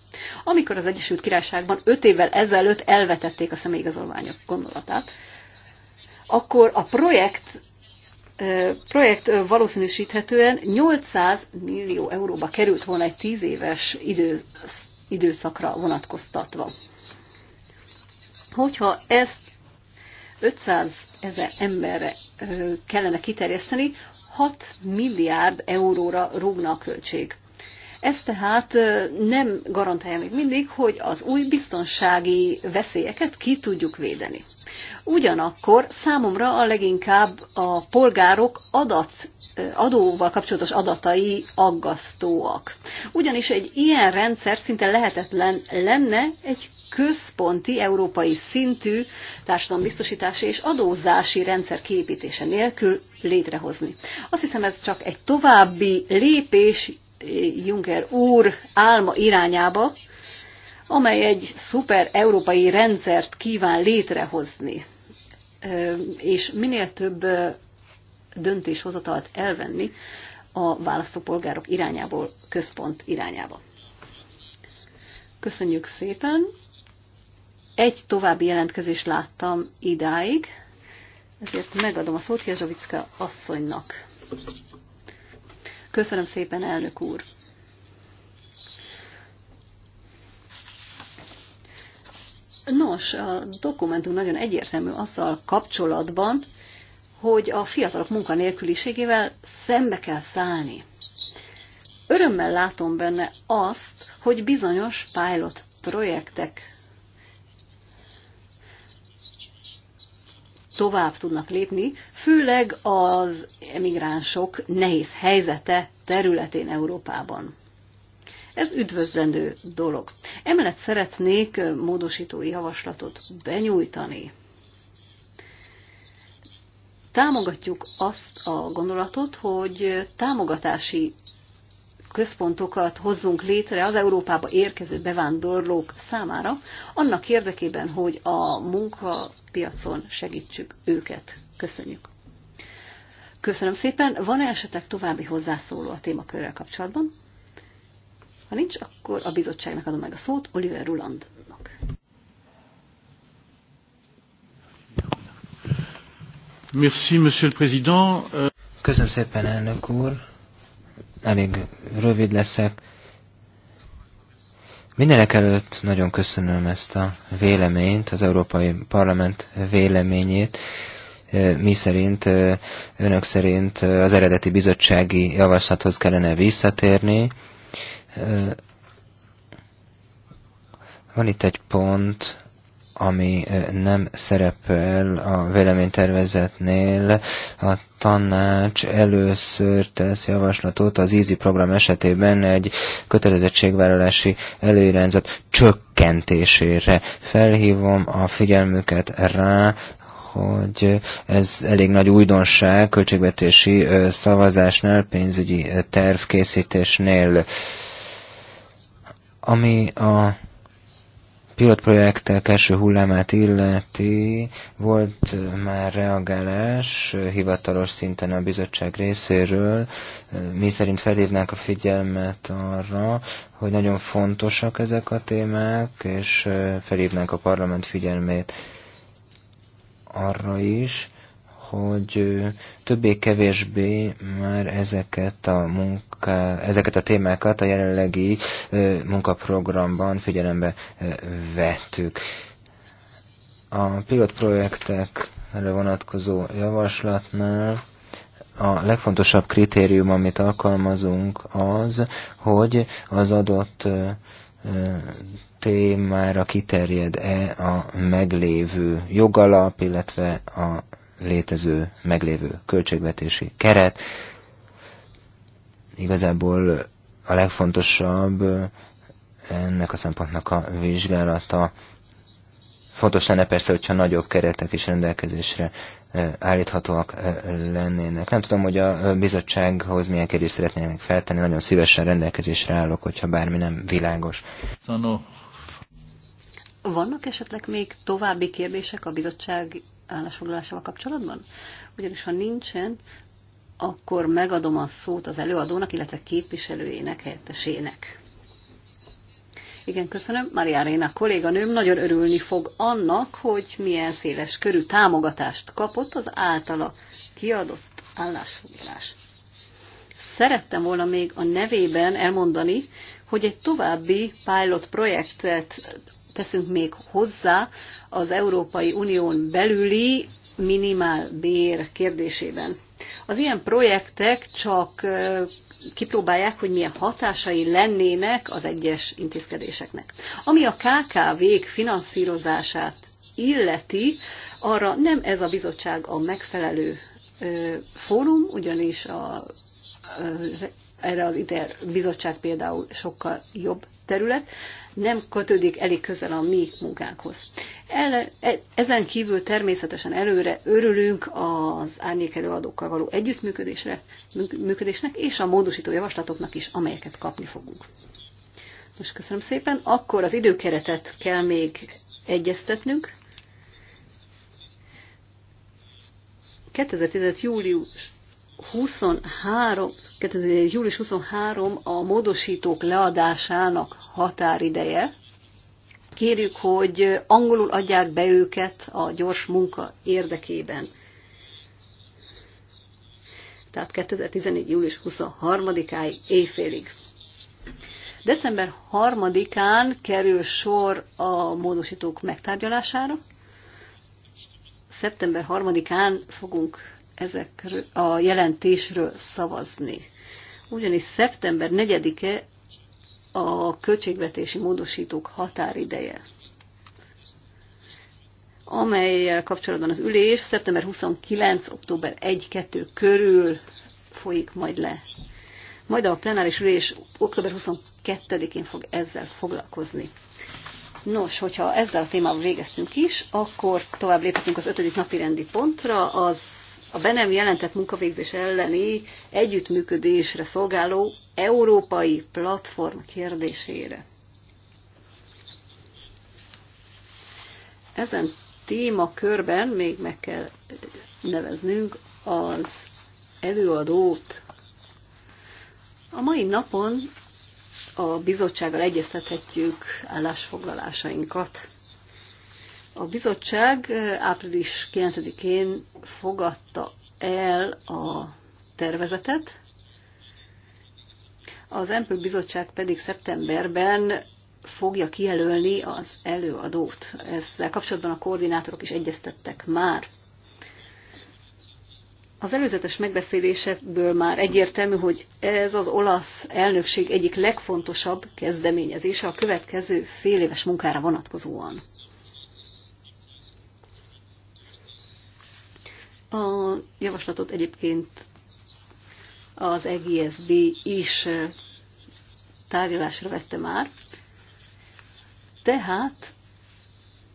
Amikor az Egyesült Királyságban 5 évvel ezelőtt elvetették a személyigazolványok gondolatát, akkor a projekt projekt valószínűsíthetően 800 millió euróba került volna egy 10 éves idő, időszakra vonatkoztatva. Hogyha ezt 500 ezer emberre kellene kiterjeszteni, 6 milliárd euróra rúgna a költség. Ez tehát nem garantálja még mindig, hogy az új biztonsági veszélyeket ki tudjuk védeni. Ugyanakkor számomra a leginkább a polgárok adat adóval kapcsolatos adatai aggasztóak. Ugyanis egy ilyen rendszer szinte lehetetlen lenne egy központi, európai szintű társadalombiztosítási és adózási rendszer kiépítése nélkül létrehozni. Azt hiszem ez csak egy további lépés Juncker úr álma irányába, amely egy szuper európai rendszert kíván létrehozni, és minél több döntéshozatalt elvenni a választópolgárok irányából, központ irányába. Köszönjük szépen! Egy további jelentkezést láttam idáig, ezért megadom a szót Jezsovicka asszonynak. Köszönöm szépen, elnök úr! Nos, a dokumentum nagyon egyértelmű azzal kapcsolatban, hogy a fiatalok munkanélküliségével szembe kell szállni. Örömmel látom benne azt, hogy bizonyos pilot projektek tovább tudnak lépni, főleg az emigránsok nehéz helyzete területén Európában. Ez üdvözlendő dolog. Emellett szeretnék módosítói javaslatot benyújtani. Támogatjuk azt a gondolatot, hogy támogatási központokat hozzunk létre az Európába érkező bevándorlók számára, annak érdekében, hogy a munkapiacon segítsük őket. Köszönjük. Köszönöm szépen. Van-e esetleg további hozzászóló a témakörrel kapcsolatban? Ha nincs, akkor a bizottságnak adom meg a szót Oliver Rulandnak. Merci, monsieur le président. Köszönöm szépen, elnök úr. Elég rövid leszek. Mindenek előtt nagyon köszönöm ezt a véleményt, az Európai Parlament véleményét e, mi szerint, e, önök szerint az eredeti bizottsági javaslathoz kellene visszatérni, van itt egy pont, ami nem szerepel a véleménytervezetnél, a tanács először tesz javaslatot az EASY program esetében egy kötelezettségvállalási előirányzat csökkentésére. Felhívom a figyelmüket rá, hogy ez elég nagy újdonság költségvetési szavazásnál, pénzügyi tervkészítésnél. Ami a pilotprojektek első hullámát illeti, volt már reagálás hivatalos szinten a bizottság részéről, mi szerint felhívnák a figyelmet arra, hogy nagyon fontosak ezek a témák, és felhívnánk a parlament figyelmét arra is, hogy többé-kevésbé már ezeket a munk ezeket a témákat a jelenlegi munkaprogramban figyelembe vettük. A pilotprojektekre vonatkozó javaslatnál a legfontosabb kritérium, amit alkalmazunk az, hogy az adott témára kiterjed-e a meglévő jogalap, illetve a létező, meglévő költségvetési keret, Igazából a legfontosabb ennek a szempontnak a vizsgálata. Fontos lenne persze, hogyha nagyobb keretek is rendelkezésre állíthatóak lennének. Nem tudom, hogy a bizottsághoz milyen kérdést szeretnének feltenni, nagyon szívesen rendelkezésre állok, hogyha bármi nem világos. Vannak esetleg még további kérdések a bizottság állásfoglalásával kapcsolatban? Ugyanis ha nincsen, akkor megadom a szót az előadónak, illetve képviselőjének, helyettesének. Igen, köszönöm. Mária Réna kolléganőm nagyon örülni fog annak, hogy milyen széles körű támogatást kapott az általa kiadott állásfoglalás. Szerettem volna még a nevében elmondani, hogy egy további pilot projektet teszünk még hozzá az Európai Unión belüli minimál bér kérdésében. Az ilyen projektek csak kipróbálják, hogy milyen hatásai lennének az egyes intézkedéseknek. Ami a KKV-k finanszírozását illeti, arra nem ez a bizottság a megfelelő fórum, ugyanis a, erre az ITER bizottság például sokkal jobb terület, nem kötődik elég közel a mi munkánkhoz. E, ezen kívül természetesen előre örülünk az árnyékelőadókkal való együttműködésre, működésnek és a módosító javaslatoknak is, amelyeket kapni fogunk. Most köszönöm szépen. Akkor az időkeretet kell még egyeztetnünk. 2015. július 23, 2015. július 23 a módosítók leadásának határideje, kérjük, hogy angolul adják be őket a gyors munka érdekében. Tehát 2014. július 23-áig éjfélig. December 3-án kerül sor a módosítók megtárgyalására. Szeptember 3-án fogunk ezekről a jelentésről szavazni. Ugyanis szeptember 4-e a költségvetési módosítók határideje, amelyel kapcsolatban az ülés szeptember 29. október 1-2 körül folyik majd le. Majd a plenáris ülés október 22-én fog ezzel foglalkozni. Nos, hogyha ezzel a témával végeztünk is, akkor tovább léphetünk az ötödik napi rendi pontra, az a be nem jelentett munkavégzés elleni együttműködésre szolgáló európai platform kérdésére. Ezen témakörben még meg kell neveznünk az előadót. A mai napon a bizottsággal egyeztethetjük állásfoglalásainkat. A bizottság április 9-én fogadta el a tervezetet, az MPÖ bizottság pedig szeptemberben fogja kijelölni az előadót. Ezzel kapcsolatban a koordinátorok is egyeztettek már. Az előzetes megbeszélésekből már egyértelmű, hogy ez az olasz elnökség egyik legfontosabb kezdeményezése a következő fél éves munkára vonatkozóan. A javaslatot egyébként az EGSB is tárgyalásra vette már, tehát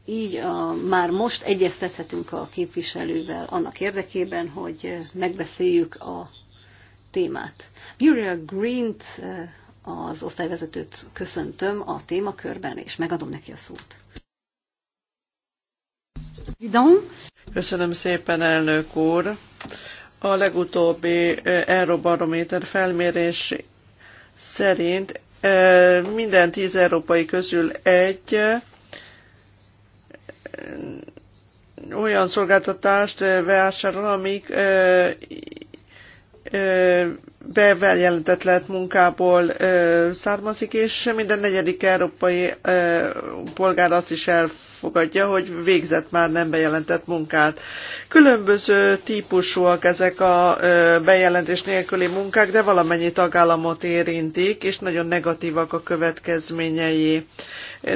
így a, már most egyeztethetünk a képviselővel annak érdekében, hogy megbeszéljük a témát. Muriel Green-t, az osztályvezetőt köszöntöm a témakörben, és megadom neki a szót. Köszönöm szépen, elnök úr. A legutóbbi Eurobarométer felmérés szerint minden tíz európai közül egy olyan szolgáltatást vásárol, amik jelentett lett munkából származik, és minden negyedik európai polgár azt is elfogadja, elfogadja, hogy végzett már nem bejelentett munkát. Különböző típusúak ezek a bejelentés nélküli munkák, de valamennyi tagállamot érintik, és nagyon negatívak a következményei.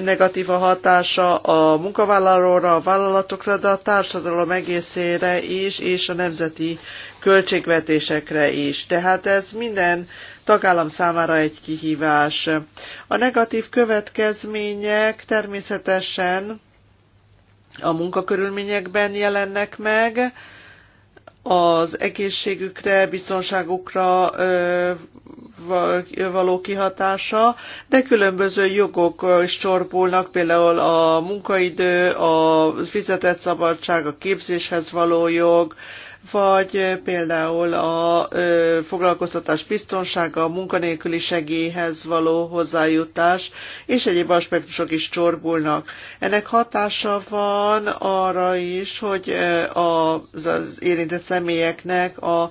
Negatív a hatása a munkavállalóra, a vállalatokra, de a társadalom egészére is, és a nemzeti költségvetésekre is. Tehát ez minden tagállam számára egy kihívás. A negatív következmények természetesen a munkakörülményekben jelennek meg, az egészségükre, biztonságukra való kihatása, de különböző jogok is csorbulnak, például a munkaidő, a fizetett szabadság, a képzéshez való jog, vagy például a foglalkoztatás biztonsága, a munkanélküli segélyhez való hozzájutás, és egyéb aspektusok is csorbulnak. Ennek hatása van arra is, hogy az, érintett személyeknek a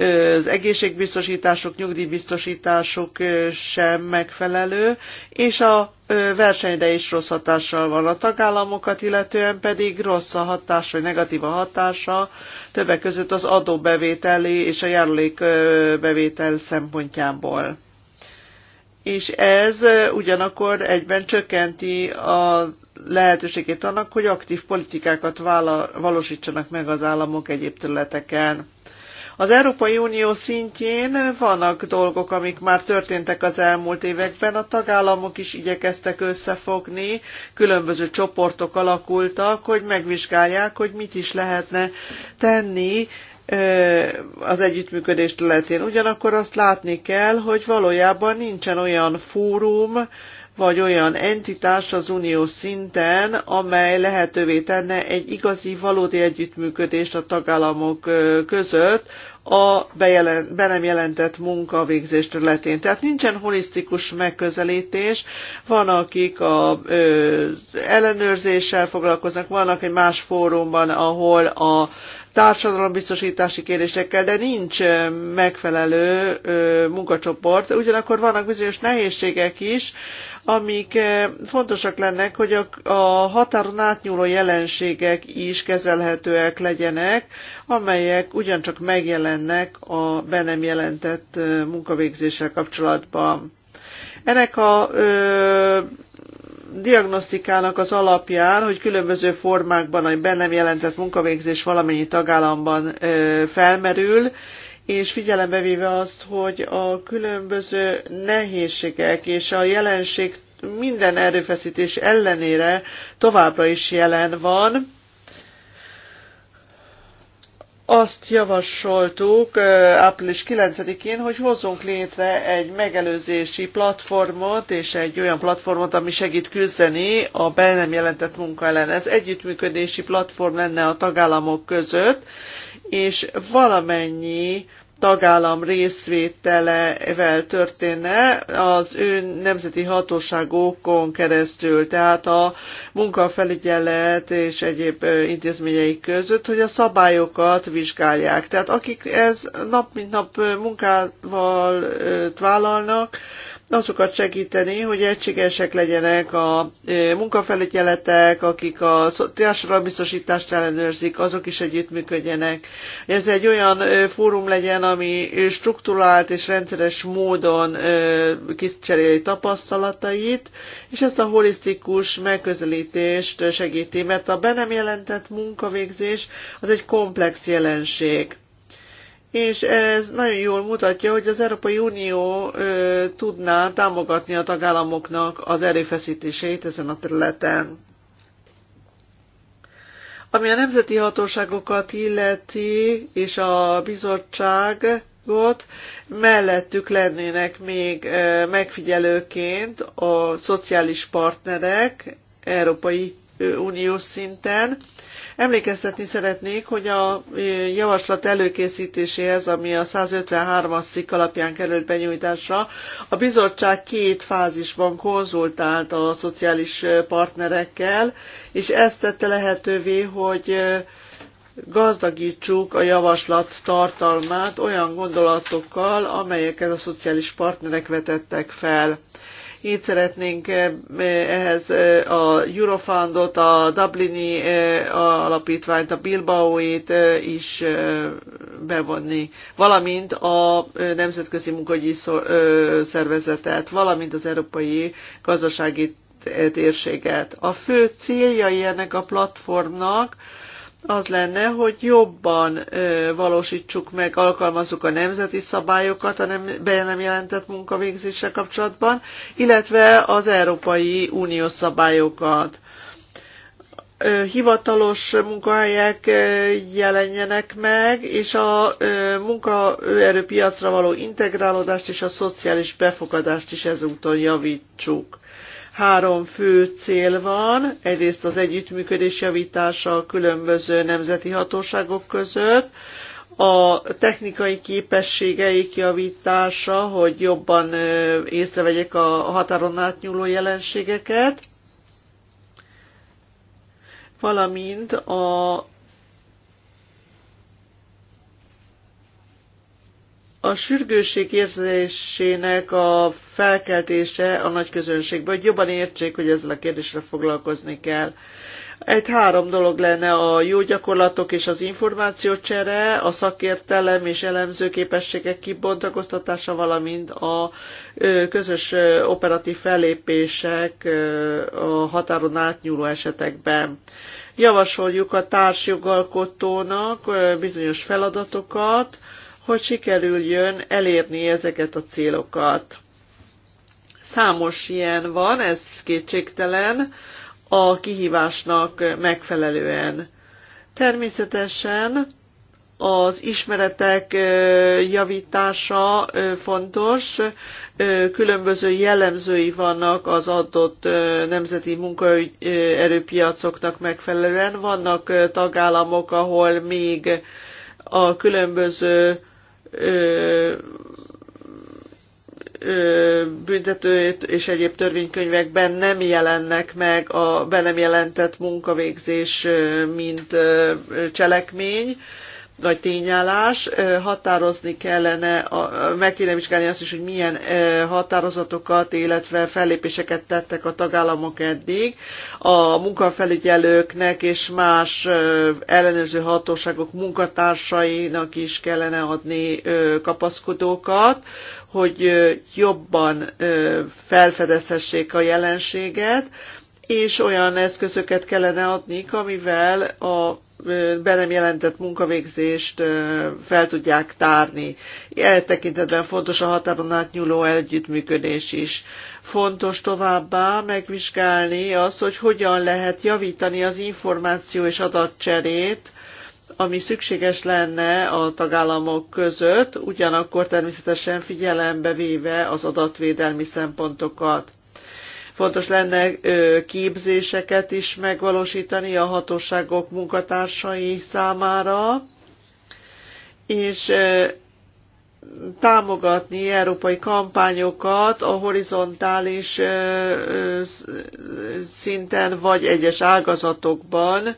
az egészségbiztosítások, nyugdíjbiztosítások sem megfelelő, és a versenyre is rossz hatással van a tagállamokat, illetően pedig rossz a hatás, vagy negatív a hatása többek között az adóbevételi és a járulékbevétel szempontjából és ez ugyanakkor egyben csökkenti a lehetőségét annak, hogy aktív politikákat vála, valósítsanak meg az államok egyéb területeken. Az Európai Unió szintjén vannak dolgok, amik már történtek az elmúlt években, a tagállamok is igyekeztek összefogni, különböző csoportok alakultak, hogy megvizsgálják, hogy mit is lehetne tenni, az együttműködés területén. Ugyanakkor azt látni kell, hogy valójában nincsen olyan fórum, vagy olyan entitás az unió szinten, amely lehetővé tenne egy igazi, valódi együttműködést a tagállamok között a bejelent, be nem jelentett munkavégzés területén. Tehát nincsen holisztikus megközelítés, van akik a, ö, ellenőrzéssel foglalkoznak, vannak egy más fórumban, ahol a társadalombiztosítási kérdésekkel, de nincs megfelelő munkacsoport. Ugyanakkor vannak bizonyos nehézségek is, amik fontosak lennek, hogy a, határon átnyúló jelenségek is kezelhetőek legyenek, amelyek ugyancsak megjelennek a be nem jelentett munkavégzéssel kapcsolatban. Ennek a diagnosztikának az alapján, hogy különböző formákban a be nem jelentett munkavégzés valamennyi tagállamban felmerül, és figyelembe véve azt, hogy a különböző nehézségek és a jelenség minden erőfeszítés ellenére továbbra is jelen van, azt javasoltuk április 9-én, hogy hozzunk létre egy megelőzési platformot, és egy olyan platformot, ami segít küzdeni a be nem jelentett munka ellen. Ez együttműködési platform lenne a tagállamok között, és valamennyi tagállam részvételevel történne az ő nemzeti hatóságokon keresztül, tehát a munkafelügyelet és egyéb intézményeik között, hogy a szabályokat vizsgálják. Tehát akik ez nap mint nap munkával vállalnak, azokat segíteni, hogy egységesek legyenek a munkafelügyeletek, akik a biztosítást ellenőrzik, azok is együttműködjenek. Ez egy olyan fórum legyen, ami strukturált és rendszeres módon kicseréli tapasztalatait, és ezt a holisztikus megközelítést segíti, mert a be nem jelentett munkavégzés az egy komplex jelenség és ez nagyon jól mutatja, hogy az Európai Unió ö, tudná támogatni a tagállamoknak az erőfeszítéseit ezen a területen. Ami a nemzeti hatóságokat illeti, és a bizottságot, mellettük lennének még ö, megfigyelőként a szociális partnerek Európai Unió szinten, Emlékeztetni szeretnék, hogy a javaslat előkészítéséhez, ami a 153-as cikk alapján került benyújtásra, a bizottság két fázisban konzultált a szociális partnerekkel, és ezt tette lehetővé, hogy gazdagítsuk a javaslat tartalmát olyan gondolatokkal, amelyeket a szociális partnerek vetettek fel. Itt szeretnénk eh, ehhez eh, a Eurofundot, a Dublini eh, alapítványt, a Bilbaóit is bevonni, valamint a Nemzetközi Munkagyi Szervezetet, valamint az Európai Gazdasági térséget. A fő céljai ennek a platformnak, az lenne, hogy jobban ö, valósítsuk meg, alkalmazzuk a nemzeti szabályokat a nem, be nem jelentett munkavégzéssel kapcsolatban, illetve az Európai Unió szabályokat. Ö, hivatalos munkahelyek ö, jelenjenek meg, és a ö, munkaerőpiacra való integrálódást és a szociális befogadást is ezúton javítsuk Három fő cél van, egyrészt az együttműködés javítása a különböző nemzeti hatóságok között, a technikai képességeik javítása, hogy jobban észrevegyek a határon átnyúló jelenségeket, valamint a a sürgőség érzésének a felkeltése a nagy közönségben, hogy jobban értsék, hogy ezzel a kérdésre foglalkozni kell. Egy három dolog lenne a jó gyakorlatok és az információcsere, a szakértelem és elemző képességek kibontakoztatása, valamint a közös operatív fellépések a határon átnyúló esetekben. Javasoljuk a társjogalkotónak bizonyos feladatokat, hogy sikerüljön elérni ezeket a célokat. Számos ilyen van, ez kétségtelen, a kihívásnak megfelelően. Természetesen az ismeretek javítása fontos, különböző jellemzői vannak az adott nemzeti munkaerőpiacoknak megfelelően. Vannak tagállamok, ahol még a különböző büntető és egyéb törvénykönyvekben nem jelennek meg a be nem jelentett munkavégzés, mint cselekmény, vagy tényállás, határozni kellene, meg kéne vizsgálni azt is, hogy milyen határozatokat, illetve fellépéseket tettek a tagállamok eddig. A munkafelügyelőknek és más ellenőrző hatóságok munkatársainak is kellene adni kapaszkodókat, hogy jobban felfedezhessék a jelenséget, és olyan eszközöket kellene adni, amivel a be nem jelentett munkavégzést fel tudják tárni. E tekintetben fontos a határon átnyúló együttműködés is. Fontos továbbá megvizsgálni azt, hogy hogyan lehet javítani az információ és adatcserét, ami szükséges lenne a tagállamok között, ugyanakkor természetesen figyelembe véve az adatvédelmi szempontokat Fontos lenne képzéseket is megvalósítani a hatóságok munkatársai számára, és támogatni európai kampányokat a horizontális szinten vagy egyes ágazatokban,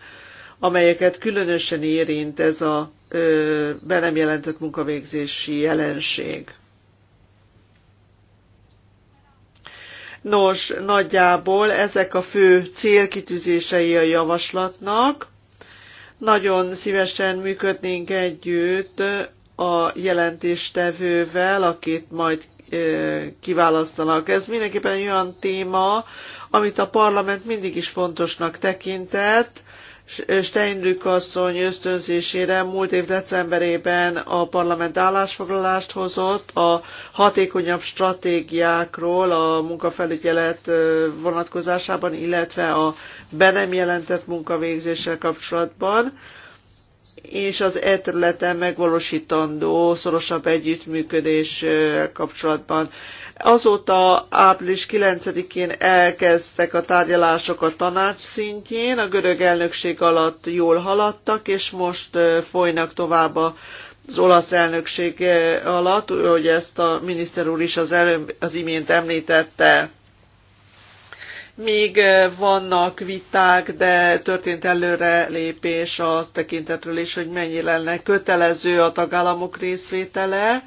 amelyeket különösen érint ez a be nem jelentett munkavégzési jelenség. Nos, nagyjából ezek a fő célkitűzései a javaslatnak. Nagyon szívesen működnénk együtt a jelentéstevővel, akit majd e, kiválasztanak. Ez mindenképpen olyan téma, amit a parlament mindig is fontosnak tekintett, Steinrück asszony ösztönzésére múlt év decemberében a parlament állásfoglalást hozott a hatékonyabb stratégiákról a munkafelügyelet vonatkozásában, illetve a be nem jelentett munkavégzéssel kapcsolatban és az e területen megvalósítandó szorosabb együttműködés kapcsolatban. Azóta április 9-én elkezdtek a tárgyalások a tanács szintjén, a görög elnökség alatt jól haladtak, és most folynak tovább az olasz elnökség alatt, hogy ezt a miniszter úr is az, előbb, az imént említette. Még vannak viták, de történt előre lépés a tekintetről is, hogy mennyi lenne kötelező a tagállamok részvétele,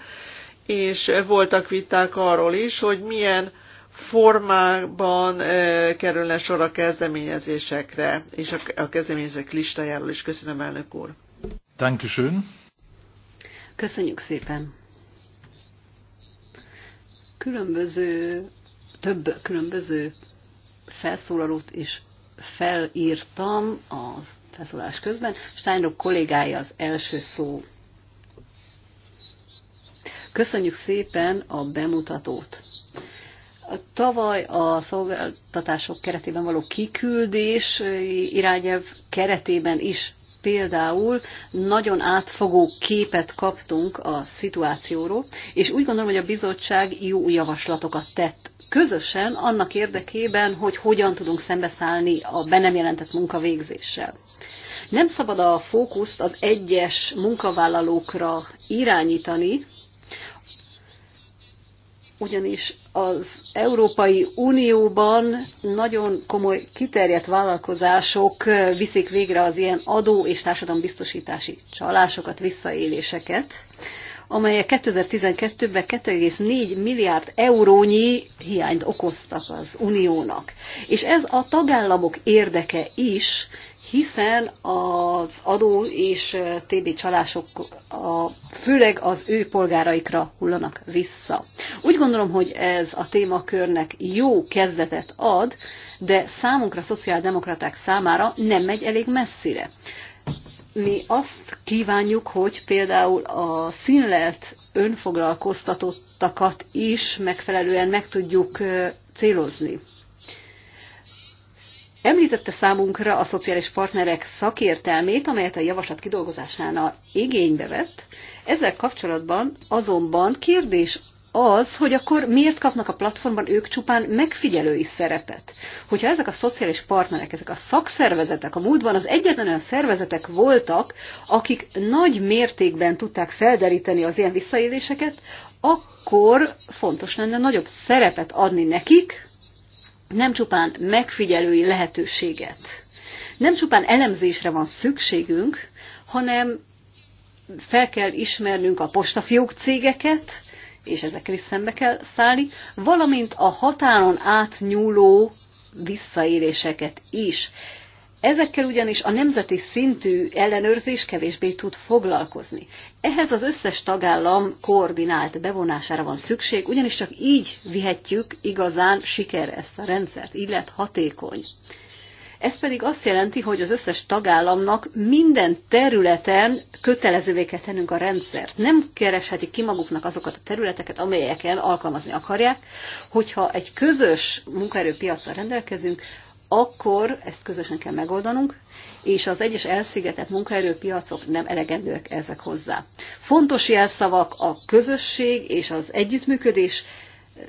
és voltak viták arról is, hogy milyen formában eh, kerülne sor a kezdeményezésekre, és a kezdeményezések listájáról is. Köszönöm, elnök úr. Dankeschön. Köszönjük szépen. Különböző, több különböző felszólalót is felírtam az felszólás közben. Steinrock kollégája az első szó Köszönjük szépen a bemutatót! Tavaly a szolgáltatások keretében való kiküldés irányelv keretében is például nagyon átfogó képet kaptunk a szituációról, és úgy gondolom, hogy a bizottság jó javaslatokat tett közösen annak érdekében, hogy hogyan tudunk szembeszállni a be nem jelentett munkavégzéssel. Nem szabad a fókuszt az egyes munkavállalókra irányítani, ugyanis az Európai Unióban nagyon komoly kiterjedt vállalkozások viszik végre az ilyen adó és társadalombiztosítási csalásokat, visszaéléseket, amelyek 2012-ben 2,4 milliárd eurónyi hiányt okoztak az uniónak. És ez a tagállamok érdeke is, hiszen az adó és TB csalások a, főleg az ő polgáraikra hullanak vissza. Úgy gondolom, hogy ez a témakörnek jó kezdetet ad, de számunkra, szociáldemokraták számára nem megy elég messzire. Mi azt kívánjuk, hogy például a színlelt önfoglalkoztatottakat is megfelelően meg tudjuk célozni Említette számunkra a szociális partnerek szakértelmét, amelyet a javaslat kidolgozásánál igénybe vett. Ezzel kapcsolatban azonban kérdés az, hogy akkor miért kapnak a platformban ők csupán megfigyelői szerepet. Hogyha ezek a szociális partnerek, ezek a szakszervezetek a múltban az egyetlen olyan szervezetek voltak, akik nagy mértékben tudták felderíteni az ilyen visszaéléseket, akkor fontos lenne nagyobb szerepet adni nekik, nem csupán megfigyelői lehetőséget, nem csupán elemzésre van szükségünk, hanem fel kell ismernünk a postafiók cégeket, és ezekkel is szembe kell szállni, valamint a határon átnyúló visszaéléseket is. Ezekkel ugyanis a nemzeti szintű ellenőrzés kevésbé tud foglalkozni. Ehhez az összes tagállam koordinált bevonására van szükség, ugyanis csak így vihetjük igazán siker ezt a rendszert, így hatékony. Ez pedig azt jelenti, hogy az összes tagállamnak minden területen kötelezővé kell tennünk a rendszert. Nem kereshetik ki maguknak azokat a területeket, amelyeken alkalmazni akarják. Hogyha egy közös munkaerőpiacra rendelkezünk, akkor ezt közösen kell megoldanunk, és az egyes elszigetett munkaerőpiacok nem elegendőek ezek hozzá. Fontos jelszavak a közösség és az együttműködés,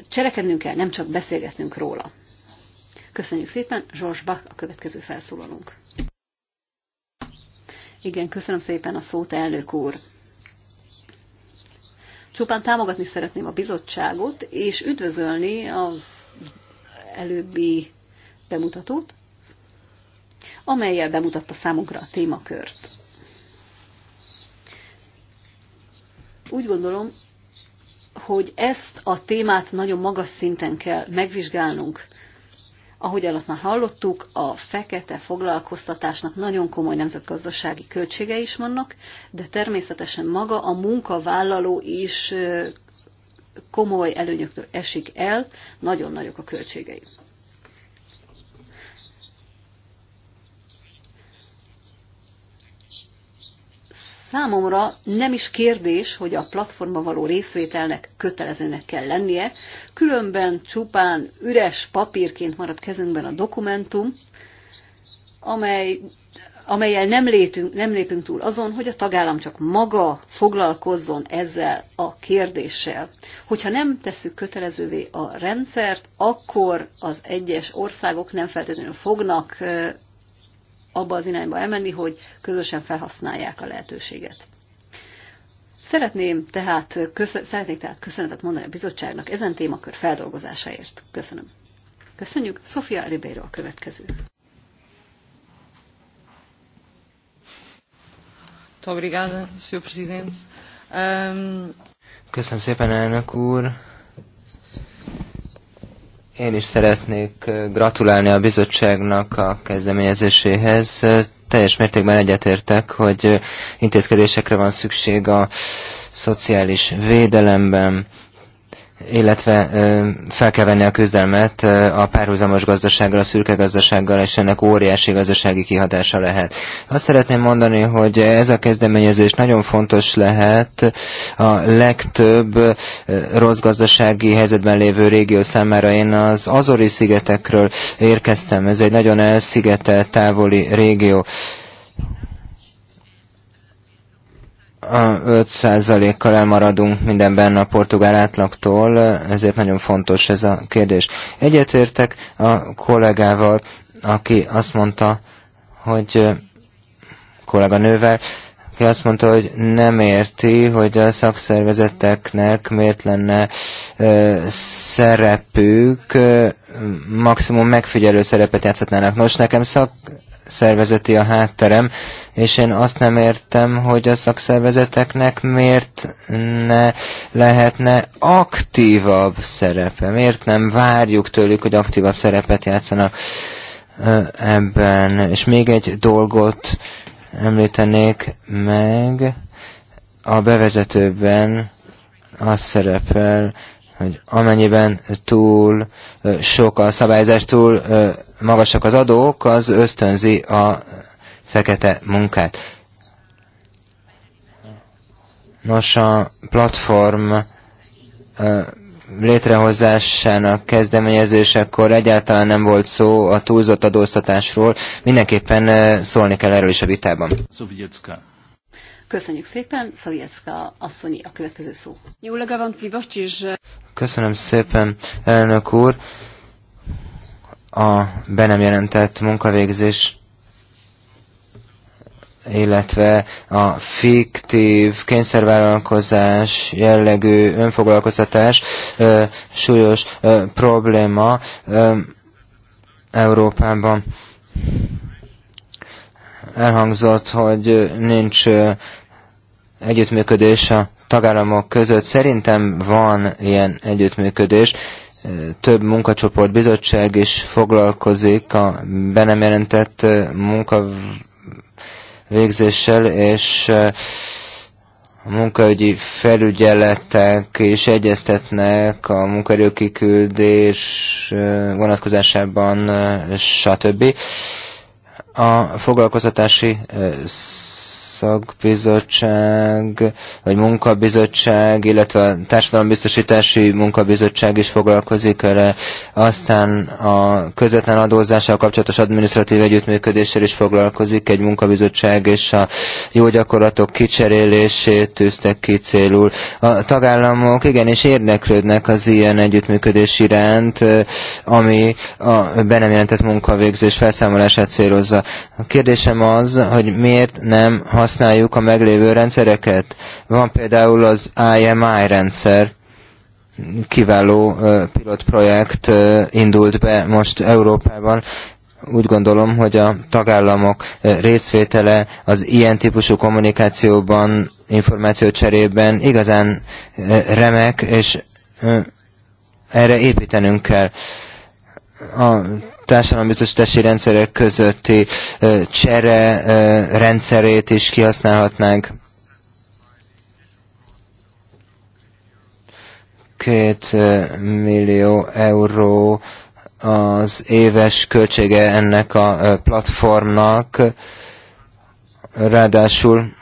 cselekednünk kell, nem csak beszélgetnünk róla. Köszönjük szépen, Zsors Bach, a következő felszólalunk. Igen, köszönöm szépen a szót, elnök úr. Csupán támogatni szeretném a bizottságot, és üdvözölni az előbbi bemutatót, amelyel bemutatta számunkra a témakört. Úgy gondolom, hogy ezt a témát nagyon magas szinten kell megvizsgálnunk. Ahogy alatt már hallottuk, a fekete foglalkoztatásnak nagyon komoly nemzetgazdasági költsége is vannak, de természetesen maga a munkavállaló is komoly előnyöktől esik el, nagyon nagyok a költségei. Számomra nem is kérdés, hogy a platforma való részvételnek kötelezőnek kell lennie, különben csupán üres papírként marad kezünkben a dokumentum, amely, amelyel nem, létünk, nem lépünk túl azon, hogy a tagállam csak maga foglalkozzon ezzel a kérdéssel. Hogyha nem tesszük kötelezővé a rendszert, akkor az egyes országok nem feltétlenül fognak abba az irányba elmenni, hogy közösen felhasználják a lehetőséget. Szeretném tehát, köszön, szeretnék tehát köszönetet mondani a bizottságnak ezen témakör feldolgozásáért. Köszönöm. Köszönjük. Sofia Ribeiro a következő. Köszönöm szépen, elnök úr. Én is szeretnék gratulálni a bizottságnak a kezdeményezéséhez. Teljes mértékben egyetértek, hogy intézkedésekre van szükség a szociális védelemben illetve fel kell venni a küzdelmet a párhuzamos gazdasággal, a szürke gazdasággal, és ennek óriási gazdasági kihatása lehet. Azt szeretném mondani, hogy ez a kezdeményezés nagyon fontos lehet a legtöbb rossz gazdasági helyzetben lévő régió számára. Én az Azori szigetekről érkeztem, ez egy nagyon elszigetelt távoli régió 5%-kal elmaradunk mindenben a portugál átlagtól, ezért nagyon fontos ez a kérdés. Egyetértek a kollégával, aki azt mondta, hogy kolléganővel, aki azt mondta, hogy nem érti, hogy a szakszervezeteknek miért lenne ö, szerepük, ö, maximum megfigyelő szerepet játszhatnának. Nos, nekem szak szervezeti a hátterem, és én azt nem értem, hogy a szakszervezeteknek miért ne lehetne aktívabb szerepe, miért nem várjuk tőlük, hogy aktívabb szerepet játszanak ebben. És még egy dolgot említenék meg, a bevezetőben az szerepel, hogy amennyiben túl sok a szabályzás, túl magasak az adók, az ösztönzi a fekete munkát. Nos, a platform létrehozásának kezdeményezésekor egyáltalán nem volt szó a túlzott adóztatásról. Mindenképpen szólni kell erről is a vitában. Szovjetszka. Köszönjük szépen, Szovjetszka asszonyi a következő szó. Köszönöm szépen, elnök úr. A be nem jelentett munkavégzés illetve a fiktív kényszervállalkozás jellegű önfoglalkoztatás ö, súlyos ö, probléma ö, Európában. Elhangzott, hogy nincs ö, együttműködés a tagállamok között. Szerintem van ilyen együttműködés. Több munkacsoport bizottság is foglalkozik a be nem jelentett munkavégzéssel, és a munkaügyi felügyeletek is egyeztetnek a munkaerőkiküldés vonatkozásában, stb. A foglalkoztatási szakbizottság, vagy munkabizottság, illetve a társadalombiztosítási munkabizottság is foglalkozik erre, aztán a közvetlen adózással kapcsolatos adminisztratív együttműködéssel is foglalkozik egy munkabizottság, és a jó gyakorlatok kicserélését tűztek ki célul. A tagállamok igenis érdeklődnek az ilyen együttműködés iránt, ami a be nem jelentett munkavégzés felszámolását célozza. A kérdésem az, hogy miért nem használják használjuk a meglévő rendszereket. Van például az IMI rendszer, kiváló pilotprojekt indult be most Európában. Úgy gondolom, hogy a tagállamok részvétele az ilyen típusú kommunikációban, információcserében igazán remek, és erre építenünk kell. A társadalombiztosítási rendszerek közötti csere rendszerét is kihasználhatnánk. Két millió euró az éves költsége ennek a platformnak, ráadásul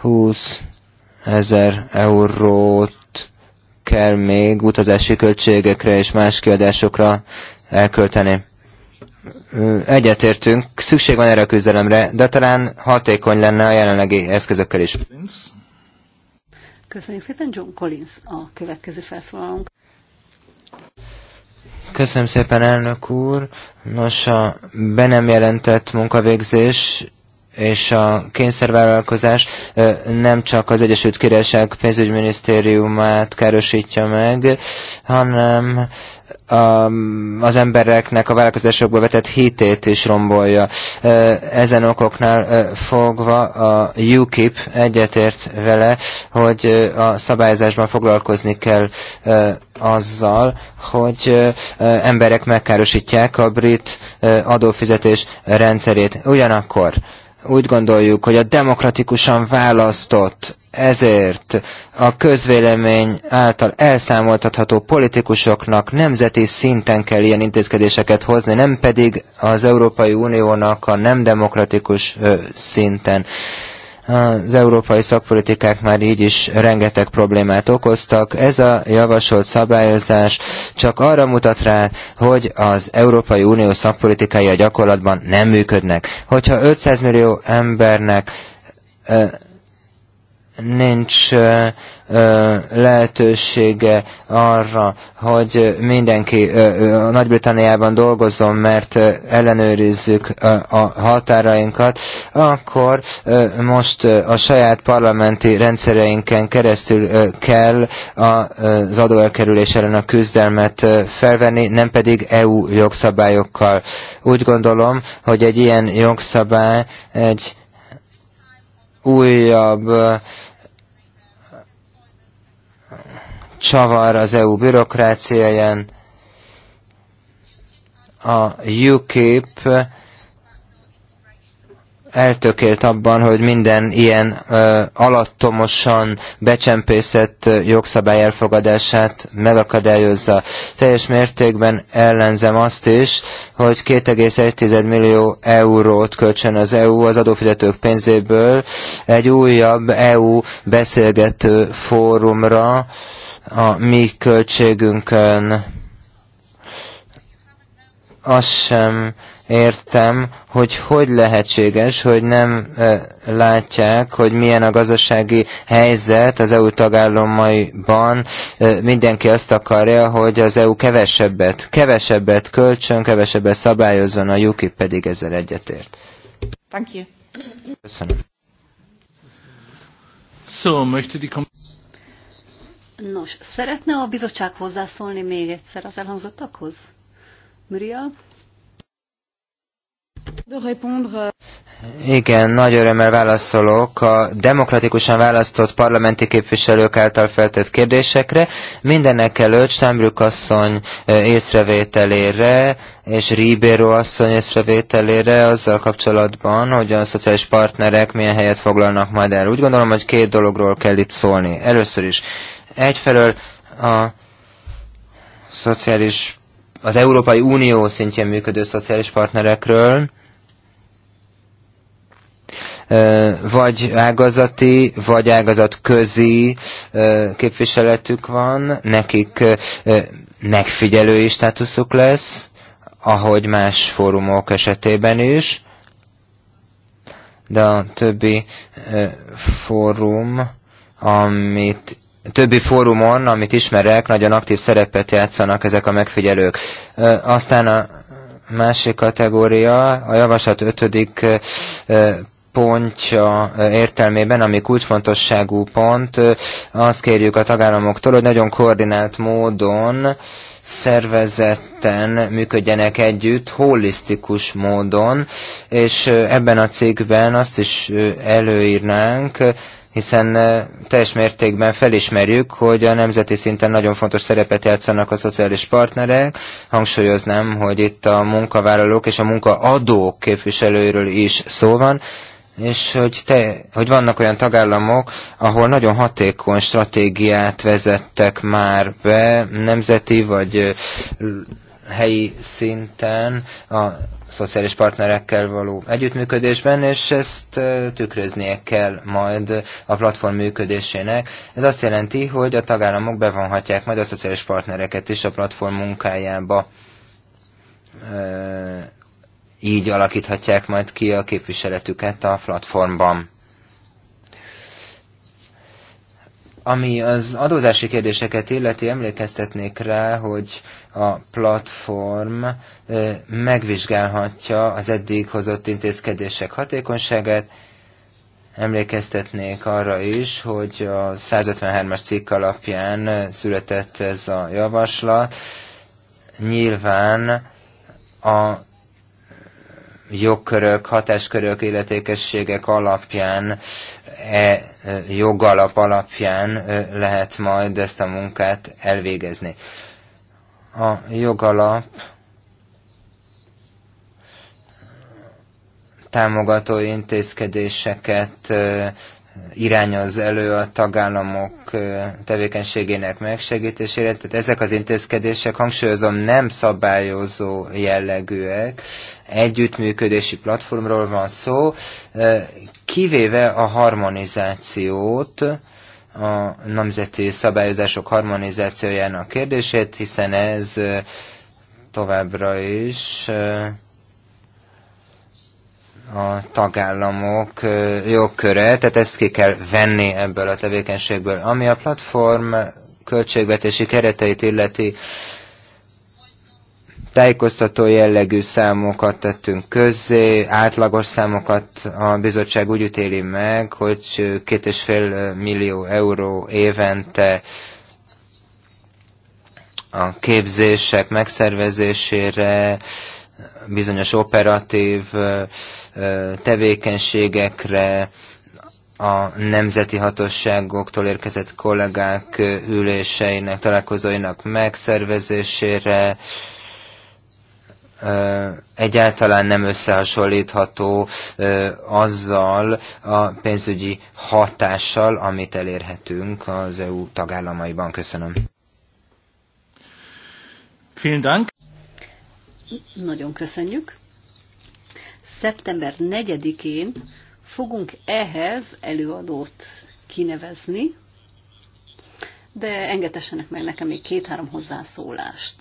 20 ezer eurót kell még utazási költségekre és más kiadásokra elkölteni. Egyetértünk, szükség van erre a küzdelemre, de talán hatékony lenne a jelenlegi eszközökkel is. Köszönjük szépen, John Collins, a következő felszólalónk. Köszönöm szépen, elnök úr. Nos, a be nem jelentett munkavégzés és a kényszervállalkozás nem csak az Egyesült Királyság pénzügyminisztériumát károsítja meg, hanem Um, az embereknek a vállalkozásokba vetett hitét is rombolja. Ezen okoknál fogva a UKIP egyetért vele, hogy a szabályozásban foglalkozni kell azzal, hogy emberek megkárosítják a brit adófizetés rendszerét. Ugyanakkor úgy gondoljuk, hogy a demokratikusan választott ezért a közvélemény által elszámoltatható politikusoknak nemzeti szinten kell ilyen intézkedéseket hozni, nem pedig az Európai Uniónak a nem demokratikus szinten. Az európai szakpolitikák már így is rengeteg problémát okoztak. Ez a javasolt szabályozás csak arra mutat rá, hogy az Európai Unió szakpolitikai a gyakorlatban nem működnek. Hogyha 500 millió embernek nincs lehetősége arra, hogy mindenki Nagy-Britanniában dolgozzon, mert ellenőrizzük a határainkat, akkor most a saját parlamenti rendszereinken keresztül kell az adóelkerülés ellen a küzdelmet felvenni, nem pedig EU jogszabályokkal. Úgy gondolom, hogy egy ilyen jogszabály egy újabb csavar az EU bürokráciáján. A UKIP eltökélt abban, hogy minden ilyen ö, alattomosan becsempészett jogszabály elfogadását megakadályozza. Teljes mértékben ellenzem azt is, hogy 2,1 millió eurót költsön az EU az adófizetők pénzéből egy újabb EU beszélgető fórumra a mi költségünkön azt sem értem, hogy hogy lehetséges, hogy nem ö, látják, hogy milyen a gazdasági helyzet az EU tagállamaiban. mindenki azt akarja, hogy az EU kevesebbet, kevesebbet költsön, kevesebbet szabályozzon, a UKIP pedig ezzel egyetért. Thank you. Köszönöm. So, möchte die Nos, szeretne a bizottság hozzászólni még egyszer az elhangzottakhoz? Maria? Euh, Igen, nagy örömmel válaszolok a demokratikusan választott parlamenti képviselők által feltett kérdésekre. Mindenek előtt Stambrück asszony észrevételére és Ribeiro asszony észrevételére azzal kapcsolatban, hogy a szociális partnerek milyen helyet foglalnak majd el. Úgy gondolom, hogy két dologról kell itt szólni. Először is egyfelől a szociális az Európai Unió szintjén működő szociális partnerekről, vagy ágazati, vagy ágazat közi képviseletük van, nekik megfigyelői státuszuk lesz, ahogy más fórumok esetében is, de a többi fórum, amit többi fórumon, amit ismerek, nagyon aktív szerepet játszanak ezek a megfigyelők. Aztán a másik kategória, a javaslat ötödik pontja értelmében, ami kulcsfontosságú pont, azt kérjük a tagállamoktól, hogy nagyon koordinált módon szervezetten működjenek együtt, holisztikus módon, és ebben a cégben azt is előírnánk, hiszen teljes mértékben felismerjük, hogy a nemzeti szinten nagyon fontos szerepet játszanak a szociális partnerek. Hangsúlyoznám, hogy itt a munkavállalók és a munkaadók képviselőiről is szó van, és hogy, te, hogy vannak olyan tagállamok, ahol nagyon hatékony stratégiát vezettek már be nemzeti vagy helyi szinten a szociális partnerekkel való együttműködésben, és ezt tükröznie kell majd a platform működésének. Ez azt jelenti, hogy a tagállamok bevonhatják majd a szociális partnereket is a platform munkájába. Így alakíthatják majd ki a képviseletüket a platformban. Ami az adózási kérdéseket illeti, emlékeztetnék rá, hogy a platform megvizsgálhatja az eddig hozott intézkedések hatékonyságát. Emlékeztetnék arra is, hogy a 153-as cikk alapján született ez a javaslat. Nyilván a jogkörök, hatáskörök, illetékességek alapján, e, e jogalap alapján e, lehet majd ezt a munkát elvégezni. A jogalap támogató intézkedéseket e, irányoz elő a tagállamok tevékenységének megsegítésére. Tehát ezek az intézkedések, hangsúlyozom, nem szabályozó jellegűek. Együttműködési platformról van szó, kivéve a harmonizációt, a nemzeti szabályozások harmonizációjának kérdését, hiszen ez továbbra is a tagállamok jogköre, tehát ezt ki kell venni ebből a tevékenységből. Ami a platform költségvetési kereteit illeti, tájékoztató jellegű számokat tettünk közzé, átlagos számokat a bizottság úgy ítéli meg, hogy két és fél millió euró évente a képzések megszervezésére, bizonyos operatív tevékenységekre, a nemzeti hatóságoktól érkezett kollégák üléseinek, találkozóinak megszervezésére, egyáltalán nem összehasonlítható azzal a pénzügyi hatással, amit elérhetünk az EU tagállamaiban. Köszönöm. Nagyon köszönjük. Szeptember 4-én fogunk ehhez előadót kinevezni, de engedessenek meg nekem még két-három hozzászólást.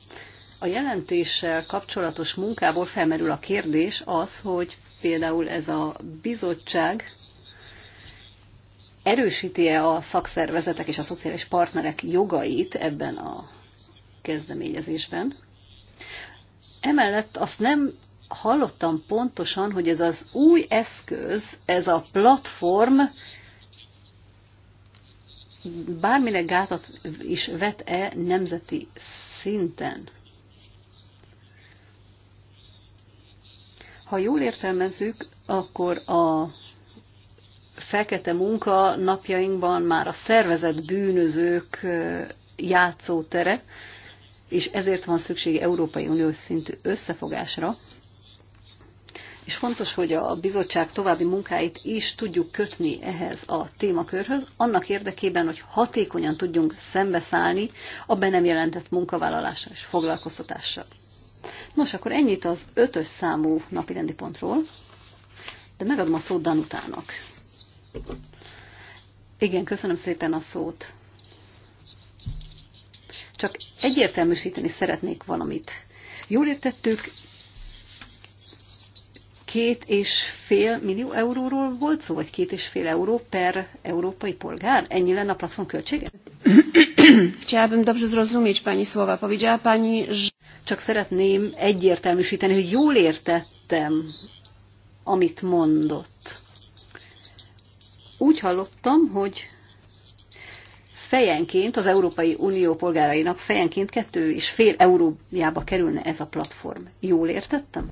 A jelentéssel kapcsolatos munkából felmerül a kérdés az, hogy például ez a bizottság erősíti-e a szakszervezetek és a szociális partnerek jogait ebben a kezdeményezésben. Emellett azt nem hallottam pontosan, hogy ez az új eszköz, ez a platform bármire gátat is vet-e nemzeti szinten. Ha jól értelmezzük, akkor a fekete munka napjainkban már a szervezett bűnözők játszótere, és ezért van szükség Európai Uniós szintű összefogásra, és fontos, hogy a bizottság további munkáit is tudjuk kötni ehhez a témakörhöz, annak érdekében, hogy hatékonyan tudjunk szembeszállni a be nem jelentett munkavállalással és foglalkoztatással. Nos, akkor ennyit az ötös számú napirendi pontról, de megadom a szót Danutának. Igen, köszönöm szépen a szót. Csak egyértelműsíteni szeretnék valamit. Jól értettük, két és fél millió euróról volt szó, vagy két és fél euró per európai polgár? Ennyi lenne a platform költsége? Chciałabym dobrze zrozumieć pani słowa. Powiedziała pani, że... Csak szeretném egyértelműsíteni, hogy jól értettem, amit mondott. Úgy hallottam, hogy fejenként az Európai Unió polgárainak fejenként kettő és fél eurójába kerülne ez a platform. Jól értettem?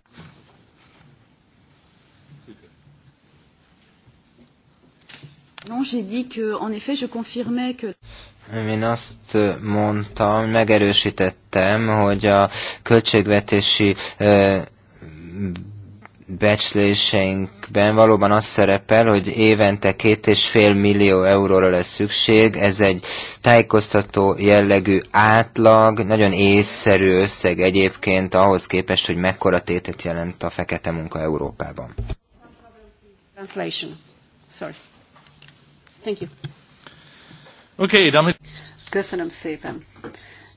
Non, j'ai dit que, en effet, je confirmais que... Én azt mondtam, megerősítettem, hogy a költségvetési becsléseinkben valóban az szerepel, hogy évente két és fél millió euróra lesz szükség. Ez egy tájékoztató jellegű átlag, nagyon észszerű összeg egyébként ahhoz képest, hogy mekkora tétet jelent a fekete munka Európában. Translation. Sorry. Thank you. Okay, Köszönöm szépen.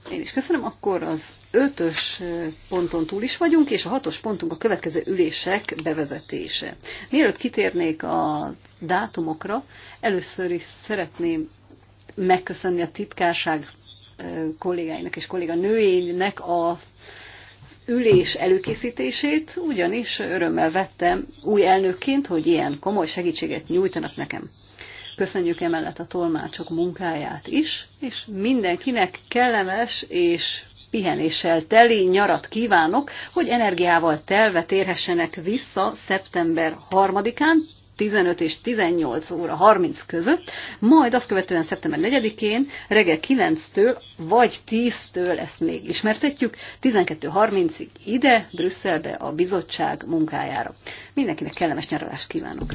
Én is köszönöm. Akkor az ötös ponton túl is vagyunk, és a hatos pontunk a következő ülések bevezetése. Mielőtt kitérnék a dátumokra, először is szeretném megköszönni a titkárság kollégáinak és kolléganőjének a ülés előkészítését, ugyanis örömmel vettem új elnökként, hogy ilyen komoly segítséget nyújtanak nekem. Köszönjük emellett a tolmácsok munkáját is, és mindenkinek kellemes és pihenéssel teli nyarat kívánok, hogy energiával telve térhessenek vissza szeptember 3-án, 15 és 18 óra 30 között, majd azt követően szeptember 4-én reggel 9-től vagy 10-től ezt még ismertetjük, 12.30-ig ide, Brüsszelbe a bizottság munkájára. Mindenkinek kellemes nyaralást kívánok!